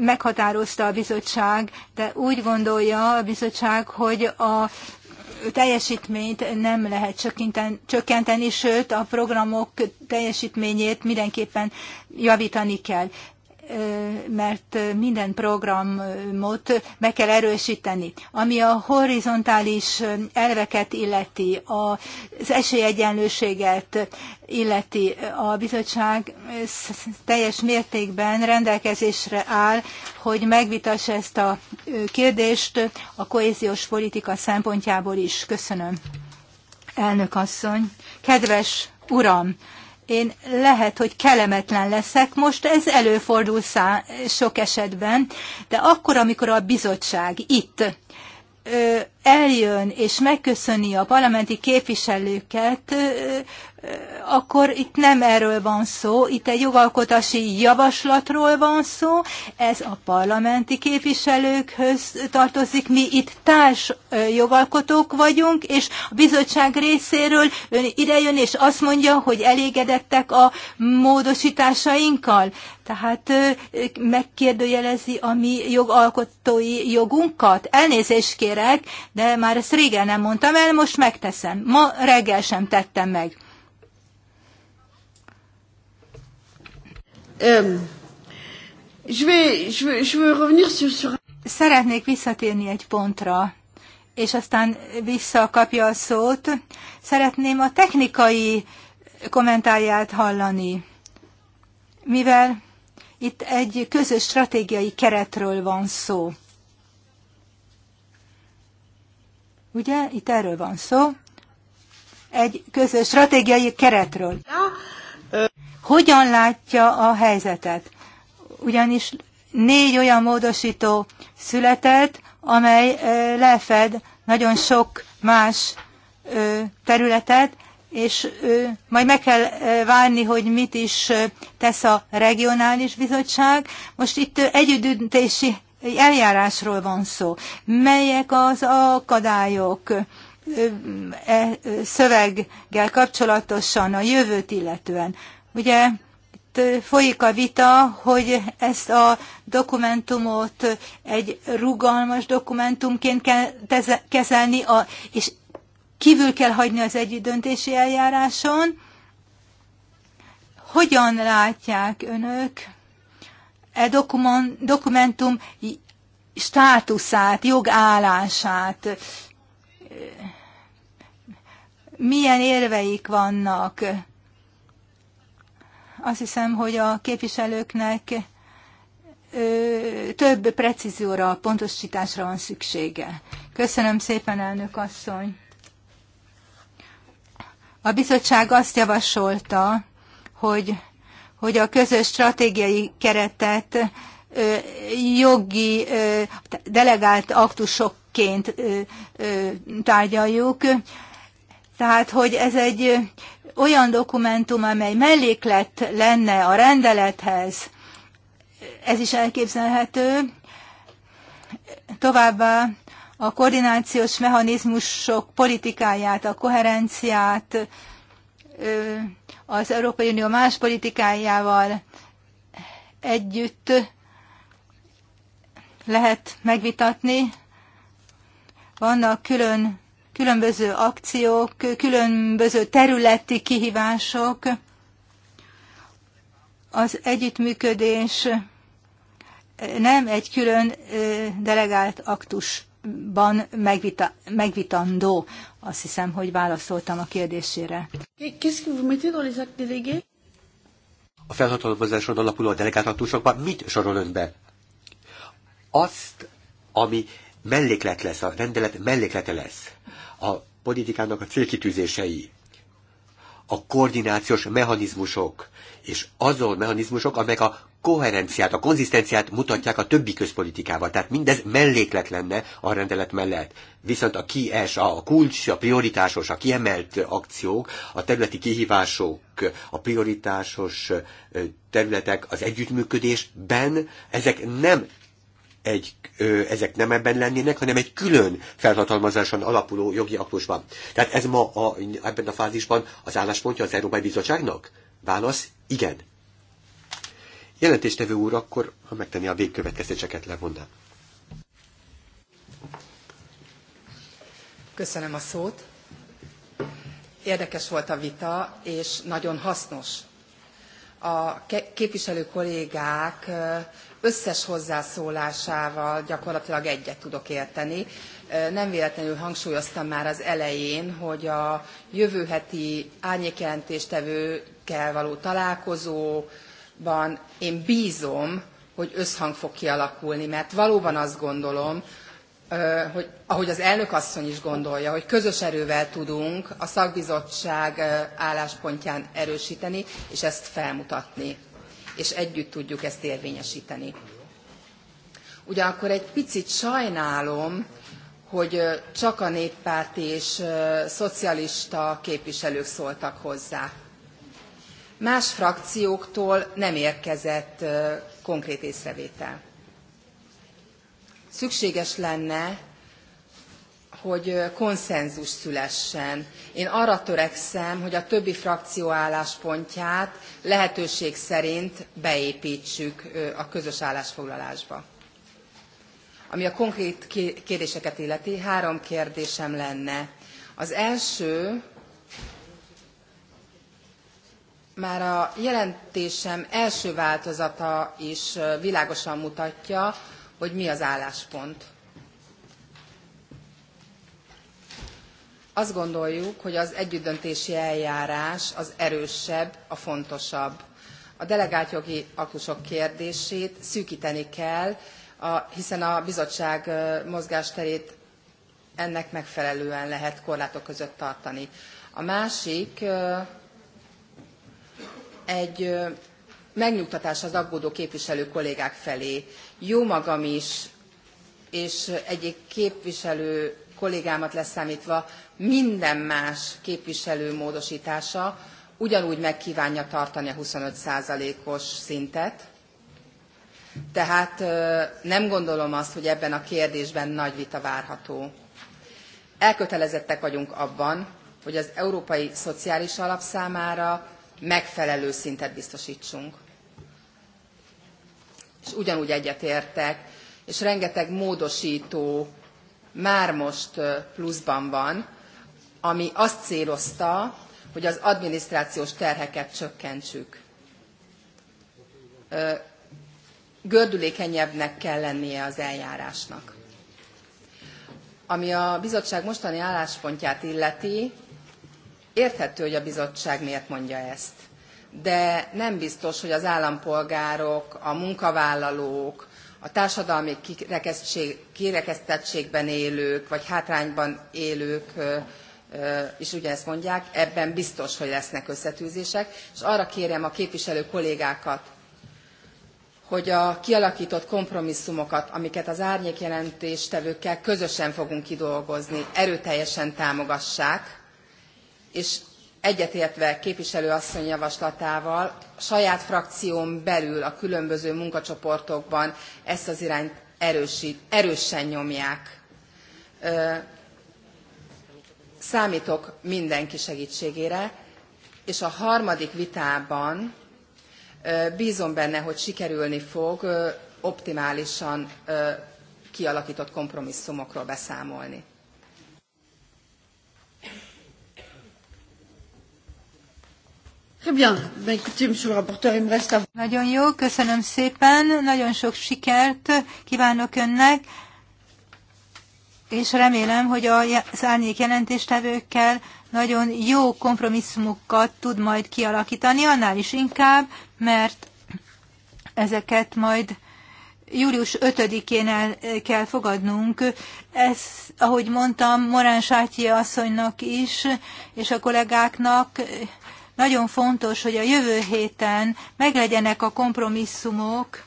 meghatározta a bizottság, de úgy gondolja a bizottság, hogy a teljesítményt nem lehet csökkenteni, sőt a programok teljesítményét mindenképpen javítani kell mert minden programot meg kell erősíteni. Ami a horizontális elveket illeti, az esélyegyenlőséget illeti, a bizottság teljes mértékben rendelkezésre áll, hogy megvitassa ezt a kérdést a kohéziós politika szempontjából is. Köszönöm. Elnök asszony, kedves uram, én lehet, hogy kelemetlen leszek, most ez előfordul szá- sok esetben, de akkor, amikor a bizottság itt ö, eljön és megköszöni a parlamenti képviselőket, akkor itt nem erről van szó, itt egy jogalkotási javaslatról van szó, ez a parlamenti képviselőkhöz tartozik, mi itt társ jogalkotók vagyunk, és a bizottság részéről ön idejön és azt mondja, hogy elégedettek a módosításainkkal, tehát megkérdőjelezi a mi jogalkotói jogunkat. Elnézést kérek, de már ezt régen nem mondtam el, most megteszem. Ma reggel sem tettem meg. Um, je vais, je vais, je vais revenir sur, sur... Szeretnék visszatérni egy pontra, és aztán visszakapja a szót. Szeretném a technikai kommentáját hallani, mivel itt egy közös stratégiai keretről van szó. Ugye? Itt erről van szó. Egy közös stratégiai keretről. Hogyan látja a helyzetet? Ugyanis négy olyan módosító született, amely lefed nagyon sok más területet, és majd meg kell várni, hogy mit is tesz a regionális bizottság. Most itt együttdöntési eljárásról van szó. Melyek az akadályok e szöveggel kapcsolatosan a jövőt illetően? Ugye itt folyik a vita, hogy ezt a dokumentumot egy rugalmas dokumentumként kell kezelni, a, és kívül kell hagyni az együttdöntési eljáráson. Hogyan látják önök e dokumen, dokumentum státuszát, jogállását, milyen érveik vannak. Azt hiszem, hogy a képviselőknek több precízióra, pontosításra van szüksége. Köszönöm szépen, elnök asszony! A bizottság azt javasolta, hogy hogy a közös stratégiai keretet jogi delegált aktusokként tárgyaljuk. Tehát, hogy ez egy olyan dokumentum, amely melléklet lenne a rendelethez, ez is elképzelhető. Továbbá a koordinációs mechanizmusok politikáját, a koherenciát az Európai Unió más politikájával együtt lehet megvitatni. Vannak külön, különböző akciók, különböző területi kihívások. Az együttműködés nem egy külön delegált aktus ban megvita, megvitandó. Azt hiszem, hogy válaszoltam a kérdésére. A felhatalmazáson alapuló a delegáltatósokban mit sorol ön be? Azt, ami melléklet lesz, a rendelet melléklete lesz. A politikának a célkitűzései, a koordinációs mechanizmusok, és azon mechanizmusok, amelyek a koherenciát, a konzisztenciát mutatják a többi közpolitikával. Tehát mindez melléklet lenne a rendelet mellett. Viszont a kies, a kulcs, a prioritásos, a kiemelt akciók, a területi kihívások, a prioritásos területek az együttműködésben, ezek nem egy, ö, ezek nem ebben lennének, hanem egy külön felhatalmazáson alapuló jogi aktusban. Tehát ez ma a, ebben a fázisban az álláspontja az Európai Bizottságnak? Válasz, igen. Jelentéstevő úr, akkor, ha megtenni a végkövetkeztéseket, levonná. Köszönöm a szót. Érdekes volt a vita, és nagyon hasznos. A képviselő kollégák összes hozzászólásával gyakorlatilag egyet tudok érteni. Nem véletlenül hangsúlyoztam már az elején, hogy a jövő heti árnyékjelentéstevőkkel való találkozó, ban én bízom, hogy összhang fog kialakulni, mert valóban azt gondolom, hogy ahogy az elnök asszony is gondolja, hogy közös erővel tudunk a szakbizottság álláspontján erősíteni, és ezt felmutatni, és együtt tudjuk ezt érvényesíteni. Ugyanakkor egy picit sajnálom, hogy csak a néppárt és szocialista képviselők szóltak hozzá. Más frakcióktól nem érkezett konkrét észrevétel. Szükséges lenne, hogy konszenzus szülessen. Én arra törekszem, hogy a többi frakció álláspontját lehetőség szerint beépítsük a közös állásfoglalásba. Ami a konkrét kérdéseket illeti, három kérdésem lenne. Az első, már a jelentésem első változata is világosan mutatja, hogy mi az álláspont. Azt gondoljuk, hogy az együttdöntési eljárás az erősebb, a fontosabb. A delegált jogi aktusok kérdését szűkíteni kell, hiszen a bizottság mozgásterét ennek megfelelően lehet korlátok között tartani. A másik egy megnyugtatás az aggódó képviselő kollégák felé. Jó magam is, és egyik képviselő kollégámat leszámítva, minden más képviselő módosítása ugyanúgy megkívánja tartani a 25%-os szintet. Tehát nem gondolom azt, hogy ebben a kérdésben nagy vita várható. Elkötelezettek vagyunk abban, hogy az Európai Szociális Alap számára megfelelő szintet biztosítsunk. És ugyanúgy egyetértek, és rengeteg módosító már most pluszban van, ami azt célozta, hogy az adminisztrációs terheket csökkentsük. Gördülékenyebbnek kell lennie az eljárásnak. Ami a bizottság mostani álláspontját illeti, Érthető, hogy a bizottság miért mondja ezt, de nem biztos, hogy az állampolgárok, a munkavállalók, a társadalmi kirekesztettségben élők, vagy hátrányban élők is ugyanezt mondják, ebben biztos, hogy lesznek összetűzések, és arra kérem a képviselő kollégákat, hogy a kialakított kompromisszumokat, amiket az jelentéstevőkkel közösen fogunk kidolgozni, erőteljesen támogassák, és egyetértve képviselő asszony javaslatával saját frakción belül a különböző munkacsoportokban ezt az irányt erősít, erősen nyomják. Számítok mindenki segítségére, és a harmadik vitában bízom benne, hogy sikerülni fog optimálisan kialakított kompromisszumokról beszámolni. Nagyon jó, köszönöm szépen, nagyon sok sikert kívánok önnek, és remélem, hogy az árnyék jelentéstevőkkel nagyon jó kompromisszumokat tud majd kialakítani, annál is inkább, mert ezeket majd július 5-én el kell fogadnunk. Ez, ahogy mondtam, Morán Sátyi asszonynak is, és a kollégáknak nagyon fontos, hogy a jövő héten meglegyenek a kompromisszumok.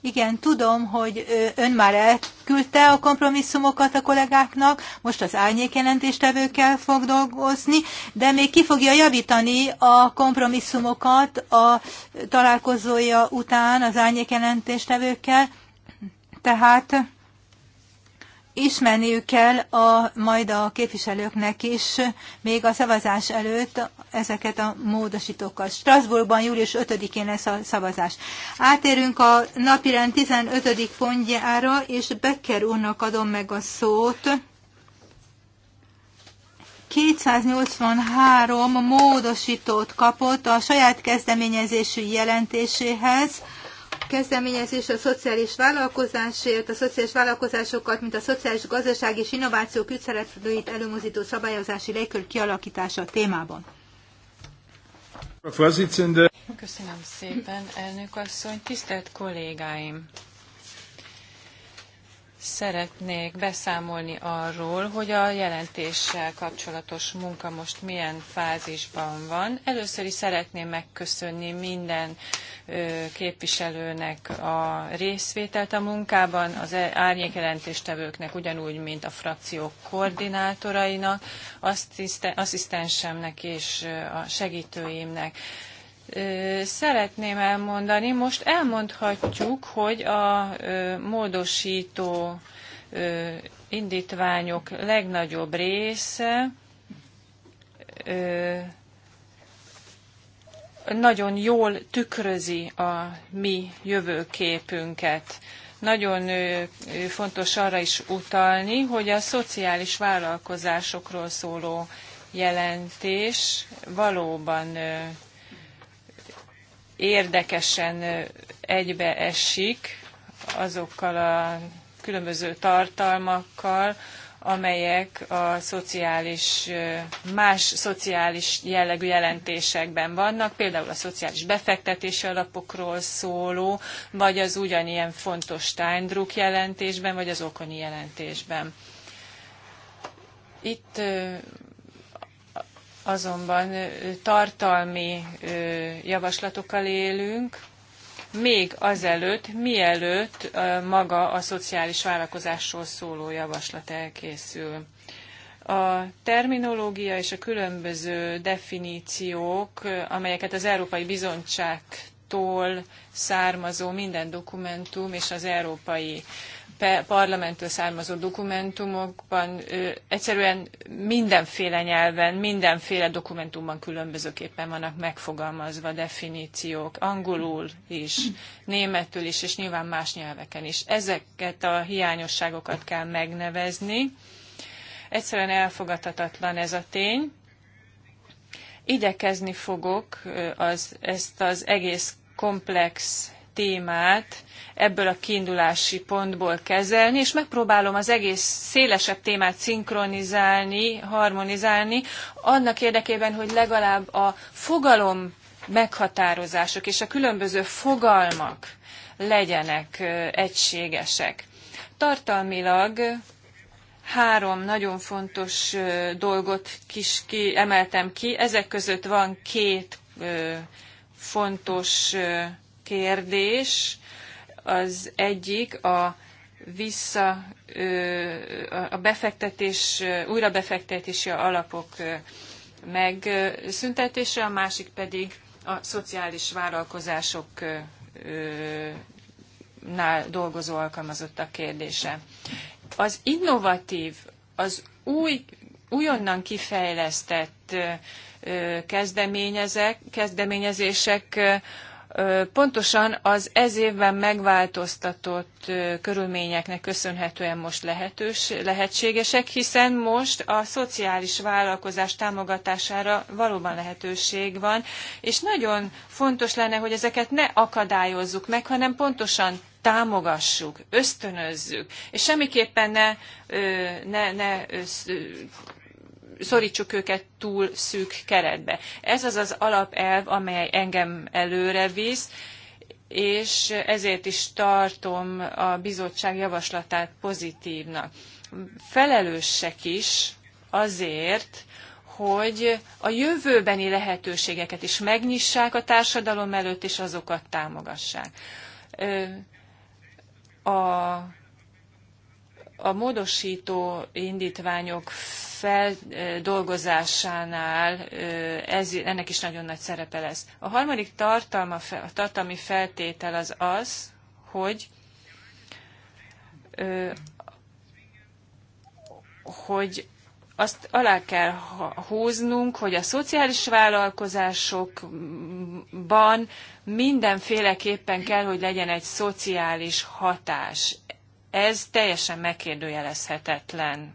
Igen, tudom, hogy ön már elküldte a kompromisszumokat a kollégáknak, most az árnyékjelentéstevőkkel fog dolgozni, de még ki fogja javítani a kompromisszumokat a találkozója után az árnyékjelentéstevőkkel. Tehát ismerniük kell a, majd a képviselőknek is, még a szavazás előtt ezeket a módosítókat. Strasbourgban július 5-én lesz a szavazás. Átérünk a napirend 15. pontjára, és Becker úrnak adom meg a szót. 283 módosítót kapott a saját kezdeményezésű jelentéséhez kezdeményezés a szociális vállalkozásért, a szociális vállalkozásokat, mint a szociális gazdaság és innováció ügyszereplőit előmozító szabályozási légkör kialakítása témában. Köszönöm szépen, elnök asszony, tisztelt kollégáim! Szeretnék beszámolni arról, hogy a jelentéssel kapcsolatos munka most milyen fázisban van. Először is szeretném megköszönni minden képviselőnek a részvételt a munkában, az e- árnyékjelentéstevőknek ugyanúgy, mint a frakciók koordinátorainak, asszisztensemnek és a segítőimnek. Szeretném elmondani, most elmondhatjuk, hogy a módosító indítványok legnagyobb része nagyon jól tükrözi a mi jövőképünket. Nagyon fontos arra is utalni, hogy a szociális vállalkozásokról szóló jelentés valóban érdekesen egybeesik azokkal a különböző tartalmakkal, amelyek a szociális, más szociális jellegű jelentésekben vannak, például a szociális befektetési alapokról szóló, vagy az ugyanilyen fontos Steindruck jelentésben, vagy az Okoni jelentésben. Itt azonban tartalmi javaslatokkal élünk, még azelőtt, mielőtt maga a szociális vállalkozásról szóló javaslat elkészül. A terminológia és a különböző definíciók, amelyeket az Európai Bizottságtól származó minden dokumentum és az Európai parlamenttől származó dokumentumokban egyszerűen mindenféle nyelven, mindenféle dokumentumban különbözőképpen vannak megfogalmazva definíciók, angolul is, németül is, és nyilván más nyelveken is. Ezeket a hiányosságokat kell megnevezni. Egyszerűen elfogadhatatlan ez a tény. Igyekezni fogok az, ezt az egész komplex témát ebből a kiindulási pontból kezelni, és megpróbálom az egész szélesebb témát szinkronizálni, harmonizálni, annak érdekében, hogy legalább a fogalom meghatározások és a különböző fogalmak legyenek egységesek. Tartalmilag három nagyon fontos dolgot kis ki, emeltem ki. Ezek között van két fontos kérdés, az egyik a vissza a befektetés, újrabefektetési alapok megszüntetése, a másik pedig a szociális vállalkozásoknál dolgozó alkalmazottak kérdése. Az innovatív, az új, újonnan kifejlesztett kezdeményezek, kezdeményezések Pontosan az ez évben megváltoztatott körülményeknek köszönhetően most lehetős, lehetségesek, hiszen most a szociális vállalkozás támogatására valóban lehetőség van, és nagyon fontos lenne, hogy ezeket ne akadályozzuk meg, hanem pontosan támogassuk, ösztönözzük, és semmiképpen ne, ne, ne szorítsuk őket túl szűk keretbe. Ez az az alapelv, amely engem előre visz, és ezért is tartom a bizottság javaslatát pozitívnak. Felelősek is azért, hogy a jövőbeni lehetőségeket is megnyissák a társadalom előtt, és azokat támogassák. A a módosító indítványok feldolgozásánál ez, ennek is nagyon nagy szerepe lesz. A harmadik tartalma, a tartalmi feltétel az az, hogy hogy azt alá kell húznunk, hogy a szociális vállalkozásokban mindenféleképpen kell, hogy legyen egy szociális hatás ez teljesen megkérdőjelezhetetlen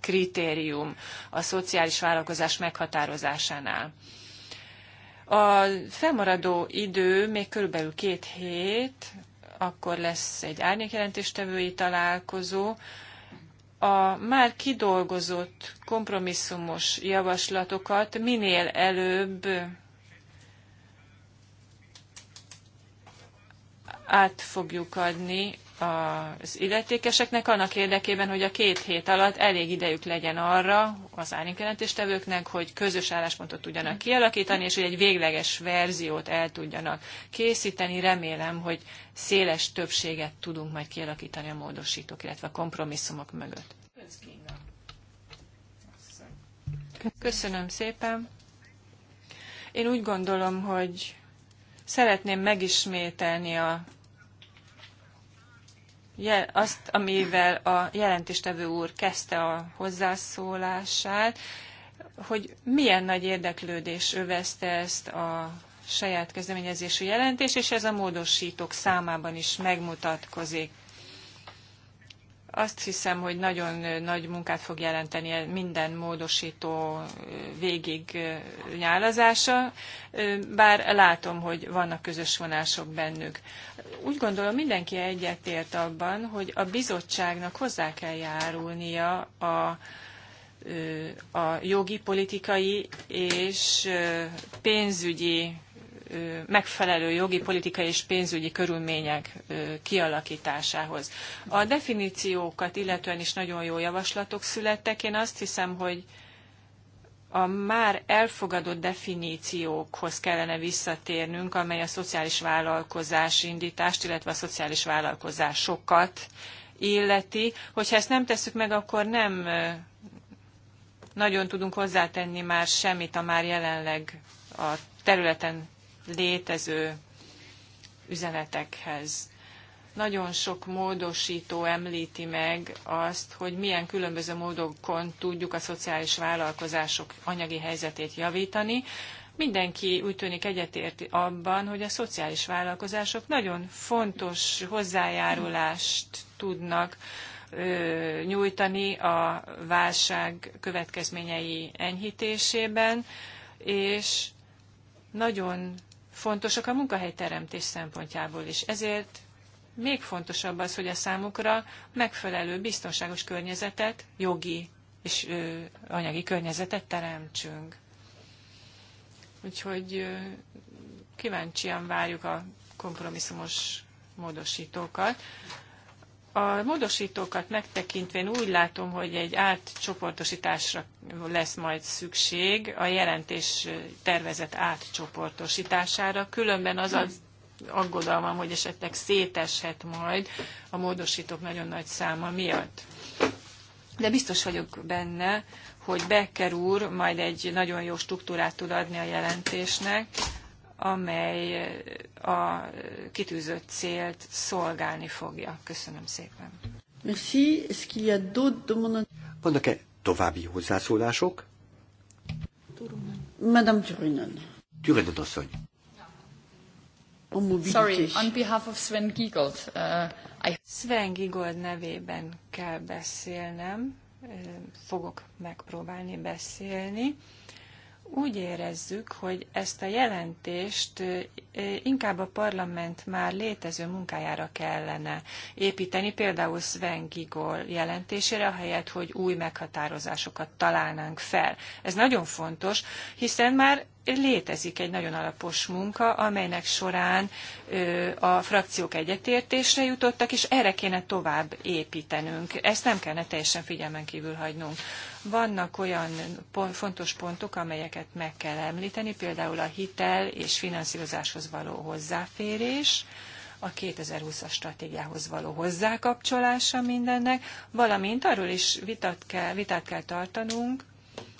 kritérium a szociális vállalkozás meghatározásánál. A felmaradó idő még körülbelül két hét, akkor lesz egy árnyékjelentéstevői találkozó. A már kidolgozott kompromisszumos javaslatokat minél előbb át fogjuk adni az illetékeseknek annak érdekében, hogy a két hét alatt elég idejük legyen arra az árnyékjelentéstevőknek, hogy közös álláspontot tudjanak kialakítani, és hogy egy végleges verziót el tudjanak készíteni. Remélem, hogy széles többséget tudunk majd kialakítani a módosítók, illetve a kompromisszumok mögött. Köszönöm szépen. Én úgy gondolom, hogy szeretném megismételni a azt, amivel a jelentéstevő úr kezdte a hozzászólását, hogy milyen nagy érdeklődés övezte ezt a saját kezdeményezésű jelentés, és ez a módosítók számában is megmutatkozik. Azt hiszem, hogy nagyon nagy munkát fog jelenteni e minden módosító végig nyálazása, bár látom, hogy vannak közös vonások bennük. Úgy gondolom, mindenki egyetért abban, hogy a bizottságnak hozzá kell járulnia a, a jogi, politikai és pénzügyi megfelelő jogi, politikai és pénzügyi körülmények kialakításához. A definíciókat illetően is nagyon jó javaslatok születtek. Én azt hiszem, hogy a már elfogadott definíciókhoz kellene visszatérnünk, amely a szociális vállalkozás indítást, illetve a szociális vállalkozásokat illeti. Hogyha ezt nem tesszük meg, akkor nem nagyon tudunk hozzátenni már semmit a már jelenleg a területen létező üzenetekhez. Nagyon sok módosító említi meg azt, hogy milyen különböző módokon tudjuk a szociális vállalkozások anyagi helyzetét javítani. Mindenki úgy tűnik egyetért abban, hogy a szociális vállalkozások nagyon fontos hozzájárulást tudnak nyújtani a válság következményei enyhítésében, és nagyon fontosak a munkahelyteremtés szempontjából is. Ezért még fontosabb az, hogy a számukra megfelelő biztonságos környezetet, jogi és anyagi környezetet teremtsünk. Úgyhogy kíváncsian várjuk a kompromisszumos módosítókat. A módosítókat megtekintve én úgy látom, hogy egy átcsoportosításra lesz majd szükség, a jelentés tervezett átcsoportosítására, különben az az aggodalmam, hogy esetleg széteshet majd a módosítók nagyon nagy száma miatt. De biztos vagyok benne, hogy Becker úr majd egy nagyon jó struktúrát tud adni a jelentésnek, amely eh, a kitűzött célt szolgálni fogja. Köszönöm szépen. Merci. Est-ce qu'il y a d'autres demandes? Vannak-e további hozzászólások? Madame Turunen. Turunen asszony. Sorry, on behalf of Sven Giegold. Uh, I... Sven Giegold nevében kell beszélnem. Fogok megpróbálni beszélni. Uh, úgy érezzük, hogy ezt a jelentést inkább a parlament már létező munkájára kellene építeni, például Sven Gigol jelentésére, ahelyett, hogy új meghatározásokat találnánk fel. Ez nagyon fontos, hiszen már létezik egy nagyon alapos munka, amelynek során a frakciók egyetértésre jutottak, és erre kéne tovább építenünk. Ezt nem kellene teljesen figyelmen kívül hagynunk. Vannak olyan fontos pontok, amelyeket meg kell említeni, például a hitel és finanszírozáshoz való hozzáférés, a 2020-as stratégiához való hozzákapcsolása mindennek, valamint arról is vitat kell, vitát kell tartanunk,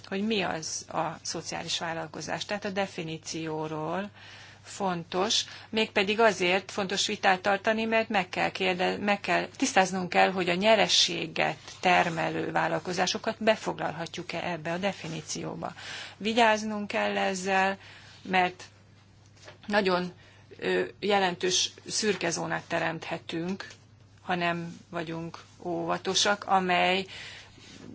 hogy mi az a szociális vállalkozás. Tehát a definícióról fontos, mégpedig azért fontos vitát tartani, mert meg kell, kérdez, meg kell tisztáznunk kell, hogy a nyerességet termelő vállalkozásokat befoglalhatjuk-e ebbe a definícióba. Vigyáznunk kell ezzel, mert nagyon jelentős szürke zónát teremthetünk, ha nem vagyunk óvatosak, amely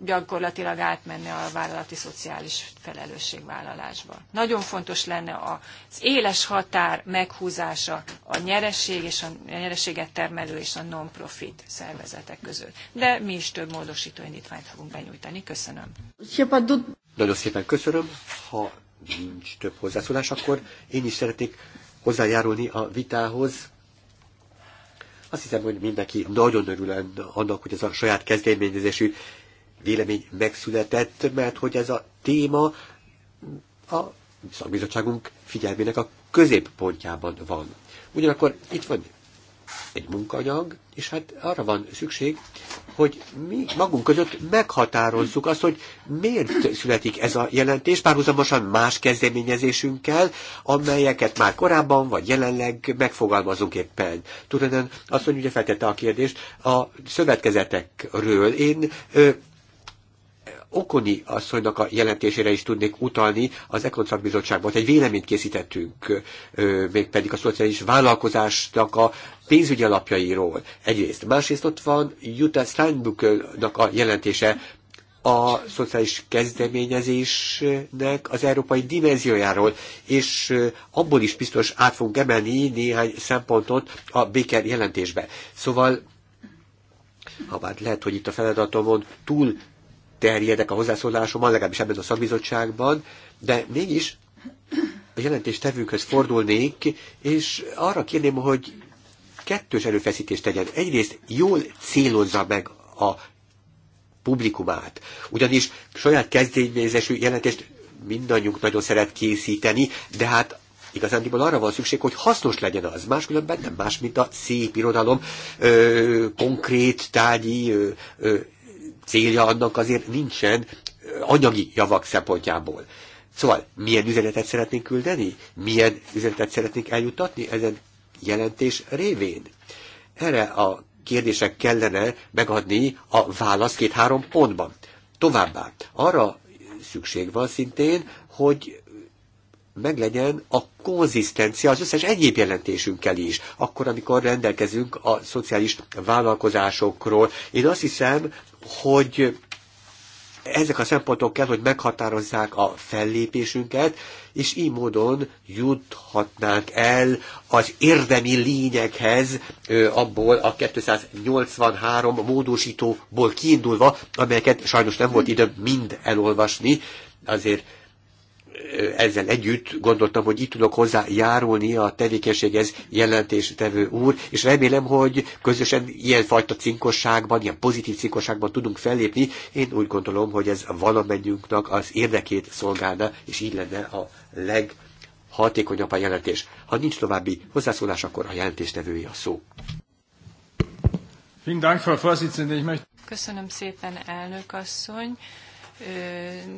gyakorlatilag átmenne a vállalati szociális felelősségvállalásba. Nagyon fontos lenne az éles határ meghúzása a nyereség és a nyereséget termelő és a non-profit szervezetek között. De mi is több módosító indítványt fogunk benyújtani. Köszönöm. Nagyon szépen köszönöm. Ha nincs több hozzászólás, akkor én is szeretnék hozzájárulni a vitához. Azt hiszem, hogy mindenki nagyon örül annak, hogy ez a saját kezdeményezésű vélemény megszületett, mert hogy ez a téma a szakbizottságunk figyelmének a középpontjában van. Ugyanakkor itt van egy munkanyag, és hát arra van szükség, hogy mi magunk között meghatározzuk azt, hogy miért születik ez a jelentés, párhuzamosan más kezdeményezésünkkel, amelyeket már korábban vagy jelenleg megfogalmazunk éppen. Tudod, azt, hogy ugye feltette a kérdést a szövetkezetekről. Én ö, Okoni asszonynak a jelentésére is tudnék utalni. Az Ekonszak Bizottságban egy véleményt készítettünk, mégpedig a szociális vállalkozásnak a pénzügyi alapjairól egyrészt. Másrészt ott van Jutta Steinbuckelnak a jelentése, a szociális kezdeményezésnek az európai dimenziójáról, és abból is biztos át fogunk emelni néhány szempontot a Béker jelentésbe. Szóval, ha bár lehet, hogy itt a feladatomon túl terjedek a hozzászólásomban, legalábbis ebben a szakbizottságban, de mégis a jelentéstevőkhöz fordulnék, és arra kérném, hogy kettős erőfeszítést tegyen. Egyrészt jól célozza meg a publikumát, ugyanis saját kezdeményezésű jelentést mindannyiunk nagyon szeret készíteni, de hát igazándiból arra van szükség, hogy hasznos legyen az, máskülönben nem más, mint a szép irodalom ö, konkrét tárgyi ö, ö, célja annak azért nincsen anyagi javak szempontjából. Szóval milyen üzenetet szeretnénk küldeni? Milyen üzenetet szeretnénk eljutatni ezen jelentés révén? Erre a kérdések kellene megadni a választ két-három pontban. Továbbá arra szükség van szintén, hogy meglegyen a konzisztencia az összes egyéb jelentésünkkel is, akkor, amikor rendelkezünk a szociális vállalkozásokról. Én azt hiszem, hogy ezek a szempontok kell, hogy meghatározzák a fellépésünket, és így módon juthatnánk el az érdemi lényeghez abból a 283 módosítóból kiindulva, amelyeket sajnos nem volt idő mind elolvasni, azért ezzel együtt gondoltam, hogy itt tudok hozzájárulni a tevékenységhez jelentéstevő úr, és remélem, hogy közösen ilyenfajta cinkosságban, ilyen pozitív cinkosságban tudunk fellépni. Én úgy gondolom, hogy ez valamennyünknek az érdekét szolgálna, és így lenne a leg hatékonyabb a jelentés. Ha nincs további hozzászólás, akkor a jelentéstevője a szó. Köszönöm szépen, elnök asszony.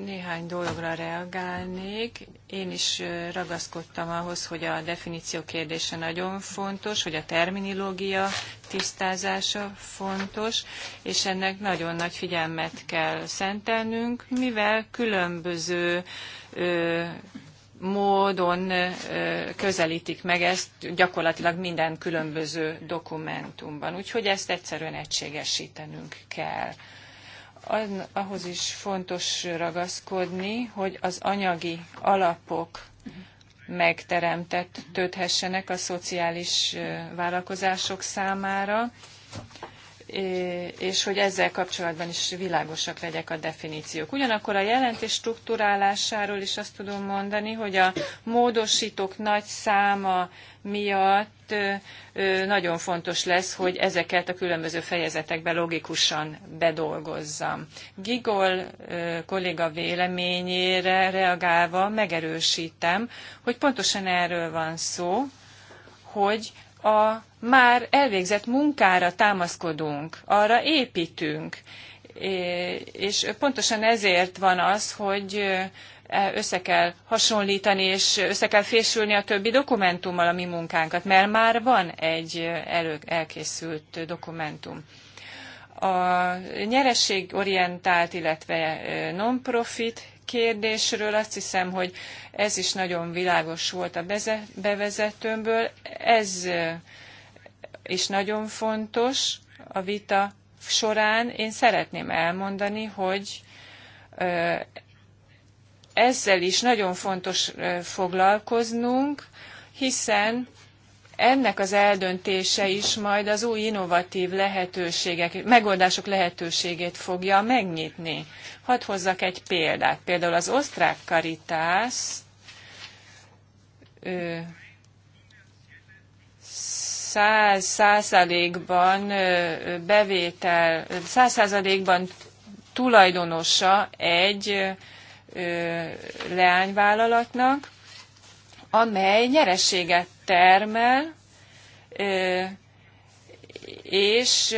Néhány dologra reagálnék. Én is ragaszkodtam ahhoz, hogy a definíció kérdése nagyon fontos, hogy a terminológia tisztázása fontos, és ennek nagyon nagy figyelmet kell szentelnünk, mivel különböző ö, módon ö, közelítik meg ezt gyakorlatilag minden különböző dokumentumban. Úgyhogy ezt egyszerűen egységesítenünk kell ahhoz is fontos ragaszkodni, hogy az anyagi alapok megteremtett tődhessenek a szociális vállalkozások számára, és hogy ezzel kapcsolatban is világosak legyek a definíciók. Ugyanakkor a jelentés strukturálásáról is azt tudom mondani, hogy a módosítók nagy száma miatt nagyon fontos lesz, hogy ezeket a különböző fejezetekbe logikusan bedolgozzam. Gigol kolléga véleményére reagálva megerősítem, hogy pontosan erről van szó, hogy a már elvégzett munkára támaszkodunk, arra építünk, és pontosan ezért van az, hogy össze kell hasonlítani, és össze kell fésülni a többi dokumentummal a mi munkánkat, mert már van egy elő, elkészült dokumentum. A nyerességorientált, illetve non-profit kérdésről azt hiszem, hogy ez is nagyon világos volt a bevezetőmből. Ez is nagyon fontos a vita során. Én szeretném elmondani, hogy ezzel is nagyon fontos foglalkoznunk, hiszen ennek az eldöntése is majd az új innovatív lehetőségek, megoldások lehetőségét fogja megnyitni. Hadd hozzak egy példát. Például az osztrák karitász száz százalékban bevétel, száz százalékban tulajdonosa egy leányvállalatnak, amely nyerességet termel, és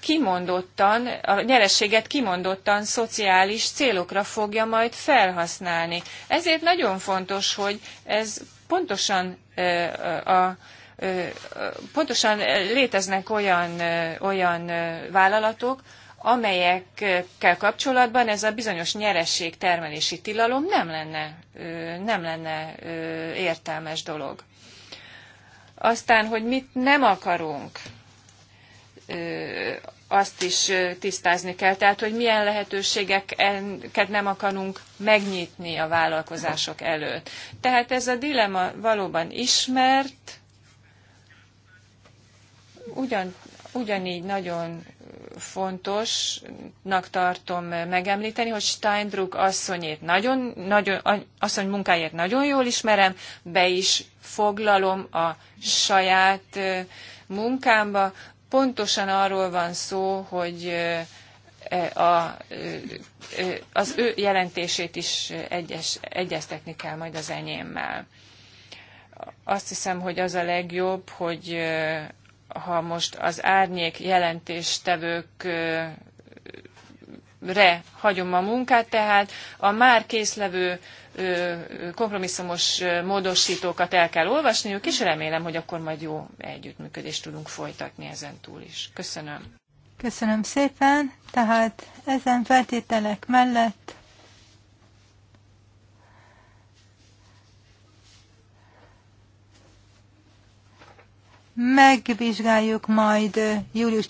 kimondottan, a nyerességet kimondottan szociális célokra fogja majd felhasználni. Ezért nagyon fontos, hogy ez pontosan a Pontosan léteznek olyan, olyan vállalatok, amelyekkel kapcsolatban ez a bizonyos nyeresség termelési tilalom nem lenne, nem lenne értelmes dolog. Aztán, hogy mit nem akarunk, azt is tisztázni kell. Tehát, hogy milyen lehetőségeket nem akarunk megnyitni a vállalkozások előtt. Tehát ez a dilema valóban ismert, ugyan, ugyanígy nagyon fontosnak tartom megemlíteni, hogy Steindruck asszonyét nagyon, nagyon, asszony munkáját nagyon jól ismerem, be is foglalom a saját munkámba. Pontosan arról van szó, hogy e, a, az ő jelentését is egyes, egyeztetni kell majd az enyémmel. Azt hiszem, hogy az a legjobb, hogy ha most az árnyék re hagyom a munkát, tehát a már készlevő kompromisszumos módosítókat el kell olvasniuk, és remélem, hogy akkor majd jó együttműködést tudunk folytatni ezen túl is. Köszönöm. Köszönöm szépen. Tehát ezen feltételek mellett megvizsgáljuk majd július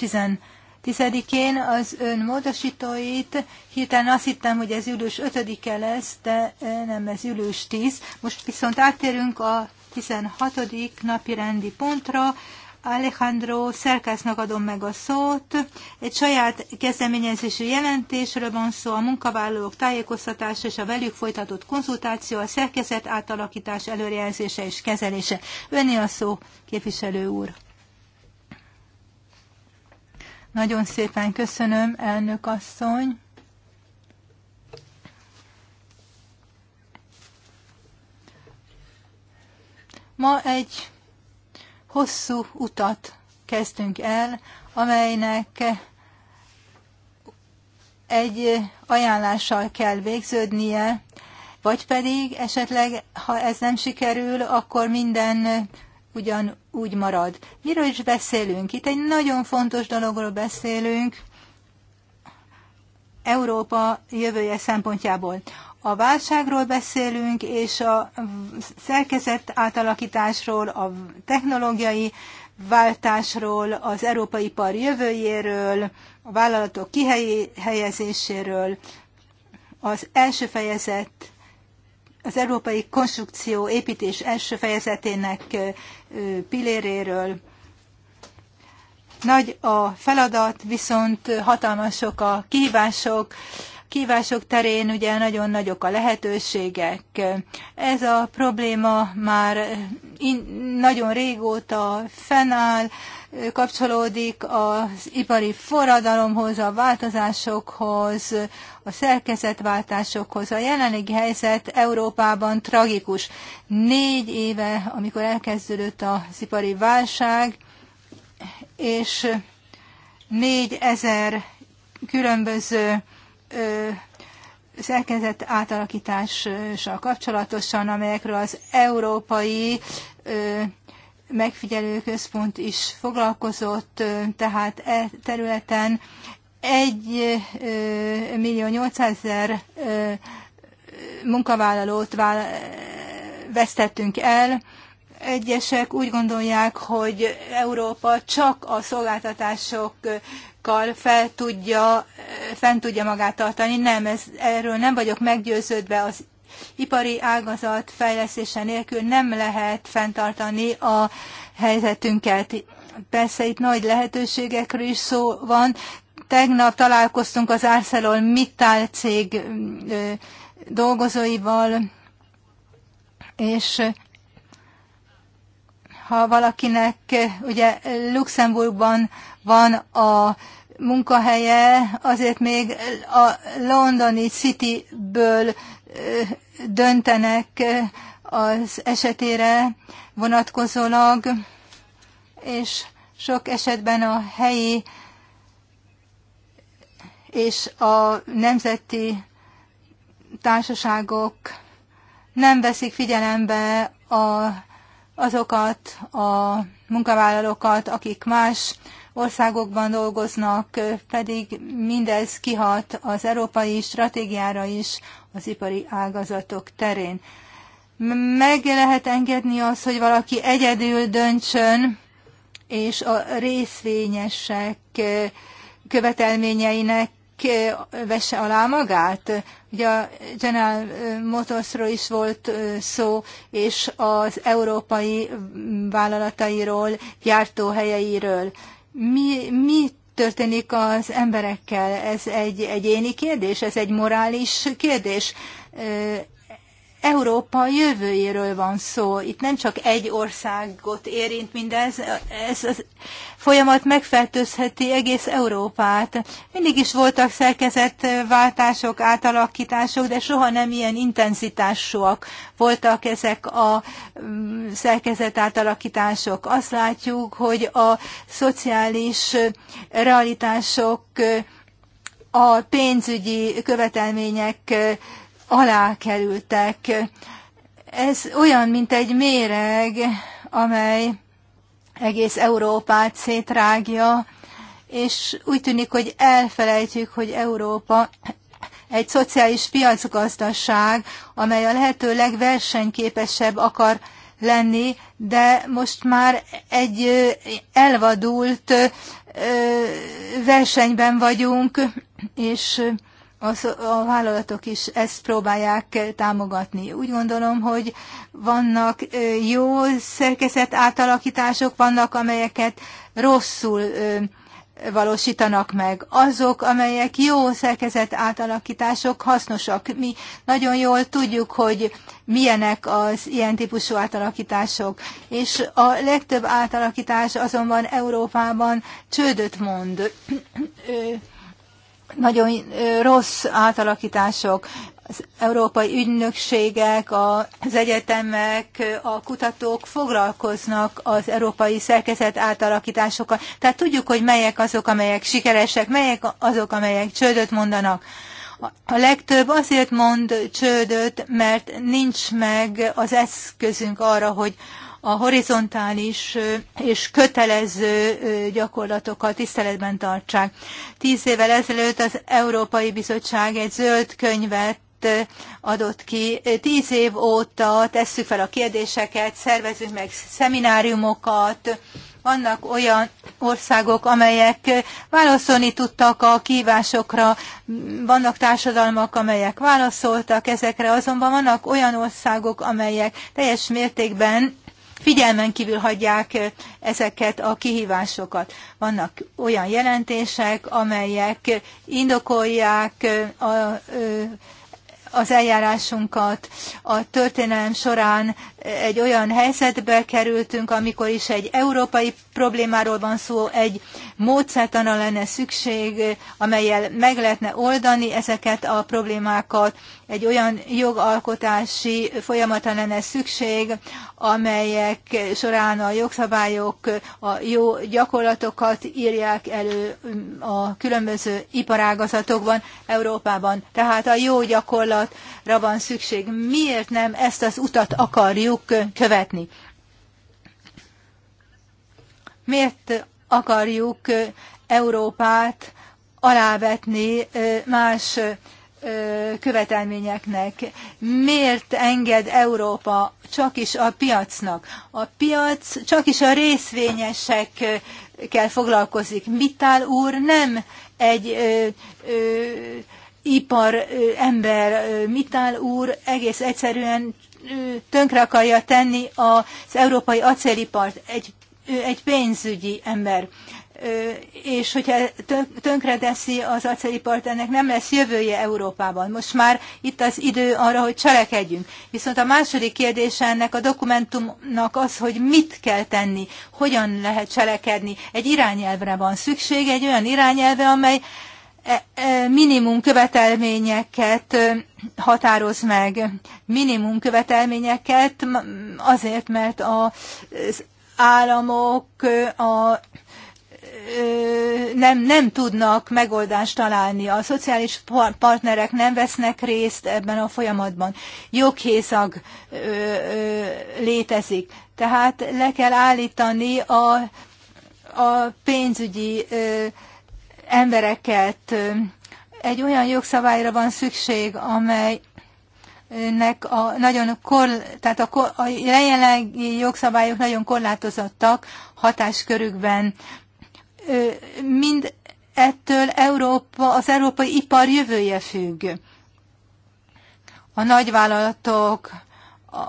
10-én az ön módosítóit. Hirtelen azt hittem, hogy ez július 5-e lesz, de nem, ez július 10. Most viszont áttérünk a 16. napi rendi pontra, Alejandro Szerkásznak adom meg a szót. Egy saját kezdeményezésű jelentésről van szó, a munkavállalók tájékoztatása és a velük folytatott konzultáció, a szerkezet átalakítás előrejelzése és kezelése. Önni a szó, képviselő úr. Nagyon szépen köszönöm, elnök asszony. Ma egy hosszú utat kezdtünk el, amelynek egy ajánlással kell végződnie, vagy pedig esetleg, ha ez nem sikerül, akkor minden ugyan úgy marad. Miről is beszélünk? Itt egy nagyon fontos dologról beszélünk Európa jövője szempontjából a válságról beszélünk, és a szerkezet átalakításról, a technológiai váltásról, az európai ipar jövőjéről, a vállalatok kihelyezéséről, az első fejezet, az európai konstrukció építés első fejezetének piléréről. Nagy a feladat, viszont hatalmasok a kihívások, kívások terén ugye nagyon nagyok a lehetőségek. Ez a probléma már nagyon régóta fennáll, kapcsolódik az ipari forradalomhoz, a változásokhoz, a szerkezetváltásokhoz. A jelenlegi helyzet Európában tragikus. Négy éve, amikor elkezdődött az ipari válság, és négy ezer különböző szerkezet átalakítással kapcsolatosan, amelyekről az Európai Megfigyelőközpont is foglalkozott, tehát e területen 1 millió 800 ezer munkavállalót vesztettünk el. Egyesek úgy gondolják, hogy Európa csak a szolgáltatások kal fel tudja, fent tudja magát tartani. Nem, ez, erről nem vagyok meggyőződve. Az ipari ágazat fejlesztése nélkül nem lehet fenntartani a helyzetünket. Persze itt nagy lehetőségekről is szó van. Tegnap találkoztunk az Arcelor Mittal cég dolgozóival, és ha valakinek ugye Luxemburgban van a munkahelye, azért még a londoni Cityből döntenek az esetére vonatkozólag, és sok esetben a helyi és a nemzeti társaságok nem veszik figyelembe a azokat a munkavállalókat, akik más országokban dolgoznak, pedig mindez kihat az európai stratégiára is az ipari ágazatok terén. Meg lehet engedni az, hogy valaki egyedül döntsön, és a részvényesek követelményeinek vesse alá magát. Ugye a General Motorsról is volt szó, és az európai vállalatairól, gyártóhelyeiről. Mi, mi történik az emberekkel? Ez egy egyéni kérdés, ez egy morális kérdés Európa jövőjéről van szó. Itt nem csak egy országot érint mindez, ez a folyamat megfertőzheti egész Európát. Mindig is voltak szerkezetváltások, átalakítások, de soha nem ilyen intenzitásúak voltak ezek a mm, szerkezet átalakítások. Azt látjuk, hogy a szociális realitások a pénzügyi követelmények alá kerültek. Ez olyan, mint egy méreg, amely egész Európát szétrágja, és úgy tűnik, hogy elfelejtjük, hogy Európa egy szociális piacgazdaság, amely a lehető legversenyképesebb akar lenni, de most már egy elvadult versenyben vagyunk, és az, a vállalatok is ezt próbálják támogatni. Úgy gondolom, hogy vannak jó szerkezet átalakítások, vannak, amelyeket rosszul valósítanak meg. Azok, amelyek jó szerkezet átalakítások, hasznosak. Mi nagyon jól tudjuk, hogy milyenek az ilyen típusú átalakítások. És a legtöbb átalakítás azonban Európában csődöt mond nagyon rossz átalakítások, az európai ügynökségek, az egyetemek, a kutatók foglalkoznak az európai szerkezet átalakításokkal. Tehát tudjuk, hogy melyek azok, amelyek sikeresek, melyek azok, amelyek csődöt mondanak. A legtöbb azért mond csődöt, mert nincs meg az eszközünk arra, hogy a horizontális és kötelező gyakorlatokat tiszteletben tartsák. Tíz évvel ezelőtt az Európai Bizottság egy zöld könyvet adott ki. Tíz év óta tesszük fel a kérdéseket, szervezünk meg szemináriumokat, vannak olyan országok, amelyek válaszolni tudtak a kívásokra, vannak társadalmak, amelyek válaszoltak ezekre, azonban vannak olyan országok, amelyek teljes mértékben figyelmen kívül hagyják eh, ezeket a kihívásokat. Vannak olyan jelentések, amelyek indokolják eh, a, eh, az eljárásunkat. A történelem során egy olyan helyzetbe kerültünk, amikor is egy európai problémáról van szó, egy módszertanra lenne szükség, amelyel meg lehetne oldani ezeket a problémákat, egy olyan jogalkotási folyamata lenne szükség, amelyek során a jogszabályok a jó gyakorlatokat írják elő mm, a különböző iparágazatokban, Európában. Tehát a jó gyakorlatra van szükség. Miért nem ezt az utat akarjuk követni? Miért akarjuk Európát alávetni mm, más követelményeknek. Miért enged Európa csak is a piacnak? A piac csak is a részvényesekkel foglalkozik. Mitál úr nem egy ö, ö, ipar ö, ember, Mitál úr egész egyszerűen tönkre akarja tenni az európai acélipart. Egy, ö, egy pénzügyi ember. Ö, és hogyha tönkre teszi az acélipart, ennek nem lesz jövője Európában. Most már itt az idő arra, hogy cselekedjünk. Viszont a második kérdése ennek a dokumentumnak az, hogy mit kell tenni, hogyan lehet cselekedni. Egy irányelvre van szükség, egy olyan irányelve, amely e, e, minimum követelményeket határoz meg. Minimum követelményeket azért, mert az államok, a nem, nem tudnak megoldást találni. A szociális partnerek nem vesznek részt ebben a folyamatban. Joghézag létezik. Tehát le kell állítani a, a pénzügyi ö, embereket. Egy olyan jogszabályra van szükség, amely nek a nagyon kor, tehát a, a jelenlegi jogszabályok nagyon korlátozottak hatáskörükben mind ettől Európa, az európai ipar jövője függ. A nagyvállalatok, a,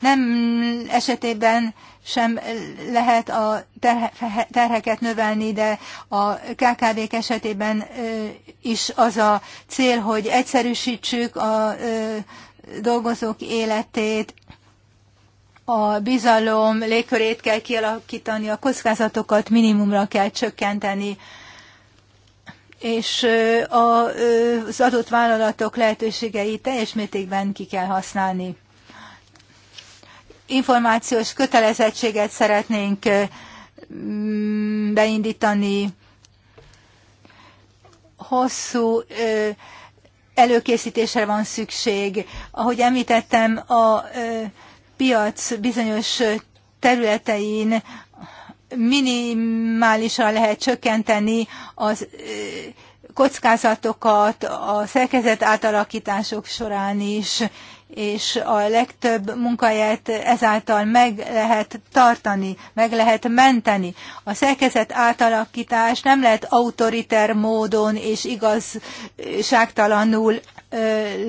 nem esetében sem lehet a terheket növelni, de a KKV-k esetében is az a cél, hogy egyszerűsítsük a dolgozók életét, a bizalom légkörét kell kialakítani, a kockázatokat minimumra kell csökkenteni, és az adott vállalatok lehetőségeit teljes mértékben ki kell használni. Információs kötelezettséget szeretnénk mm, beindítani, hosszú előkészítésre van szükség. Ahogy említettem, a piac bizonyos területein minimálisan lehet csökkenteni az kockázatokat a szerkezet átalakítások során is, és a legtöbb munkahelyet ezáltal meg lehet tartani, meg lehet menteni. A szerkezet átalakítás nem lehet autoriter módon és igazságtalanul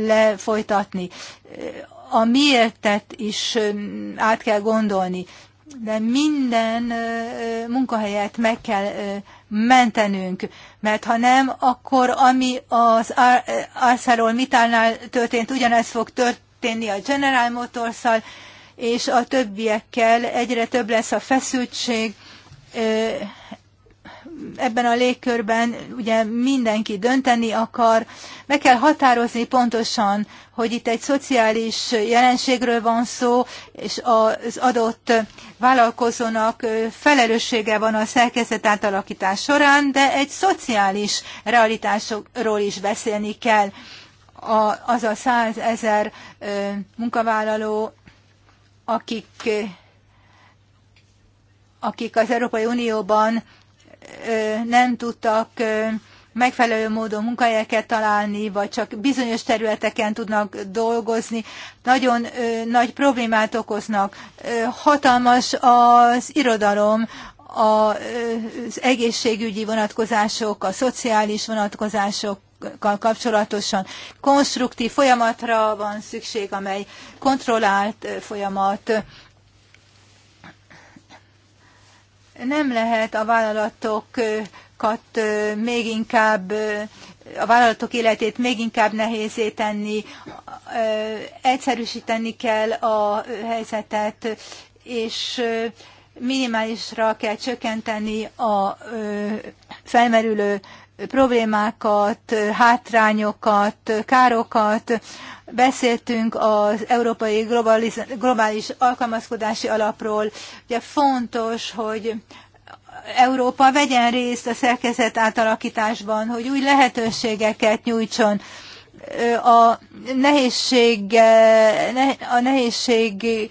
lefolytatni a miértet is át kell gondolni, de minden munkahelyet meg kell mentenünk, mert ha nem, akkor ami az mitánál történt, ugyanez fog történni a General motors és a többiekkel egyre több lesz a feszültség, ebben a légkörben ugye mindenki dönteni akar. Meg kell határozni pontosan, hogy itt egy szociális jelenségről van szó, és az adott vállalkozónak felelőssége van a szerkezet átalakítás során, de egy szociális realitásokról is beszélni kell. A, az a százezer munkavállaló, akik akik az Európai Unióban nem tudtak megfelelő módon munkahelyeket találni, vagy csak bizonyos területeken tudnak dolgozni, nagyon ö, nagy problémát okoznak. Ö, hatalmas az irodalom, a, ö, az egészségügyi vonatkozások, a szociális vonatkozások, kapcsolatosan konstruktív folyamatra van szükség, amely kontrollált folyamat. nem lehet a vállalatokat még inkább, a vállalatok életét még inkább nehézé tenni, egyszerűsíteni kell a helyzetet, és minimálisra kell csökkenteni a felmerülő problémákat, hátrányokat, károkat. Beszéltünk az Európai Globális, globális Alkalmazkodási Alapról. Ugye fontos, hogy Európa vegyen részt a szerkezet átalakításban, hogy új lehetőségeket nyújtson a nehézség, a nehézséget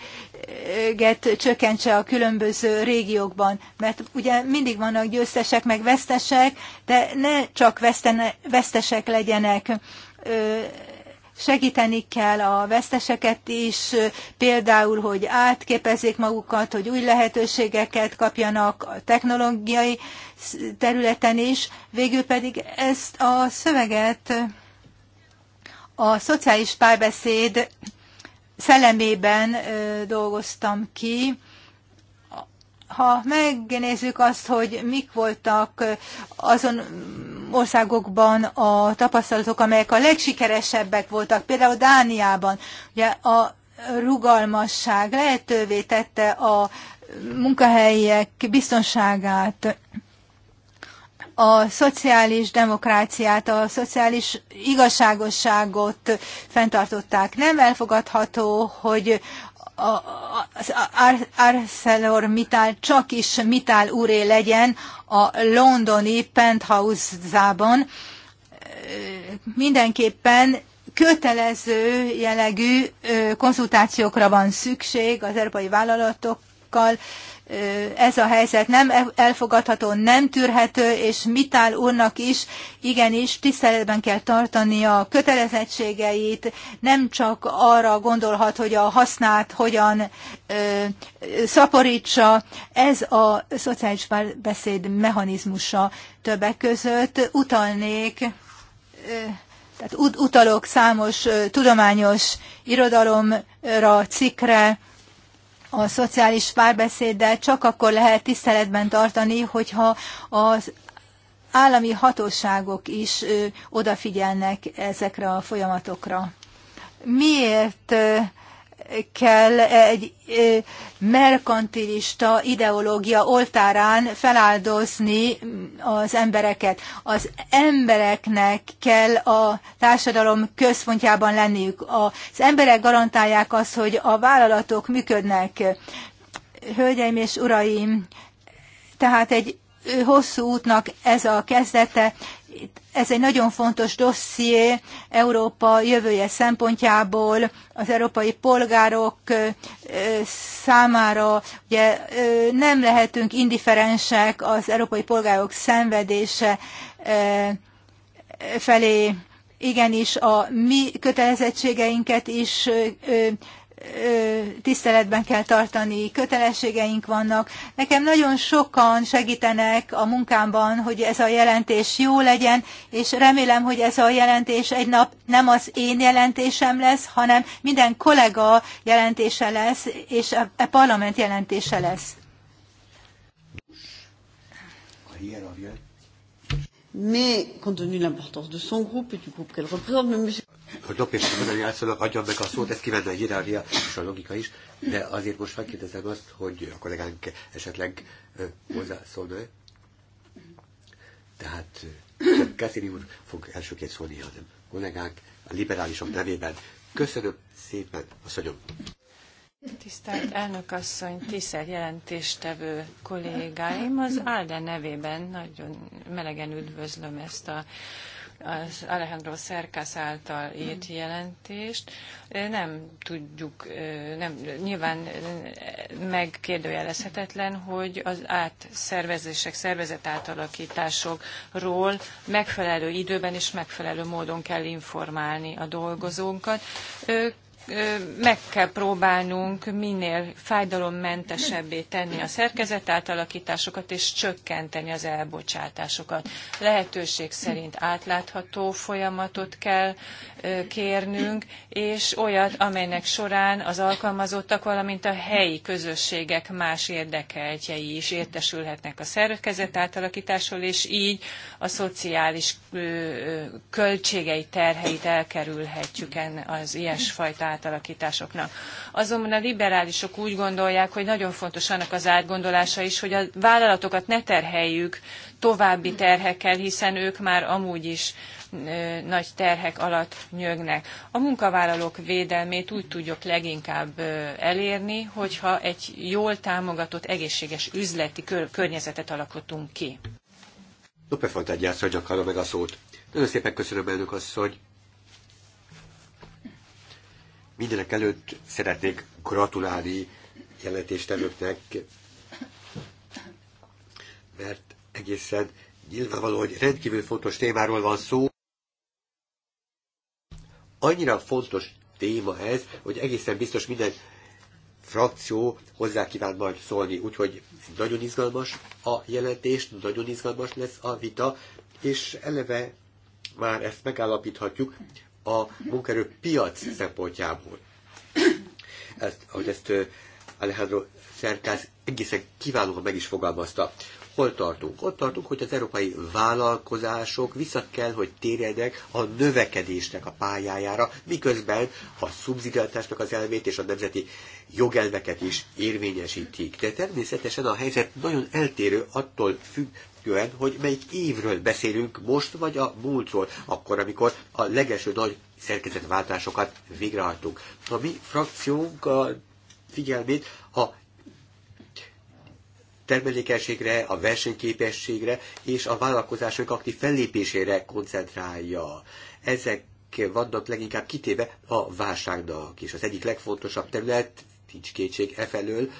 csökkentse a különböző régiókban, mert ugye mindig vannak győztesek meg vesztesek, de ne csak vesztene, vesztesek legyenek segíteni kell a veszteseket is, például, hogy átképezzék magukat, hogy új lehetőségeket kapjanak a technológiai területen is, végül pedig ezt a szöveget a szociális párbeszéd szellemében dolgoztam ki, ha megnézzük azt, hogy mik voltak azon országokban a tapasztalatok, amelyek a legsikeresebbek voltak, például Dániában, ugye a rugalmasság lehetővé tette a munkahelyek biztonságát, a szociális demokráciát, a szociális igazságosságot fenntartották. Nem elfogadható, hogy az ArcelorMittal csak is Mittal úré legyen a londoni penthouse zában. Mindenképpen kötelező jellegű konzultációkra van szükség az európai vállalatokkal, ez a helyzet nem elfogadható, nem tűrhető, és Mitál úrnak is igenis tiszteletben kell tartani a kötelezettségeit, nem csak arra gondolhat, hogy a hasznát hogyan ö, szaporítsa. Ez a szociális beszéd mechanizmusa többek között. Utalnék, ö, tehát utalok számos ö, tudományos irodalomra, cikkre, a szociális párbeszéddel csak akkor lehet tiszteletben tartani, hogyha az állami hatóságok is odafigyelnek ezekre a folyamatokra. Miért kell egy merkantilista ideológia oltárán feláldozni az embereket. Az embereknek kell a társadalom központjában lenniük. Az emberek garantálják azt, hogy a vállalatok működnek. Hölgyeim és uraim, tehát egy hosszú útnak ez a kezdete, ez egy nagyon fontos dosszié Európa jövője szempontjából, az európai polgárok számára. Ugye nem lehetünk indiferensek az európai polgárok szenvedése felé, igenis a mi kötelezettségeinket is tiszteletben kell tartani, kötelességeink vannak. Nekem nagyon sokan segítenek a munkámban, hogy ez a jelentés jó legyen, és remélem, hogy ez a jelentés egy nap nem az én jelentésem lesz, hanem minden kollega jelentése lesz, és a, a parlament jelentése lesz. A hierarchia mais compte tenu de l'importance de son groupe et du groupe qu'elle représente, mais monsieur... Hogy López Asszonynak adjam meg a szót, ezt kívánta a hierarchia és a logika is, de azért most megkérdezem azt, hogy a kollégánk esetleg hozzászólna. Tehát Kászéri úr fog elsőként szólni, hanem kollégánk a liberálisok nevében. Köszönöm szépen, asszonyom! Tisztelt elnök asszony, tisztelt jelentéstevő kollégáim, az ALDE nevében nagyon melegen üdvözlöm ezt a az Alejandro Szerkász által írt jelentést. Nem tudjuk, nem, nyilván megkérdőjelezhetetlen, hogy az átszervezések, szervezetátalakításokról megfelelő időben és megfelelő módon kell informálni a dolgozónkat meg kell próbálnunk minél fájdalommentesebbé tenni a szerkezet átalakításokat és csökkenteni az elbocsátásokat. Lehetőség szerint átlátható folyamatot kell kérnünk, és olyat, amelynek során az alkalmazottak, valamint a helyi közösségek más érdekeltjei is értesülhetnek a szerkezet átalakításról, és így a szociális költségei terheit elkerülhetjük az ilyesfajta átalakításoknak. Azonban a liberálisok úgy gondolják, hogy nagyon fontos annak az átgondolása is, hogy a vállalatokat ne terheljük további terhekkel, hiszen ők már amúgy is nagy terhek alatt nyögnek. A munkavállalók védelmét úgy tudjuk leginkább elérni, hogyha egy jól támogatott, egészséges üzleti kör- környezetet alakítunk ki. Lupe Fontán gyászra meg a szót. Nagyon szépen köszönöm, elnök asszony. Mindenek előtt szeretnék gratulálni jelentéstevőknek, mert egészen nyilvánvaló, hogy rendkívül fontos témáról van szó. Annyira fontos téma ez, hogy egészen biztos minden frakció hozzá kíván majd szólni. Úgyhogy nagyon izgalmas a jelentés, nagyon izgalmas lesz a vita, és eleve már ezt megállapíthatjuk, a munkerő piac szempontjából. Ezt, ahogy ezt Alejandro Szerkász egészen kiválóan meg is fogalmazta hol tartunk? Ott tartunk, hogy az európai vállalkozások vissza kell, hogy térjenek a növekedésnek a pályájára, miközben a szubszidiáltásnak az elvét és a nemzeti jogelveket is érvényesítik. De természetesen a helyzet nagyon eltérő attól függ, függően, hogy melyik évről beszélünk most, vagy a múltról, akkor, amikor a legelső nagy szerkezetváltásokat végrehajtunk. A mi frakciónk a figyelmét termelékenységre, a versenyképességre és a vállalkozások aktív fellépésére koncentrálja. Ezek vannak leginkább kitéve a válságnak, és az egyik legfontosabb terület, nincs kétség e felől,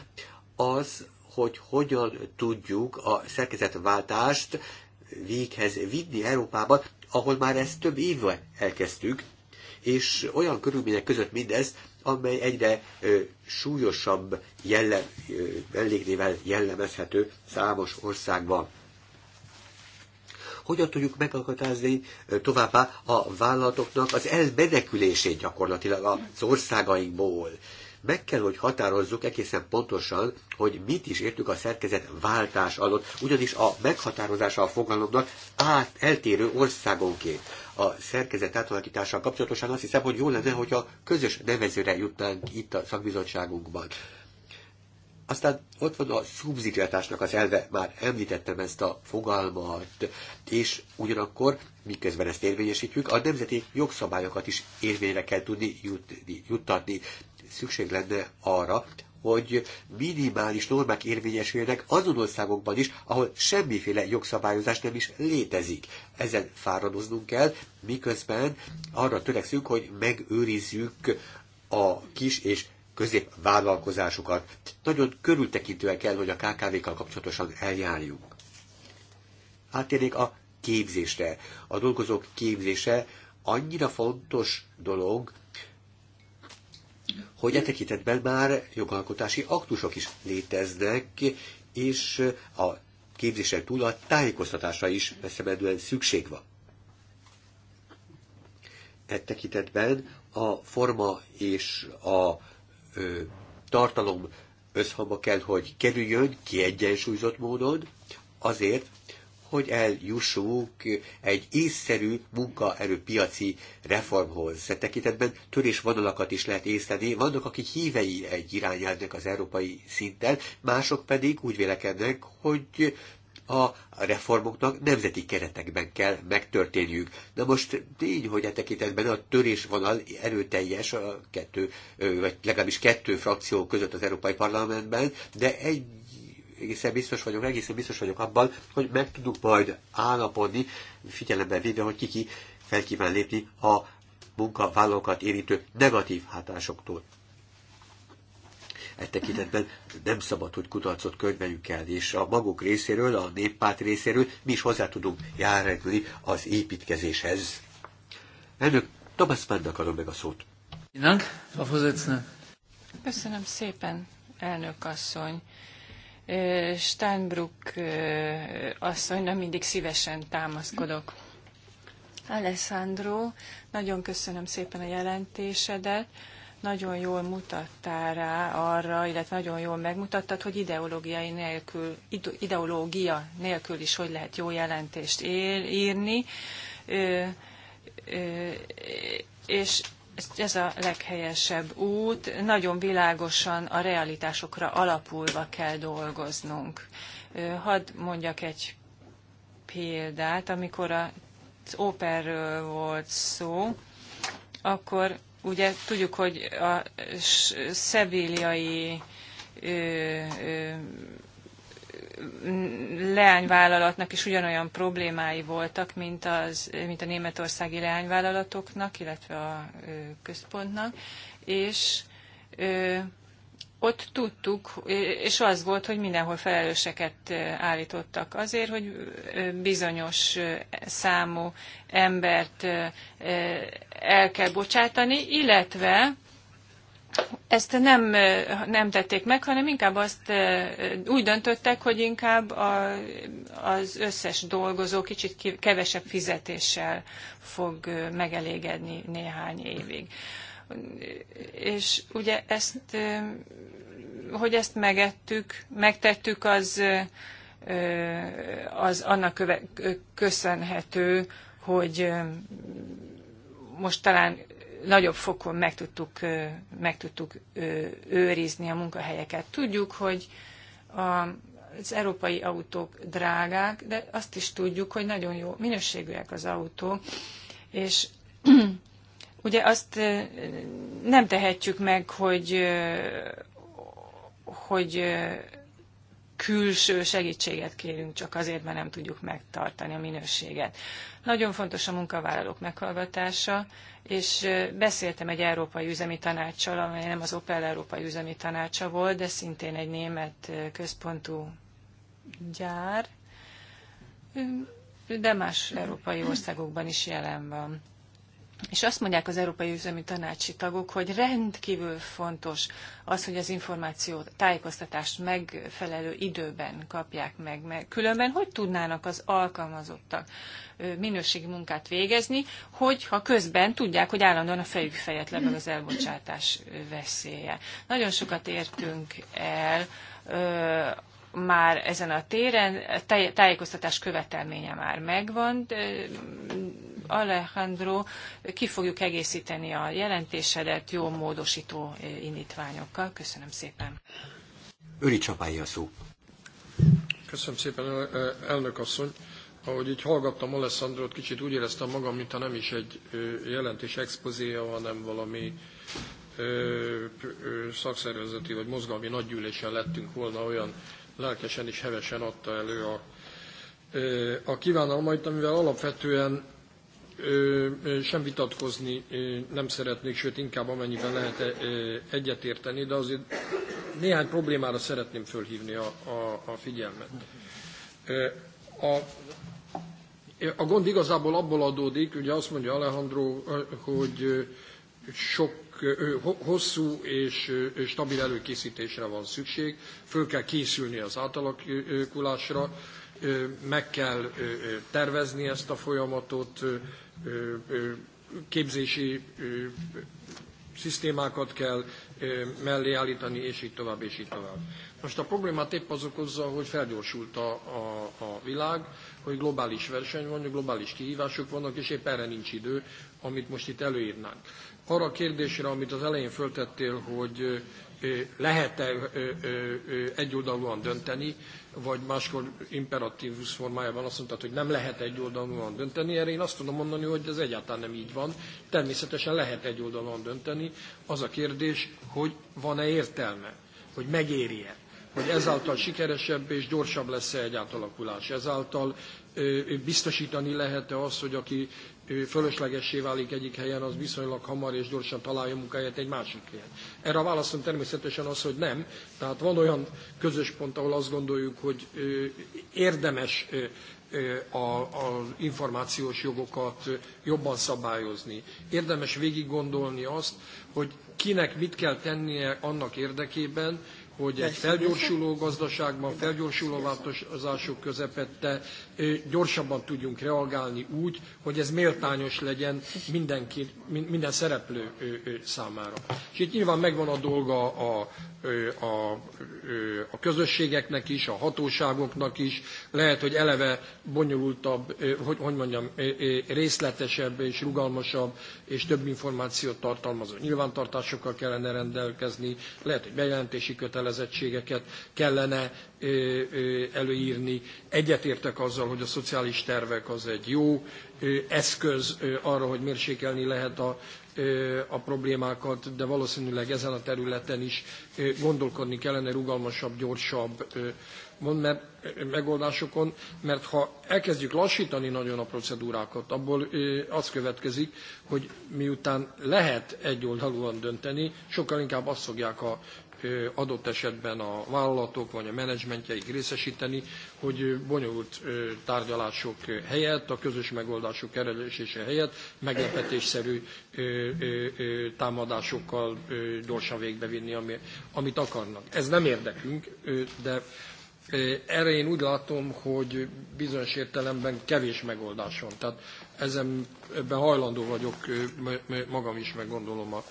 az, hogy hogyan tudjuk a szerkezetváltást véghez vinni Európában, ahol már ezt több évvel elkezdtük, és olyan körülmények között mindez, amely egyre ö, súlyosabb jellem, ö, jellemezhető számos országban. Hogyan tudjuk megakadályozni továbbá a vállalatoknak az elmenekülését gyakorlatilag az országainkból? meg kell, hogy határozzuk egészen pontosan, hogy mit is értük a szerkezet váltás alatt, ugyanis a meghatározása a fogalomnak át eltérő országonként a szerkezet átalakítással kapcsolatosan azt hiszem, hogy jó lenne, hogy a közös nevezőre jutnánk itt a szakbizottságunkban. Aztán ott van a szubszidiatásnak az elve, már említettem ezt a fogalmat, és ugyanakkor, miközben ezt érvényesítjük, a nemzeti jogszabályokat is érvényre kell tudni jutni, juttatni. Szükség lenne arra, hogy minimális normák érvényesülnek azon országokban is, ahol semmiféle jogszabályozás nem is létezik. Ezen fáradoznunk kell, miközben arra törekszünk, hogy megőrizzük a kis és középvállalkozásokat. Nagyon körültekintően kell, hogy a KKV-kkal kapcsolatosan eljárjunk. Átérnék a képzésre. A dolgozók képzése annyira fontos dolog, hogy e tekintetben már jogalkotási aktusok is léteznek, és a képzések túl a tájékoztatásra is veszemedően szükség van. E tekintetben a forma és a ö, tartalom összhangba kell, hogy kerüljön kiegyensúlyozott módon, azért, hogy eljussunk egy észszerű munkaerőpiaci reformhoz. E tekintetben törésvonalakat is lehet észlelni. Vannak, akik hívei egy irányelvnek az európai szinten, mások pedig úgy vélekednek, hogy a reformoknak nemzeti keretekben kell megtörténjük. Na most tény, hogy e tekintetben a törésvonal erőteljes a kettő, vagy legalábbis kettő frakció között az Európai Parlamentben, de egy egészen biztos vagyok, egészen biztos vagyok abban, hogy meg tudunk majd állapodni, figyelembe véve, hogy ki ki fel kíván lépni a munkavállalókat érintő negatív hatásoktól. Egy tekintetben nem szabad, hogy kudarcot könyveljünk el, és a maguk részéről, a néppárt részéről mi is hozzá tudunk járni az építkezéshez. Elnök, Thomas Mendek adom meg a szót. Köszönöm szépen, elnök asszony. Steinbrück asszonyra mindig szívesen támaszkodok. Alessandro, nagyon köszönöm szépen a jelentésedet nagyon jól mutattál rá arra, illetve nagyon jól megmutattad, hogy ideológiai nélkül, ideológia nélkül is hogy lehet jó jelentést ír, írni. Ö, ö, és ez a leghelyesebb út. Nagyon világosan a realitásokra alapulva kell dolgoznunk. Hadd mondjak egy példát, amikor az óperről volt szó, akkor ugye tudjuk, hogy a szevíliai leányvállalatnak is ugyanolyan problémái voltak, mint, az, mint a németországi leányvállalatoknak, illetve a központnak, és ott tudtuk, és az volt, hogy mindenhol felelőseket állítottak azért, hogy bizonyos számú embert el kell bocsátani, illetve ezt nem, nem tették meg, hanem inkább azt úgy döntöttek, hogy inkább a, az összes dolgozó kicsit kevesebb fizetéssel fog megelégedni néhány évig. És ugye ezt, hogy ezt megettük, megtettük, az, az annak köve, köszönhető, hogy most talán nagyobb fokon meg tudtuk, meg tudtuk őrizni a munkahelyeket. Tudjuk, hogy a az európai autók drágák, de azt is tudjuk, hogy nagyon jó minőségűek az autók, és <clears throat> ugye azt nem tehetjük meg, hogy, hogy külső segítséget kérünk csak azért, mert nem tudjuk megtartani a minőséget. Nagyon fontos a munkavállalók meghallgatása, és beszéltem egy európai üzemi tanácssal, amely nem az Opel európai üzemi tanácsa volt, de szintén egy német központú gyár, de más európai országokban is jelen van. És azt mondják az Európai Üzemi Tanácsi tagok, hogy rendkívül fontos az, hogy az információ tájékoztatást megfelelő időben kapják meg, mert különben hogy tudnának az alkalmazottak minőségi munkát végezni, hogyha közben tudják, hogy állandóan a fejük fejet lebeg az elbocsátás veszélye. Nagyon sokat értünk el már ezen a téren, a tájékoztatás követelménye már megvan, de Alejandro, ki fogjuk egészíteni a jelentésedet jó módosító eh, indítványokkal. Köszönöm szépen. Öri Csapályi a szó. Köszönöm szépen, elnök asszony. Ahogy így hallgattam Alessandrot, kicsit úgy éreztem magam, mintha nem is egy jelentés expozéja, hanem valami szakszervezeti vagy mozgalmi nagygyűlésen lettünk volna, olyan lelkesen és hevesen adta elő a, a kívánalmait, amivel alapvetően sem vitatkozni nem szeretnék, sőt inkább amennyiben lehet egyetérteni, de azért néhány problémára szeretném fölhívni a, a, a figyelmet. A, a gond igazából abból adódik, ugye azt mondja Alejandro, hogy sok hosszú és stabil előkészítésre van szükség, föl kell készülni az átalakulásra, meg kell tervezni ezt a folyamatot, képzési szisztémákat kell mellé állítani, és így tovább, és így tovább. Most a problémát épp az okozza, hogy felgyorsult a, a, a világ, hogy globális verseny van, globális kihívások vannak, és épp erre nincs idő, amit most itt előírnánk. Arra a kérdésre, amit az elején föltettél, hogy lehet-e egyoldalúan dönteni, vagy máskor imperatívus formájában azt mondtad, hogy nem lehet egyoldalúan dönteni. Erre én azt tudom mondani, hogy ez egyáltalán nem így van. Természetesen lehet egyoldalúan dönteni. Az a kérdés, hogy van-e értelme, hogy megéri-e hogy ezáltal sikeresebb és gyorsabb lesz-e egy átalakulás. Ezáltal biztosítani lehet-e azt, hogy aki fölöslegessé válik egyik helyen, az viszonylag hamar és gyorsan találja munkáját egy másik helyen. Erre a válaszom természetesen az, hogy nem. Tehát van olyan közös pont, ahol azt gondoljuk, hogy érdemes az információs jogokat jobban szabályozni. Érdemes végig gondolni azt, hogy kinek mit kell tennie annak érdekében, hogy egy felgyorsuló gazdaságban, felgyorsuló változások közepette gyorsabban tudjunk reagálni úgy, hogy ez méltányos legyen mindenki, minden szereplő számára. És itt nyilván megvan a dolga a, a, a közösségeknek is, a hatóságoknak is, lehet, hogy eleve bonyolultabb, hogy, hogy mondjam, részletesebb és rugalmasabb és több információt tartalmazó nyilvántartásokkal kellene rendelkezni, lehet, hogy bejelentési kötelezettségeket kellene előírni. Egyetértek azzal, hogy a szociális tervek az egy jó eszköz arra, hogy mérsékelni lehet a, a problémákat, de valószínűleg ezen a területen is gondolkodni kellene rugalmasabb, gyorsabb mond, mert, megoldásokon, mert ha elkezdjük lassítani nagyon a procedúrákat, abból az következik, hogy miután lehet egyoldalúan dönteni, sokkal inkább azt fogják a adott esetben a vállalatok vagy a menedzsmentjeik részesíteni, hogy bonyolult tárgyalások helyett, a közös megoldások keresése helyett meglepetésszerű támadásokkal gyorsan végbe vinni, amit akarnak. Ez nem érdekünk, de erre én úgy látom, hogy bizonyos értelemben kevés megoldás van. Tehát ezen, ebben hajlandó vagyok magam is, meg gondolom a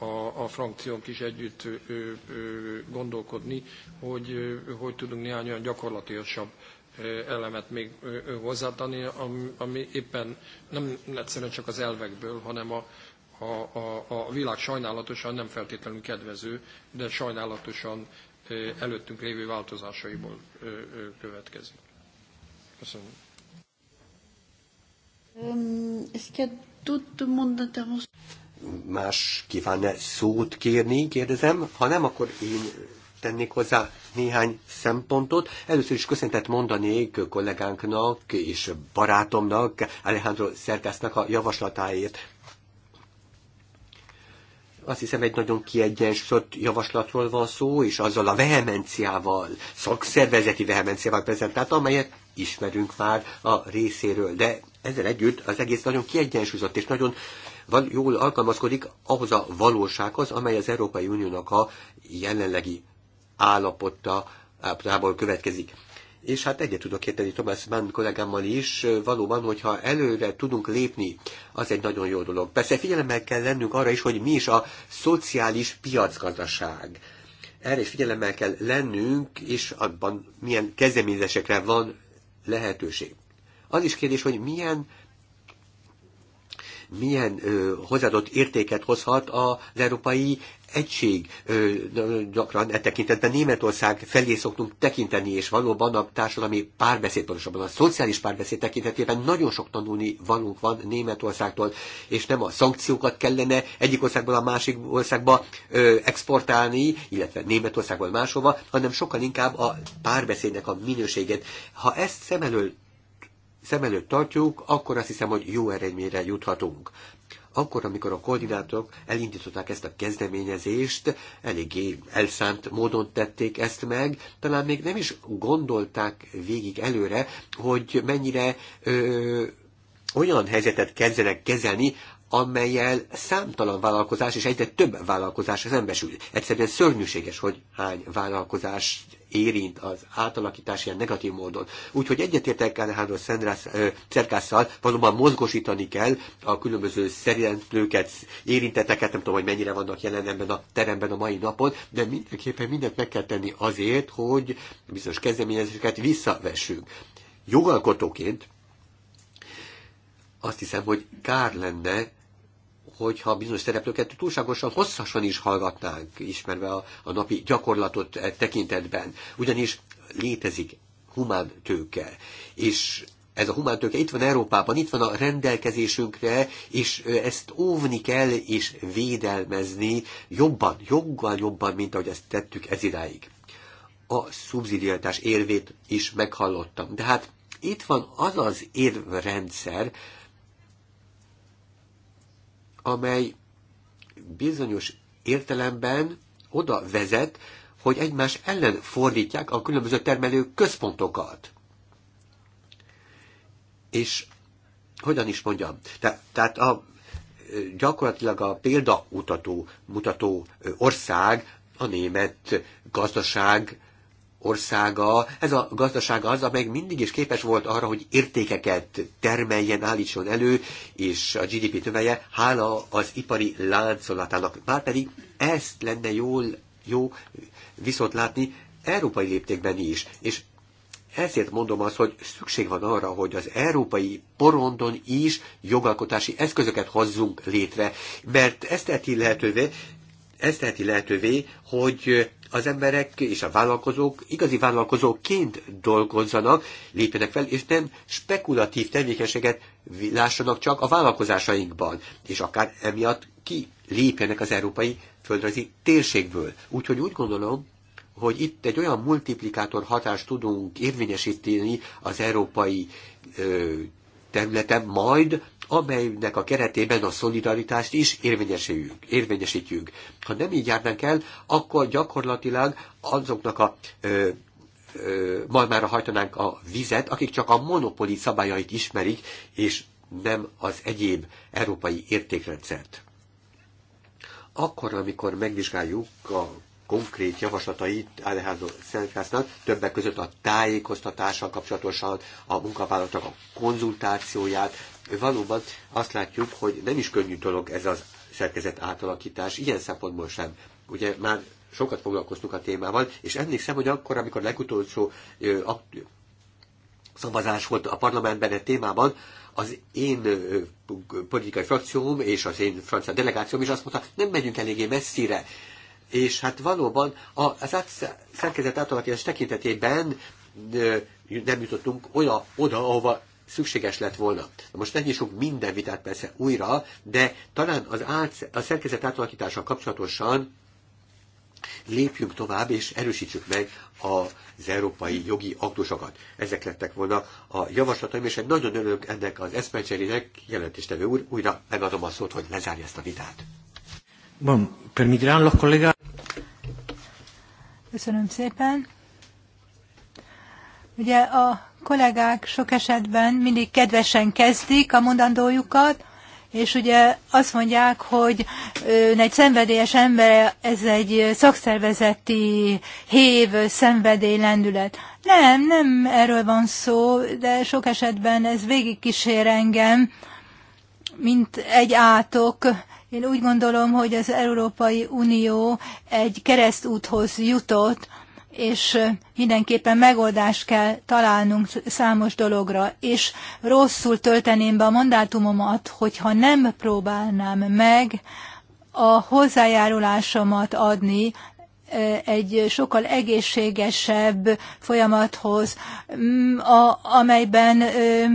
a, a frankciónk is együtt ö, ö, gondolkodni, hogy ö, hogy tudunk néhány olyan gyakorlatilasabb elemet még hozzátenni, ami, ami éppen nem egyszerűen csak az elvekből, hanem a, a, a, a világ sajnálatosan nem feltétlenül kedvező, de sajnálatosan előttünk lévő változásaiból következik. Köszönöm. Um, est-ce qu'il y a d'autres demandes d'intervention Más kívánne szót kérni, kérdezem. Ha nem, akkor én tennék hozzá néhány szempontot. Először is köszöntet mondanék kollégánknak és barátomnak, Alejandro Szerkásznak a javaslatáért. Azt hiszem, egy nagyon kiegyensúlyozott javaslatról van szó, és azzal a vehemenciával, szakszervezeti vehemenciával prezentált, amelyet ismerünk már a részéről. De ezzel együtt az egész nagyon kiegyensúlyozott és nagyon val, jól alkalmazkodik ahhoz a valósághoz, amely az Európai Uniónak a jelenlegi állapota, ápotából következik. És hát egyet tudok érteni Thomas Mann kollégámmal is, valóban, hogyha előre tudunk lépni, az egy nagyon jó dolog. Persze figyelemmel kell lennünk arra is, hogy mi is a szociális piacgazdaság. Erre is figyelemmel kell lennünk, és abban milyen kezdeményezésekre van lehetőség. Az is kérdés, hogy milyen milyen ö, hozzáadott értéket hozhat az európai egység ö, gyakran e tekintetben Németország felé szoktunk tekinteni, és valóban a társadalmi párbeszéd, pontosabban a szociális párbeszéd tekintetében nagyon sok tanulni valunk van Németországtól, és nem a szankciókat kellene egyik országból a másik országba ö, exportálni, illetve Németországból máshova, hanem sokkal inkább a párbeszédnek a minőségét. Ha ezt szem elől szem előtt tartjuk, akkor azt hiszem, hogy jó eredményre juthatunk. Akkor, amikor a koordinátorok elindították ezt a kezdeményezést, eléggé elszánt módon tették ezt meg, talán még nem is gondolták végig előre, hogy mennyire ö, olyan helyzetet kezdenek kezelni, amelyel számtalan vállalkozás és egyre több vállalkozás szembesül. Egyszerűen szörnyűséges, hogy hány vállalkozás érint az átalakítás ilyen negatív módon. Úgyhogy egyetértek Alejandro Szerkásszal, valóban mozgosítani kell a különböző szerintőket, érintetteket, nem tudom, hogy mennyire vannak jelen ebben a teremben a mai napon, de mindenképpen mindent meg kell tenni azért, hogy bizonyos kezdeményezéseket visszavessünk. Jogalkotóként azt hiszem, hogy kár lenne hogyha bizonyos szereplőket túlságosan hosszasan is hallgatnánk, ismerve a, a napi gyakorlatot e tekintetben. Ugyanis létezik humán tőke, és ez a tőke itt van Európában, itt van a rendelkezésünkre, és ezt óvni kell és védelmezni jobban, joggal jobban, mint ahogy ezt tettük ez idáig. A szubszidiaritás érvét is meghallottam. De hát itt van az az érvrendszer, amely bizonyos értelemben oda vezet, hogy egymás ellen fordítják a különböző termelő központokat. És hogyan is mondjam? Te, tehát a, gyakorlatilag a példautató mutató ország a német gazdaság országa, ez a gazdasága az, amely mindig is képes volt arra, hogy értékeket termeljen, állítson elő, és a GDP tömeje hála az ipari láncolatának. pedig ezt lenne jól, jó viszont látni európai léptékben is, és ezért mondom azt, hogy szükség van arra, hogy az európai porondon is jogalkotási eszközöket hozzunk létre, mert ezt teheti lehetővé ez teheti lehetővé, hogy az emberek és a vállalkozók igazi vállalkozóként dolgozzanak, lépjenek fel, és nem spekulatív tevékenységet lássanak csak a vállalkozásainkban, és akár emiatt ki lépjenek az európai földrajzi térségből. Úgyhogy úgy gondolom, hogy itt egy olyan multiplikátor hatást tudunk érvényesíteni az európai ö, területen, majd amelynek a keretében a szolidaritást is érvényesítjük. Ha nem így járnánk el, akkor gyakorlatilag azoknak a ö, ö, malmára hajtanánk a vizet, akik csak a monopoli szabályait ismerik, és nem az egyéb európai értékrendszert. Akkor, amikor megvizsgáljuk a konkrét javaslatait Alejandro Szentkásznak, többek között a tájékoztatással kapcsolatosan, a munkavállalatok a konzultációját, valóban azt látjuk, hogy nem is könnyű dolog ez az szerkezet átalakítás, ilyen szempontból sem. Ugye már sokat foglalkoztunk a témával, és emlékszem, hogy akkor, amikor legutolsó ö, szavazás volt a parlamentben a témában, az én politikai frakcióm és az én francia delegációm is azt mondta, nem megyünk eléggé messzire. És hát valóban az át, szerkezet átalakítás tekintetében nem jutottunk oda, oda, ahova szükséges lett volna. Most ne sok minden vitát persze újra, de talán az át, a szerkezet átalakítással kapcsolatosan lépjünk tovább és erősítsük meg az európai jogi aktusokat. Ezek lettek volna a javaslataim, és egy nagyon örülök ennek az eszmecserének, jelentéstevő úr, újra megadom a szót, hogy lezárja ezt a vitát. Bon, per migrán a Köszönöm szépen. Ugye a kollégák sok esetben mindig kedvesen kezdik a mondandójukat, és ugye azt mondják, hogy egy szenvedélyes ember, ez egy szakszervezeti hév, szenvedély, lendület. Nem, nem erről van szó, de sok esetben ez végigkísér engem, mint egy átok. Én úgy gondolom, hogy az Európai Unió egy keresztúthoz jutott, és mindenképpen megoldást kell találnunk számos dologra, és rosszul tölteném be a mandátumomat, hogyha nem próbálnám meg a hozzájárulásomat adni egy sokkal egészségesebb folyamathoz, mm, a, amelyben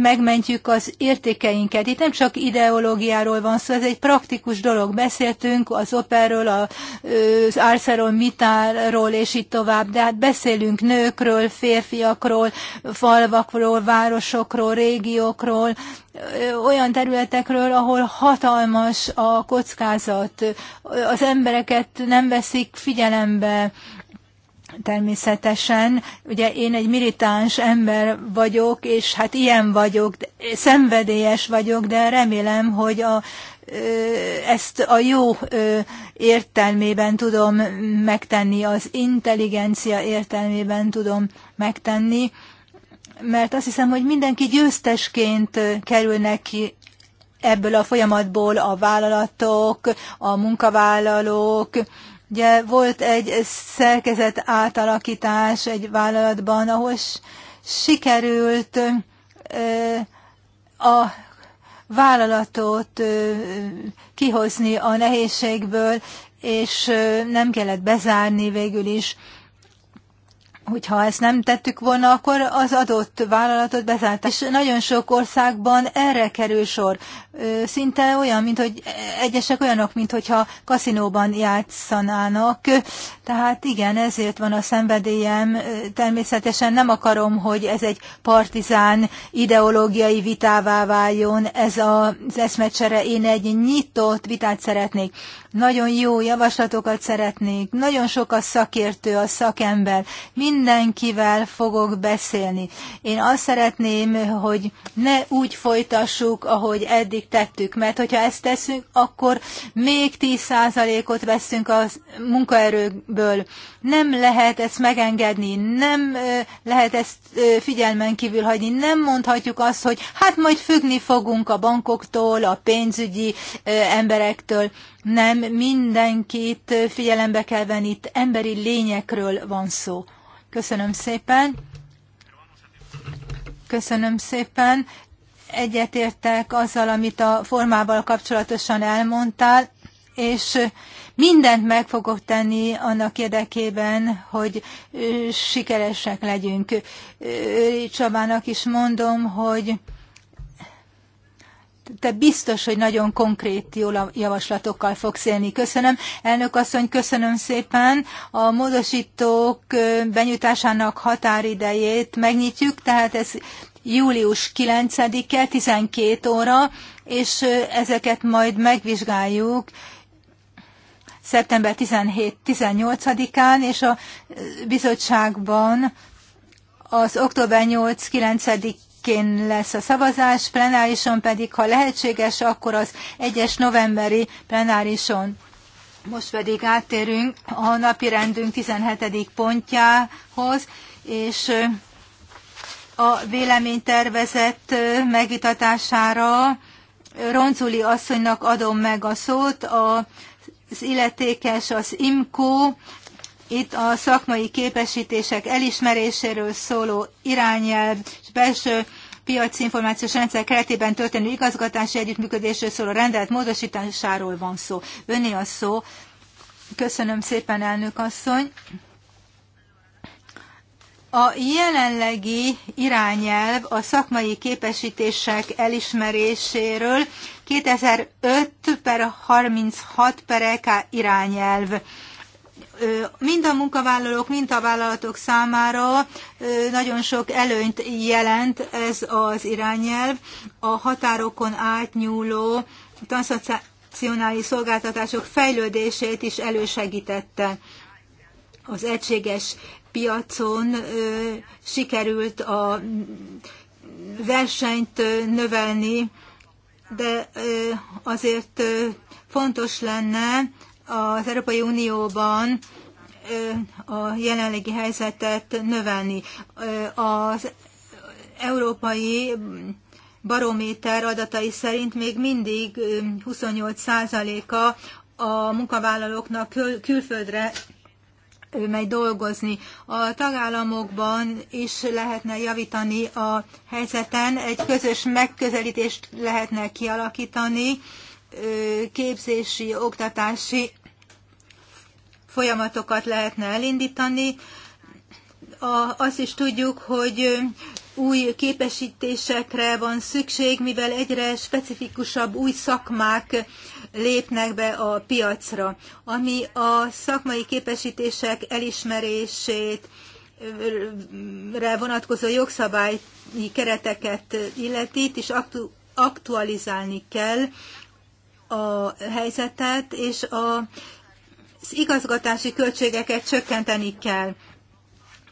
megmentjük az értékeinket. Itt nem csak ideológiáról van szó, ez egy praktikus dolog. Beszéltünk az operről, az árszerról, mitáról, és így tovább, de hát beszélünk nőkről, férfiakról, falvakról, városokról, régiókról, olyan területekről, ahol hatalmas a kockázat, az embereket nem veszik figyelembe, Természetesen, ugye én egy militáns ember vagyok, és hát ilyen vagyok, szenvedélyes vagyok, de remélem, hogy a, ezt a jó értelmében tudom megtenni, az intelligencia értelmében tudom megtenni mert azt hiszem, hogy mindenki győztesként kerül neki ebből a folyamatból a vállalatok, a munkavállalók. Ugye volt egy szerkezet átalakítás egy vállalatban, ahol sikerült a vállalatot kihozni a nehézségből, és nem kellett bezárni végül is hogyha ezt nem tettük volna, akkor az adott vállalatot bezárták. És nagyon sok országban erre kerül sor. Szinte olyan, mint hogy egyesek olyanok, mint hogyha kaszinóban játszanának. Tehát igen, ezért van a szenvedélyem. Természetesen nem akarom, hogy ez egy partizán ideológiai vitává váljon ez az eszmecsere. Én egy nyitott vitát szeretnék. Nagyon jó javaslatokat szeretnék. Nagyon sok a szakértő, a szakember. Mind mindenkivel fogok beszélni. Én azt szeretném, hogy ne úgy folytassuk, ahogy eddig tettük, mert hogyha ezt teszünk, akkor még 10%-ot veszünk a munkaerőből. Nem lehet ezt megengedni, nem lehet ezt figyelmen kívül hagyni, nem mondhatjuk azt, hogy hát majd függni fogunk a bankoktól, a pénzügyi emberektől. Nem, mindenkit figyelembe kell venni, itt emberi lényekről van szó. Köszönöm szépen. Köszönöm szépen. Egyetértek azzal, amit a formával kapcsolatosan elmondtál, és mindent meg fogok tenni annak érdekében, hogy sikeresek legyünk. Csabának is mondom, hogy te biztos, hogy nagyon konkrét jó javaslatokkal fogsz élni. Köszönöm. Elnök asszony, köszönöm szépen. A módosítók benyújtásának határidejét megnyitjuk, tehát ez július 9-e, 12 óra, és ezeket majd megvizsgáljuk szeptember 17-18-án, és a bizottságban az október 8-9 környékén lesz a szavazás, plenárison pedig, ha lehetséges, akkor az 1 novemberi plenárison. Most pedig áttérünk a napi rendünk 17. pontjához, és a véleménytervezet megvitatására Ronculi asszonynak adom meg a szót, az illetékes az IMCO itt a szakmai képesítések elismeréséről szóló irányelv és belső piaci információs rendszer keretében történő igazgatási együttműködésről szóló rendelet módosításáról van szó. Öné a szó. Köszönöm szépen, elnök asszony. A jelenlegi irányelv a szakmai képesítések elismeréséről 2005 per 36 per EK irányelv mind a munkavállalók, mind a vállalatok számára nagyon sok előnyt jelent ez az irányelv. A határokon átnyúló transzacionális szolgáltatások fejlődését is elősegítette. Az egységes piacon sikerült a versenyt növelni, de azért fontos lenne, az Európai Unióban a jelenlegi helyzetet növelni. Az európai barométer adatai szerint még mindig 28%-a a munkavállalóknak kül- külföldre megy dolgozni. A tagállamokban is lehetne javítani a helyzeten, egy közös megközelítést lehetne kialakítani, képzési, oktatási folyamatokat lehetne elindítani. A, azt is tudjuk, hogy új képesítésekre van szükség, mivel egyre specifikusabb új szakmák lépnek be a piacra, ami a szakmai képesítések elismerését, re vonatkozó jogszabályi kereteket illeti, és aktu- aktualizálni kell a helyzetet, és a igazgatási költségeket csökkenteni kell.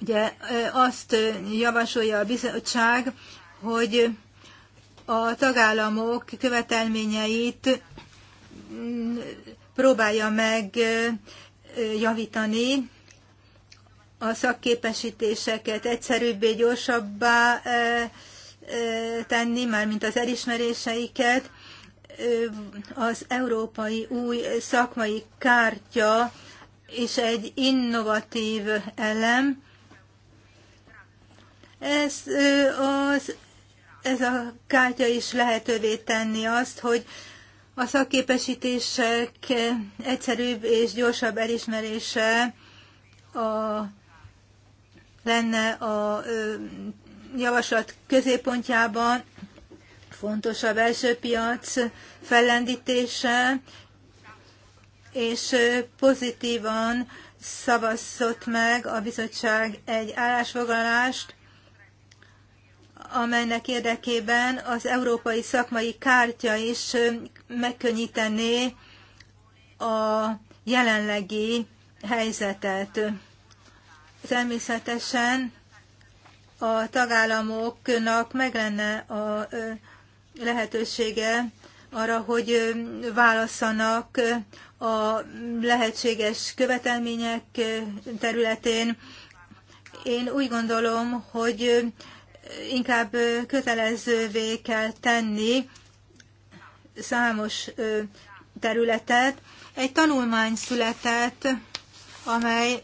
Ugye azt javasolja a bizottság, hogy a tagállamok követelményeit mm, próbálja meg javítani, a szakképesítéseket egyszerűbbé, gyorsabbá tenni, már mint az elismeréseiket, az Európai Új Szakmai Kártya és egy innovatív elem. Ez, az, ez a kártya is lehetővé tenni azt, hogy a szakképesítések egyszerűbb és gyorsabb elismerése a, lenne a javaslat középpontjában, fontos a belső piac fellendítése, és pozitívan szavazott meg a bizottság egy állásfoglalást, amelynek érdekében az európai szakmai kártya is megkönnyítené a jelenlegi helyzetet. Természetesen a tagállamoknak meg lenne a lehetősége arra, hogy válasszanak a lehetséges követelmények területén. Én úgy gondolom, hogy inkább kötelezővé kell tenni számos területet. Egy tanulmány született, amely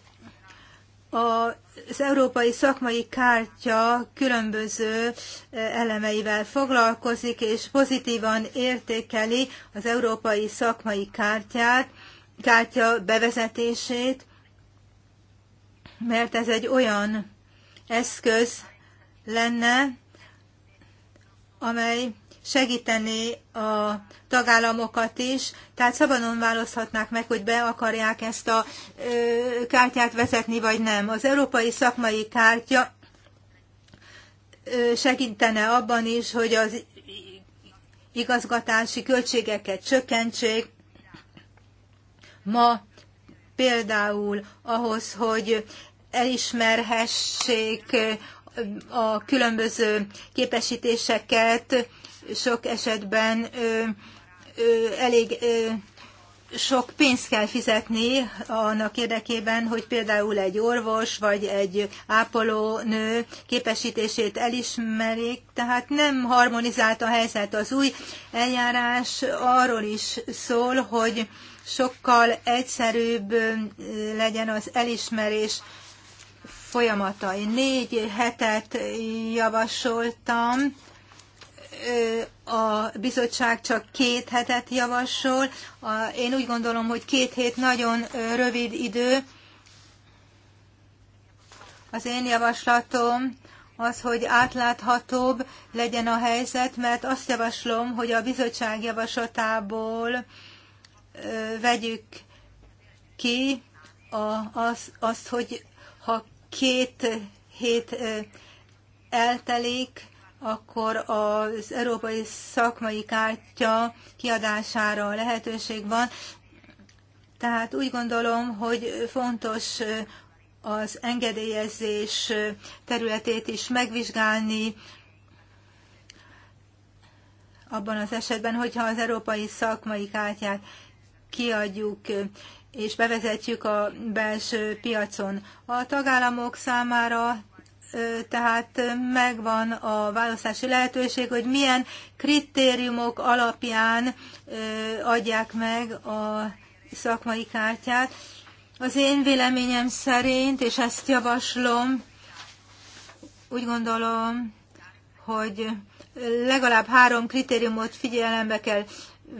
az Európai Szakmai Kártya különböző eh, elemeivel foglalkozik, és pozitívan értékeli az Európai Szakmai Kártyát, kártya bevezetését, mert ez egy olyan eszköz lenne, amely segíteni a tagállamokat is, tehát szabadon választhatnák meg, hogy be akarják ezt a ö, kártyát vezetni, vagy nem. Az európai szakmai kártya ö, segítene abban is, hogy az igazgatási költségeket csökkentsék. Ma például ahhoz, hogy elismerhessék a különböző képesítéseket, sok esetben elég sok pénzt kell fizetni annak érdekében, hogy például egy orvos vagy egy ápolónő képesítését elismerik, tehát nem harmonizált a helyzet. Az új eljárás arról is szól, hogy sokkal egyszerűbb legyen az elismerés folyamata. Én négy hetet javasoltam, a bizottság csak két hetet javasol. Én úgy gondolom, hogy két hét nagyon rövid idő. Az én javaslatom az, hogy átláthatóbb legyen a helyzet, mert azt javaslom, hogy a bizottság javaslatából vegyük ki a, azt, hogy ha két hét eltelik, akkor az európai szakmai kártya kiadására lehetőség van. Tehát úgy gondolom, hogy fontos az engedélyezés területét is megvizsgálni, abban az esetben, hogyha az európai szakmai kártyát kiadjuk és bevezetjük a belső piacon. A tagállamok számára tehát megvan a választási lehetőség, hogy milyen kritériumok alapján adják meg a szakmai kártyát. Az én véleményem szerint, és ezt javaslom, úgy gondolom, hogy legalább három kritériumot figyelembe kell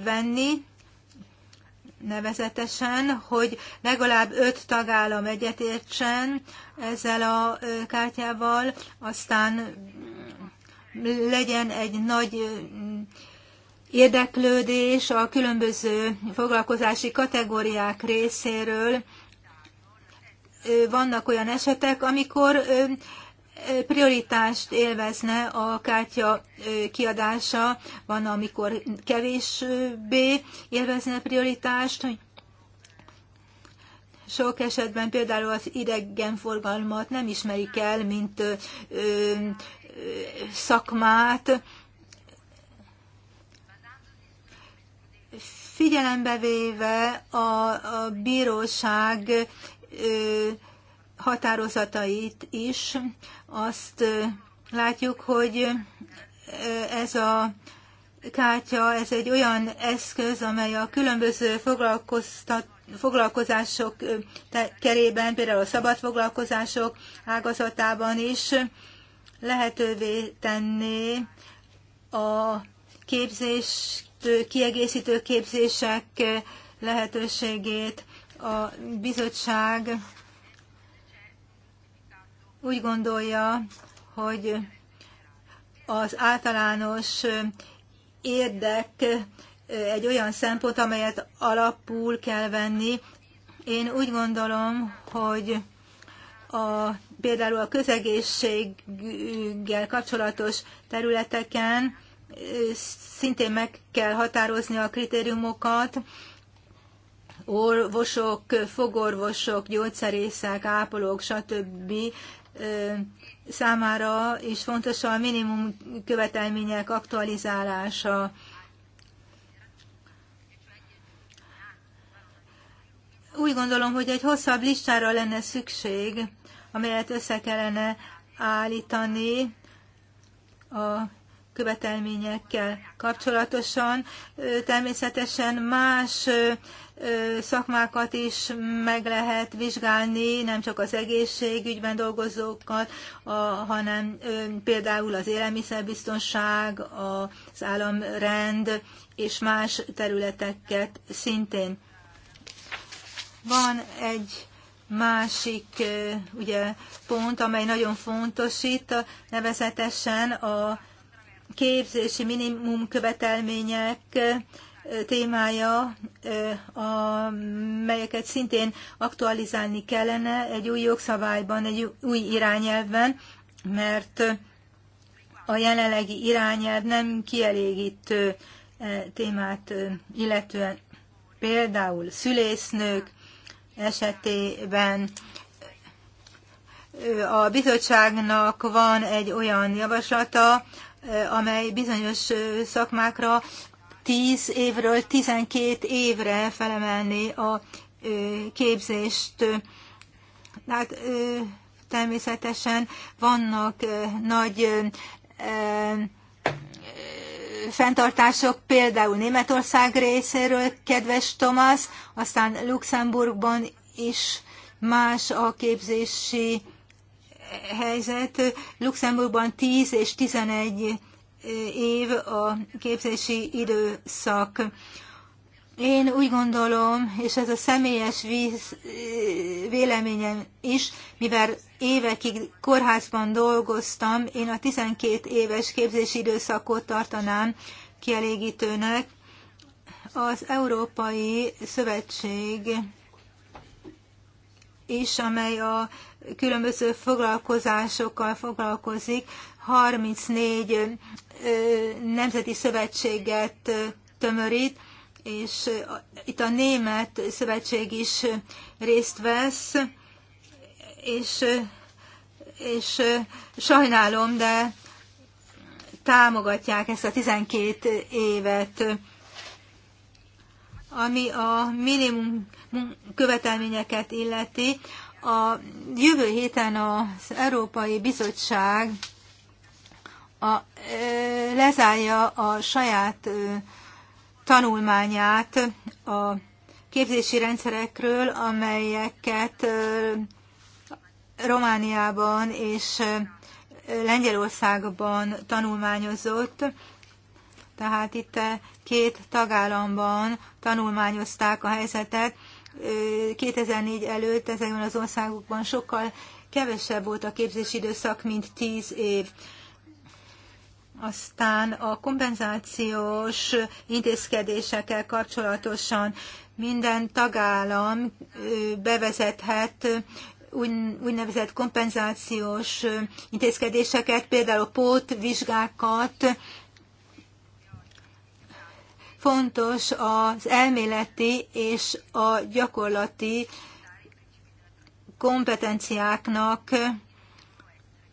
venni, nevezetesen, hogy legalább öt tagállam egyetértsen ezzel a kártyával, aztán mm, legyen egy nagy mm, érdeklődés a különböző foglalkozási kategóriák részéről. Vannak olyan esetek, amikor prioritást élvezne a kártya kiadása, van, amikor kevésbé élvezne prioritást, sok esetben például az idegenforgalmat nem ismerik el, mint ö, ö, szakmát. Figyelembe véve a, a bíróság ö, határozatait is, azt látjuk, hogy ez a kártya, ez egy olyan eszköz, amely a különböző foglalkoztat foglalkozások kerében, például a szabad foglalkozások ágazatában is lehetővé tenné a képzést, kiegészítő képzések lehetőségét. A bizottság úgy gondolja, hogy az általános érdek egy olyan szempont, amelyet alapul kell venni. Én úgy gondolom, hogy a, például a közegészséggel kapcsolatos területeken szintén meg kell határozni a kritériumokat, orvosok, fogorvosok, gyógyszerészek, ápolók, stb számára és fontos a minimum követelmények aktualizálása. Úgy gondolom, hogy egy hosszabb listára lenne szükség, amelyet össze kellene állítani a követelményekkel kapcsolatosan. Természetesen más szakmákat is meg lehet vizsgálni, nem csak az egészségügyben dolgozókat, a, hanem például az élelmiszerbiztonság, az államrend és más területeket szintén. Van egy másik ugye, pont, amely nagyon fontos itt, nevezetesen a képzési minimum követelmények témája, amelyeket szintén aktualizálni kellene egy új jogszabályban, egy új irányelvben, mert a jelenlegi irányelv nem kielégítő témát illetően például szülésznők esetében a bizottságnak van egy olyan javaslata, amely bizonyos szakmákra 10 évről 12 évre felemelni a képzést. Hát, természetesen vannak nagy fenntartások, például Németország részéről, kedves Thomas, aztán Luxemburgban is más a képzési helyzet. Luxemburgban 10 és 11 év a képzési időszak. Én úgy gondolom, és ez a személyes víz, véleményem is, mivel évekig kórházban dolgoztam, én a 12 éves képzési időszakot tartanám kielégítőnek. Az Európai Szövetség is, amely a különböző foglalkozásokkal foglalkozik, 34 nemzeti szövetséget tömörít, és itt a német szövetség is részt vesz, és, és sajnálom, de támogatják ezt a 12 évet, ami a minimum követelményeket illeti. A jövő héten az Európai Bizottság a, lezárja a saját tanulmányát a képzési rendszerekről, amelyeket Romániában és Lengyelországban tanulmányozott. Tehát itt két tagállamban tanulmányozták a helyzetet. 2004 előtt ezekben az országokban sokkal kevesebb volt a képzési időszak, mint 10 év. Aztán a kompenzációs intézkedésekkel kapcsolatosan minden tagállam bevezethet úgynevezett kompenzációs intézkedéseket, például pótvizsgákat, fontos az elméleti és a gyakorlati kompetenciáknak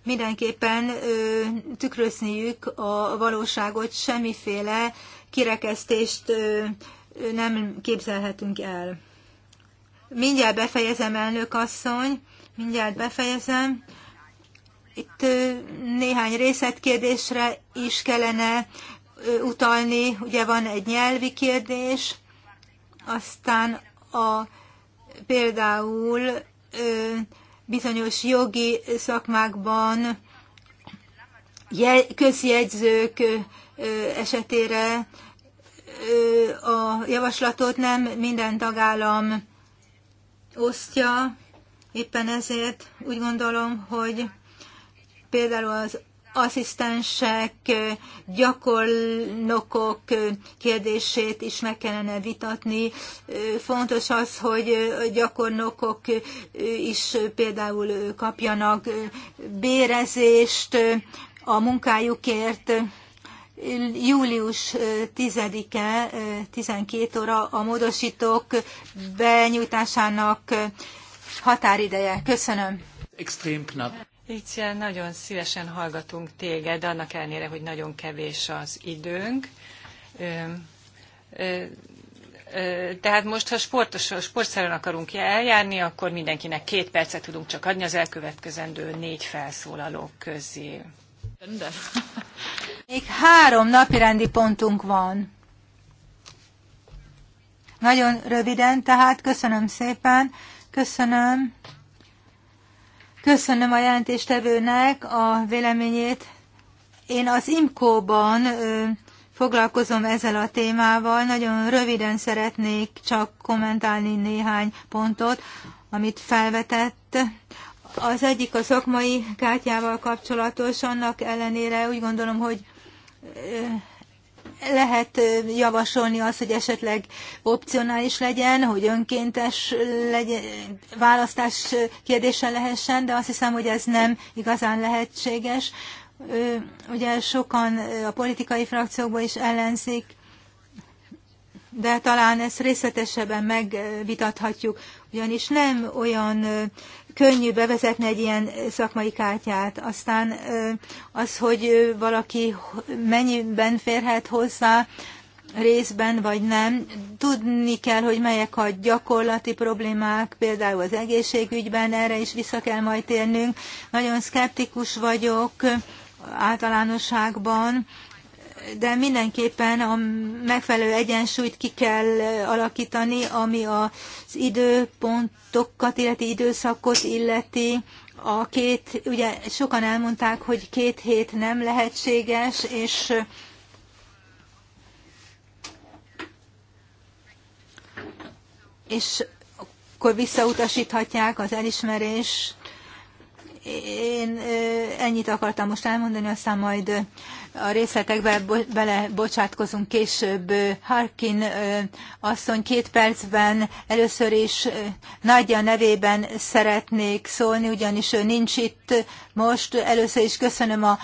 mindenképpen ö, tükrözniük a valóságot, semmiféle kirekesztést ö, nem képzelhetünk el. Mindjárt befejezem, elnök asszony, mindjárt befejezem. Itt ö, néhány részletkérdésre is kellene ö, utalni, ugye van egy nyelvi kérdés, aztán a például ö, bizonyos jogi szakmákban közjegyzők esetére a javaslatot nem minden tagállam osztja, éppen ezért úgy gondolom, hogy például az asszisztensek, gyakornokok kérdését is meg kellene vitatni. Fontos az, hogy gyakornokok is például kapjanak bérezést a munkájukért. Július 10-e 12 óra a módosítók benyújtásának határideje. Köszönöm. Extrém Lícia, nagyon szívesen hallgatunk téged, annak ellenére, hogy nagyon kevés az időnk. Ö, ö, tehát most, ha sportos, sportszerűen akarunk eljárni, akkor mindenkinek két percet tudunk csak adni az elkövetkezendő négy felszólalók közé. Rendben. <laughs> Még három napirendi pontunk van. Nagyon röviden, tehát köszönöm szépen. Köszönöm Köszönöm a jelentéstevőnek a véleményét. Én az IMCO-ban foglalkozom ezzel a témával. Nagyon röviden szeretnék csak kommentálni néhány pontot, amit felvetett. Az egyik a szakmai kártyával kapcsolatos, annak ellenére úgy gondolom, hogy lehet javasolni az, hogy esetleg opcionális legyen, hogy önkéntes legyen, választás kérdése lehessen, de azt hiszem, hogy ez nem igazán lehetséges. Ugye sokan a politikai frakciókban is ellenzik, de talán ezt részletesebben megvitathatjuk, ugyanis nem olyan könnyű bevezetni egy ilyen szakmai kártyát. Aztán az, hogy valaki mennyiben férhet hozzá, részben vagy nem, tudni kell, hogy melyek a gyakorlati problémák, például az egészségügyben, erre is vissza kell majd térnünk. Nagyon szkeptikus vagyok általánosságban de mindenképpen a megfelelő egyensúlyt ki kell alakítani, ami az időpontokat illeti, időszakot illeti. A két, ugye sokan elmondták, hogy két hét nem lehetséges, és és akkor visszautasíthatják az elismerést. Én ennyit akartam most elmondani, aztán majd a részletekbe belebocsátkozunk később. Harkin asszony két percben először is Nagyja nevében szeretnék szólni, ugyanis ő nincs itt most. Először is köszönöm a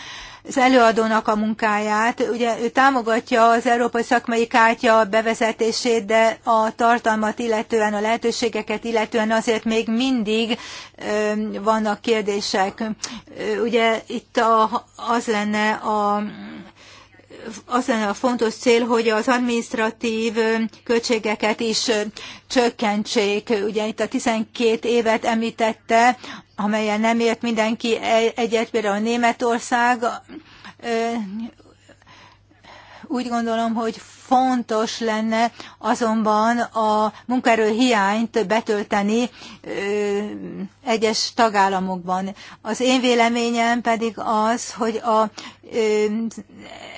az előadónak a munkáját. Ugye ő támogatja az Európai Szakmai Kártya bevezetését, de a tartalmat illetően, a lehetőségeket illetően azért még mindig vannak kérdések. Ugye itt a, az lenne a az lenne a fontos cél, hogy az administratív költségeket is csökkentsék. Ugye itt a 12 évet említette amelyen nem ért mindenki e- egyet, például Németország, úgy gondolom, hogy fontos lenne azonban a munkaerő hiányt betölteni egyes tagállamokban. Az én véleményem pedig az, hogy a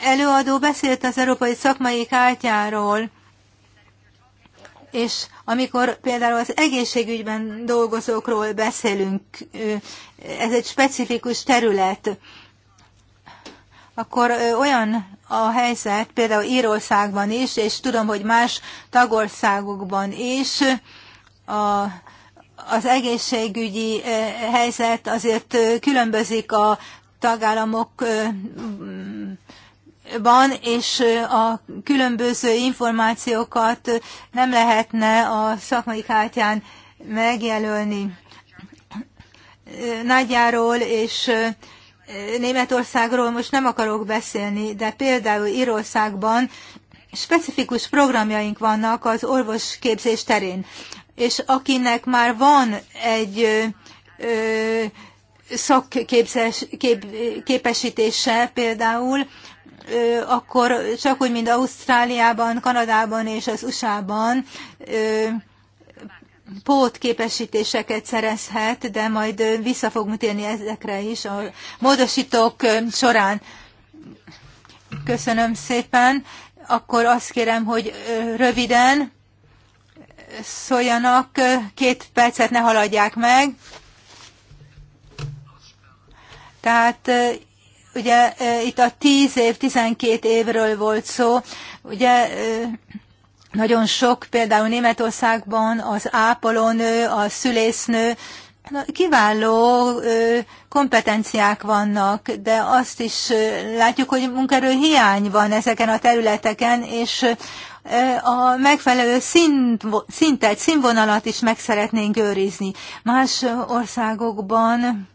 előadó beszélt az európai szakmai kártyáról, és amikor például az egészségügyben dolgozókról beszélünk, ez egy specifikus terület, akkor olyan a helyzet például Írországban is, és tudom, hogy más tagországokban is a, az egészségügyi helyzet azért különbözik a tagállamok van, és a különböző információkat nem lehetne a szakmai kártyán megjelölni. Nagyjáról és Németországról most nem akarok beszélni, de például Írországban specifikus programjaink vannak az orvosképzés terén. És akinek már van egy szakképesítése például, akkor csak úgy, mint Ausztráliában, Kanadában és az USA-ban pótképesítéseket szerezhet, de majd vissza fogunk térni ezekre is a módosítók során. Köszönöm szépen. Akkor azt kérem, hogy röviden szóljanak, két percet ne haladják meg. Tehát Ugye itt a 10 év, 12 évről volt szó, ugye nagyon sok, például Németországban az ápolónő, a szülésznő, kiváló kompetenciák vannak, de azt is látjuk, hogy munkerő hiány van ezeken a területeken, és a megfelelő szint, szintet, színvonalat is meg szeretnénk őrizni. Más országokban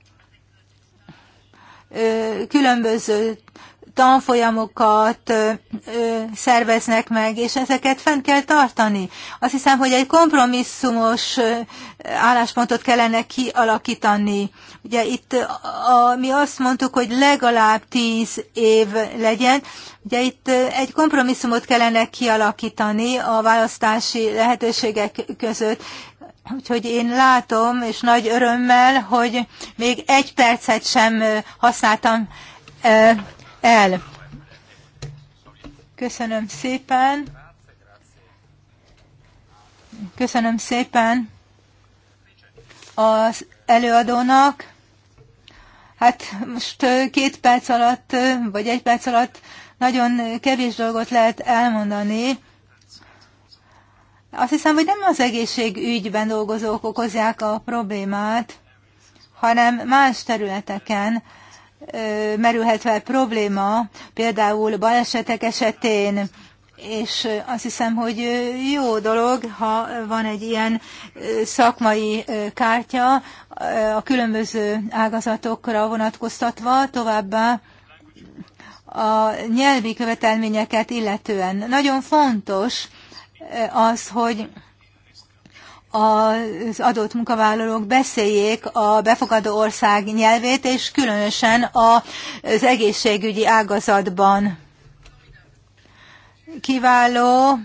különböző tanfolyamokat szerveznek meg, és ezeket fent kell tartani. Azt hiszem, hogy egy kompromisszumos álláspontot kellene kialakítani. Ugye itt a, mi azt mondtuk, hogy legalább tíz év legyen. Ugye itt egy kompromisszumot kellene kialakítani a választási lehetőségek között, Úgyhogy én látom, és nagy örömmel, hogy még egy percet sem használtam el. Köszönöm szépen. Köszönöm szépen az előadónak. Hát most két perc alatt, vagy egy perc alatt nagyon kevés dolgot lehet elmondani. Azt hiszem, hogy nem az egészségügyben dolgozók okozják a problémát, hanem más területeken merülhet fel probléma, például balesetek esetén, és azt hiszem, hogy jó dolog, ha van egy ilyen szakmai kártya a különböző ágazatokra vonatkoztatva, továbbá a nyelvi követelményeket illetően. Nagyon fontos az, hogy az adott munkavállalók beszéljék a befogadó ország nyelvét, és különösen az egészségügyi ágazatban. Kiváló,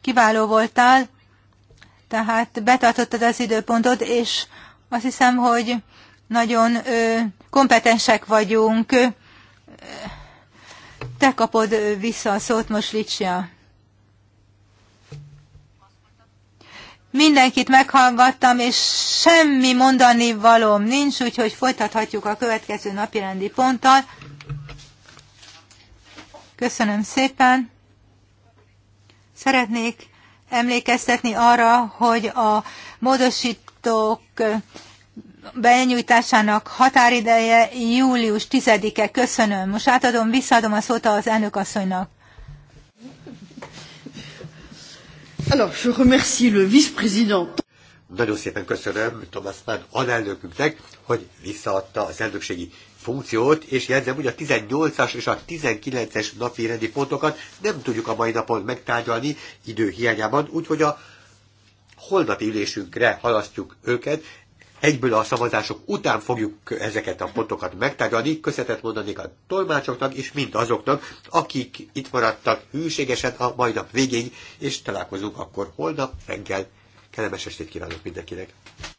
kiváló voltál, tehát betartottad az időpontot, és azt hiszem, hogy nagyon kompetensek vagyunk. Te kapod vissza a szót most, Licsia. Mindenkit meghallgattam, és semmi mondani valóm nincs, úgyhogy folytathatjuk a következő napirendi ponttal. Köszönöm szépen. Szeretnék emlékeztetni arra, hogy a módosítók benyújtásának határideje július 10-e. Köszönöm. Most átadom, visszaadom a szót az elnök asszonynak. Alors, je remercie le vice-président. Nagyon szépen köszönöm Thomas Mann alelnökünknek, hogy visszaadta az elnökségi funkciót, és jelzem, hogy a 18-as és a 19-es napi rendi pontokat nem tudjuk a mai napon megtárgyalni idő hiányában, úgyhogy a holnapi ülésünkre halasztjuk őket, egyből a szavazások után fogjuk ezeket a pontokat megtárgyalni. Köszönetet mondanék a tolmácsoknak és mind azoknak, akik itt maradtak hűségesen a mai nap végéig, és találkozunk akkor holnap reggel. Kellemes estét kívánok mindenkinek!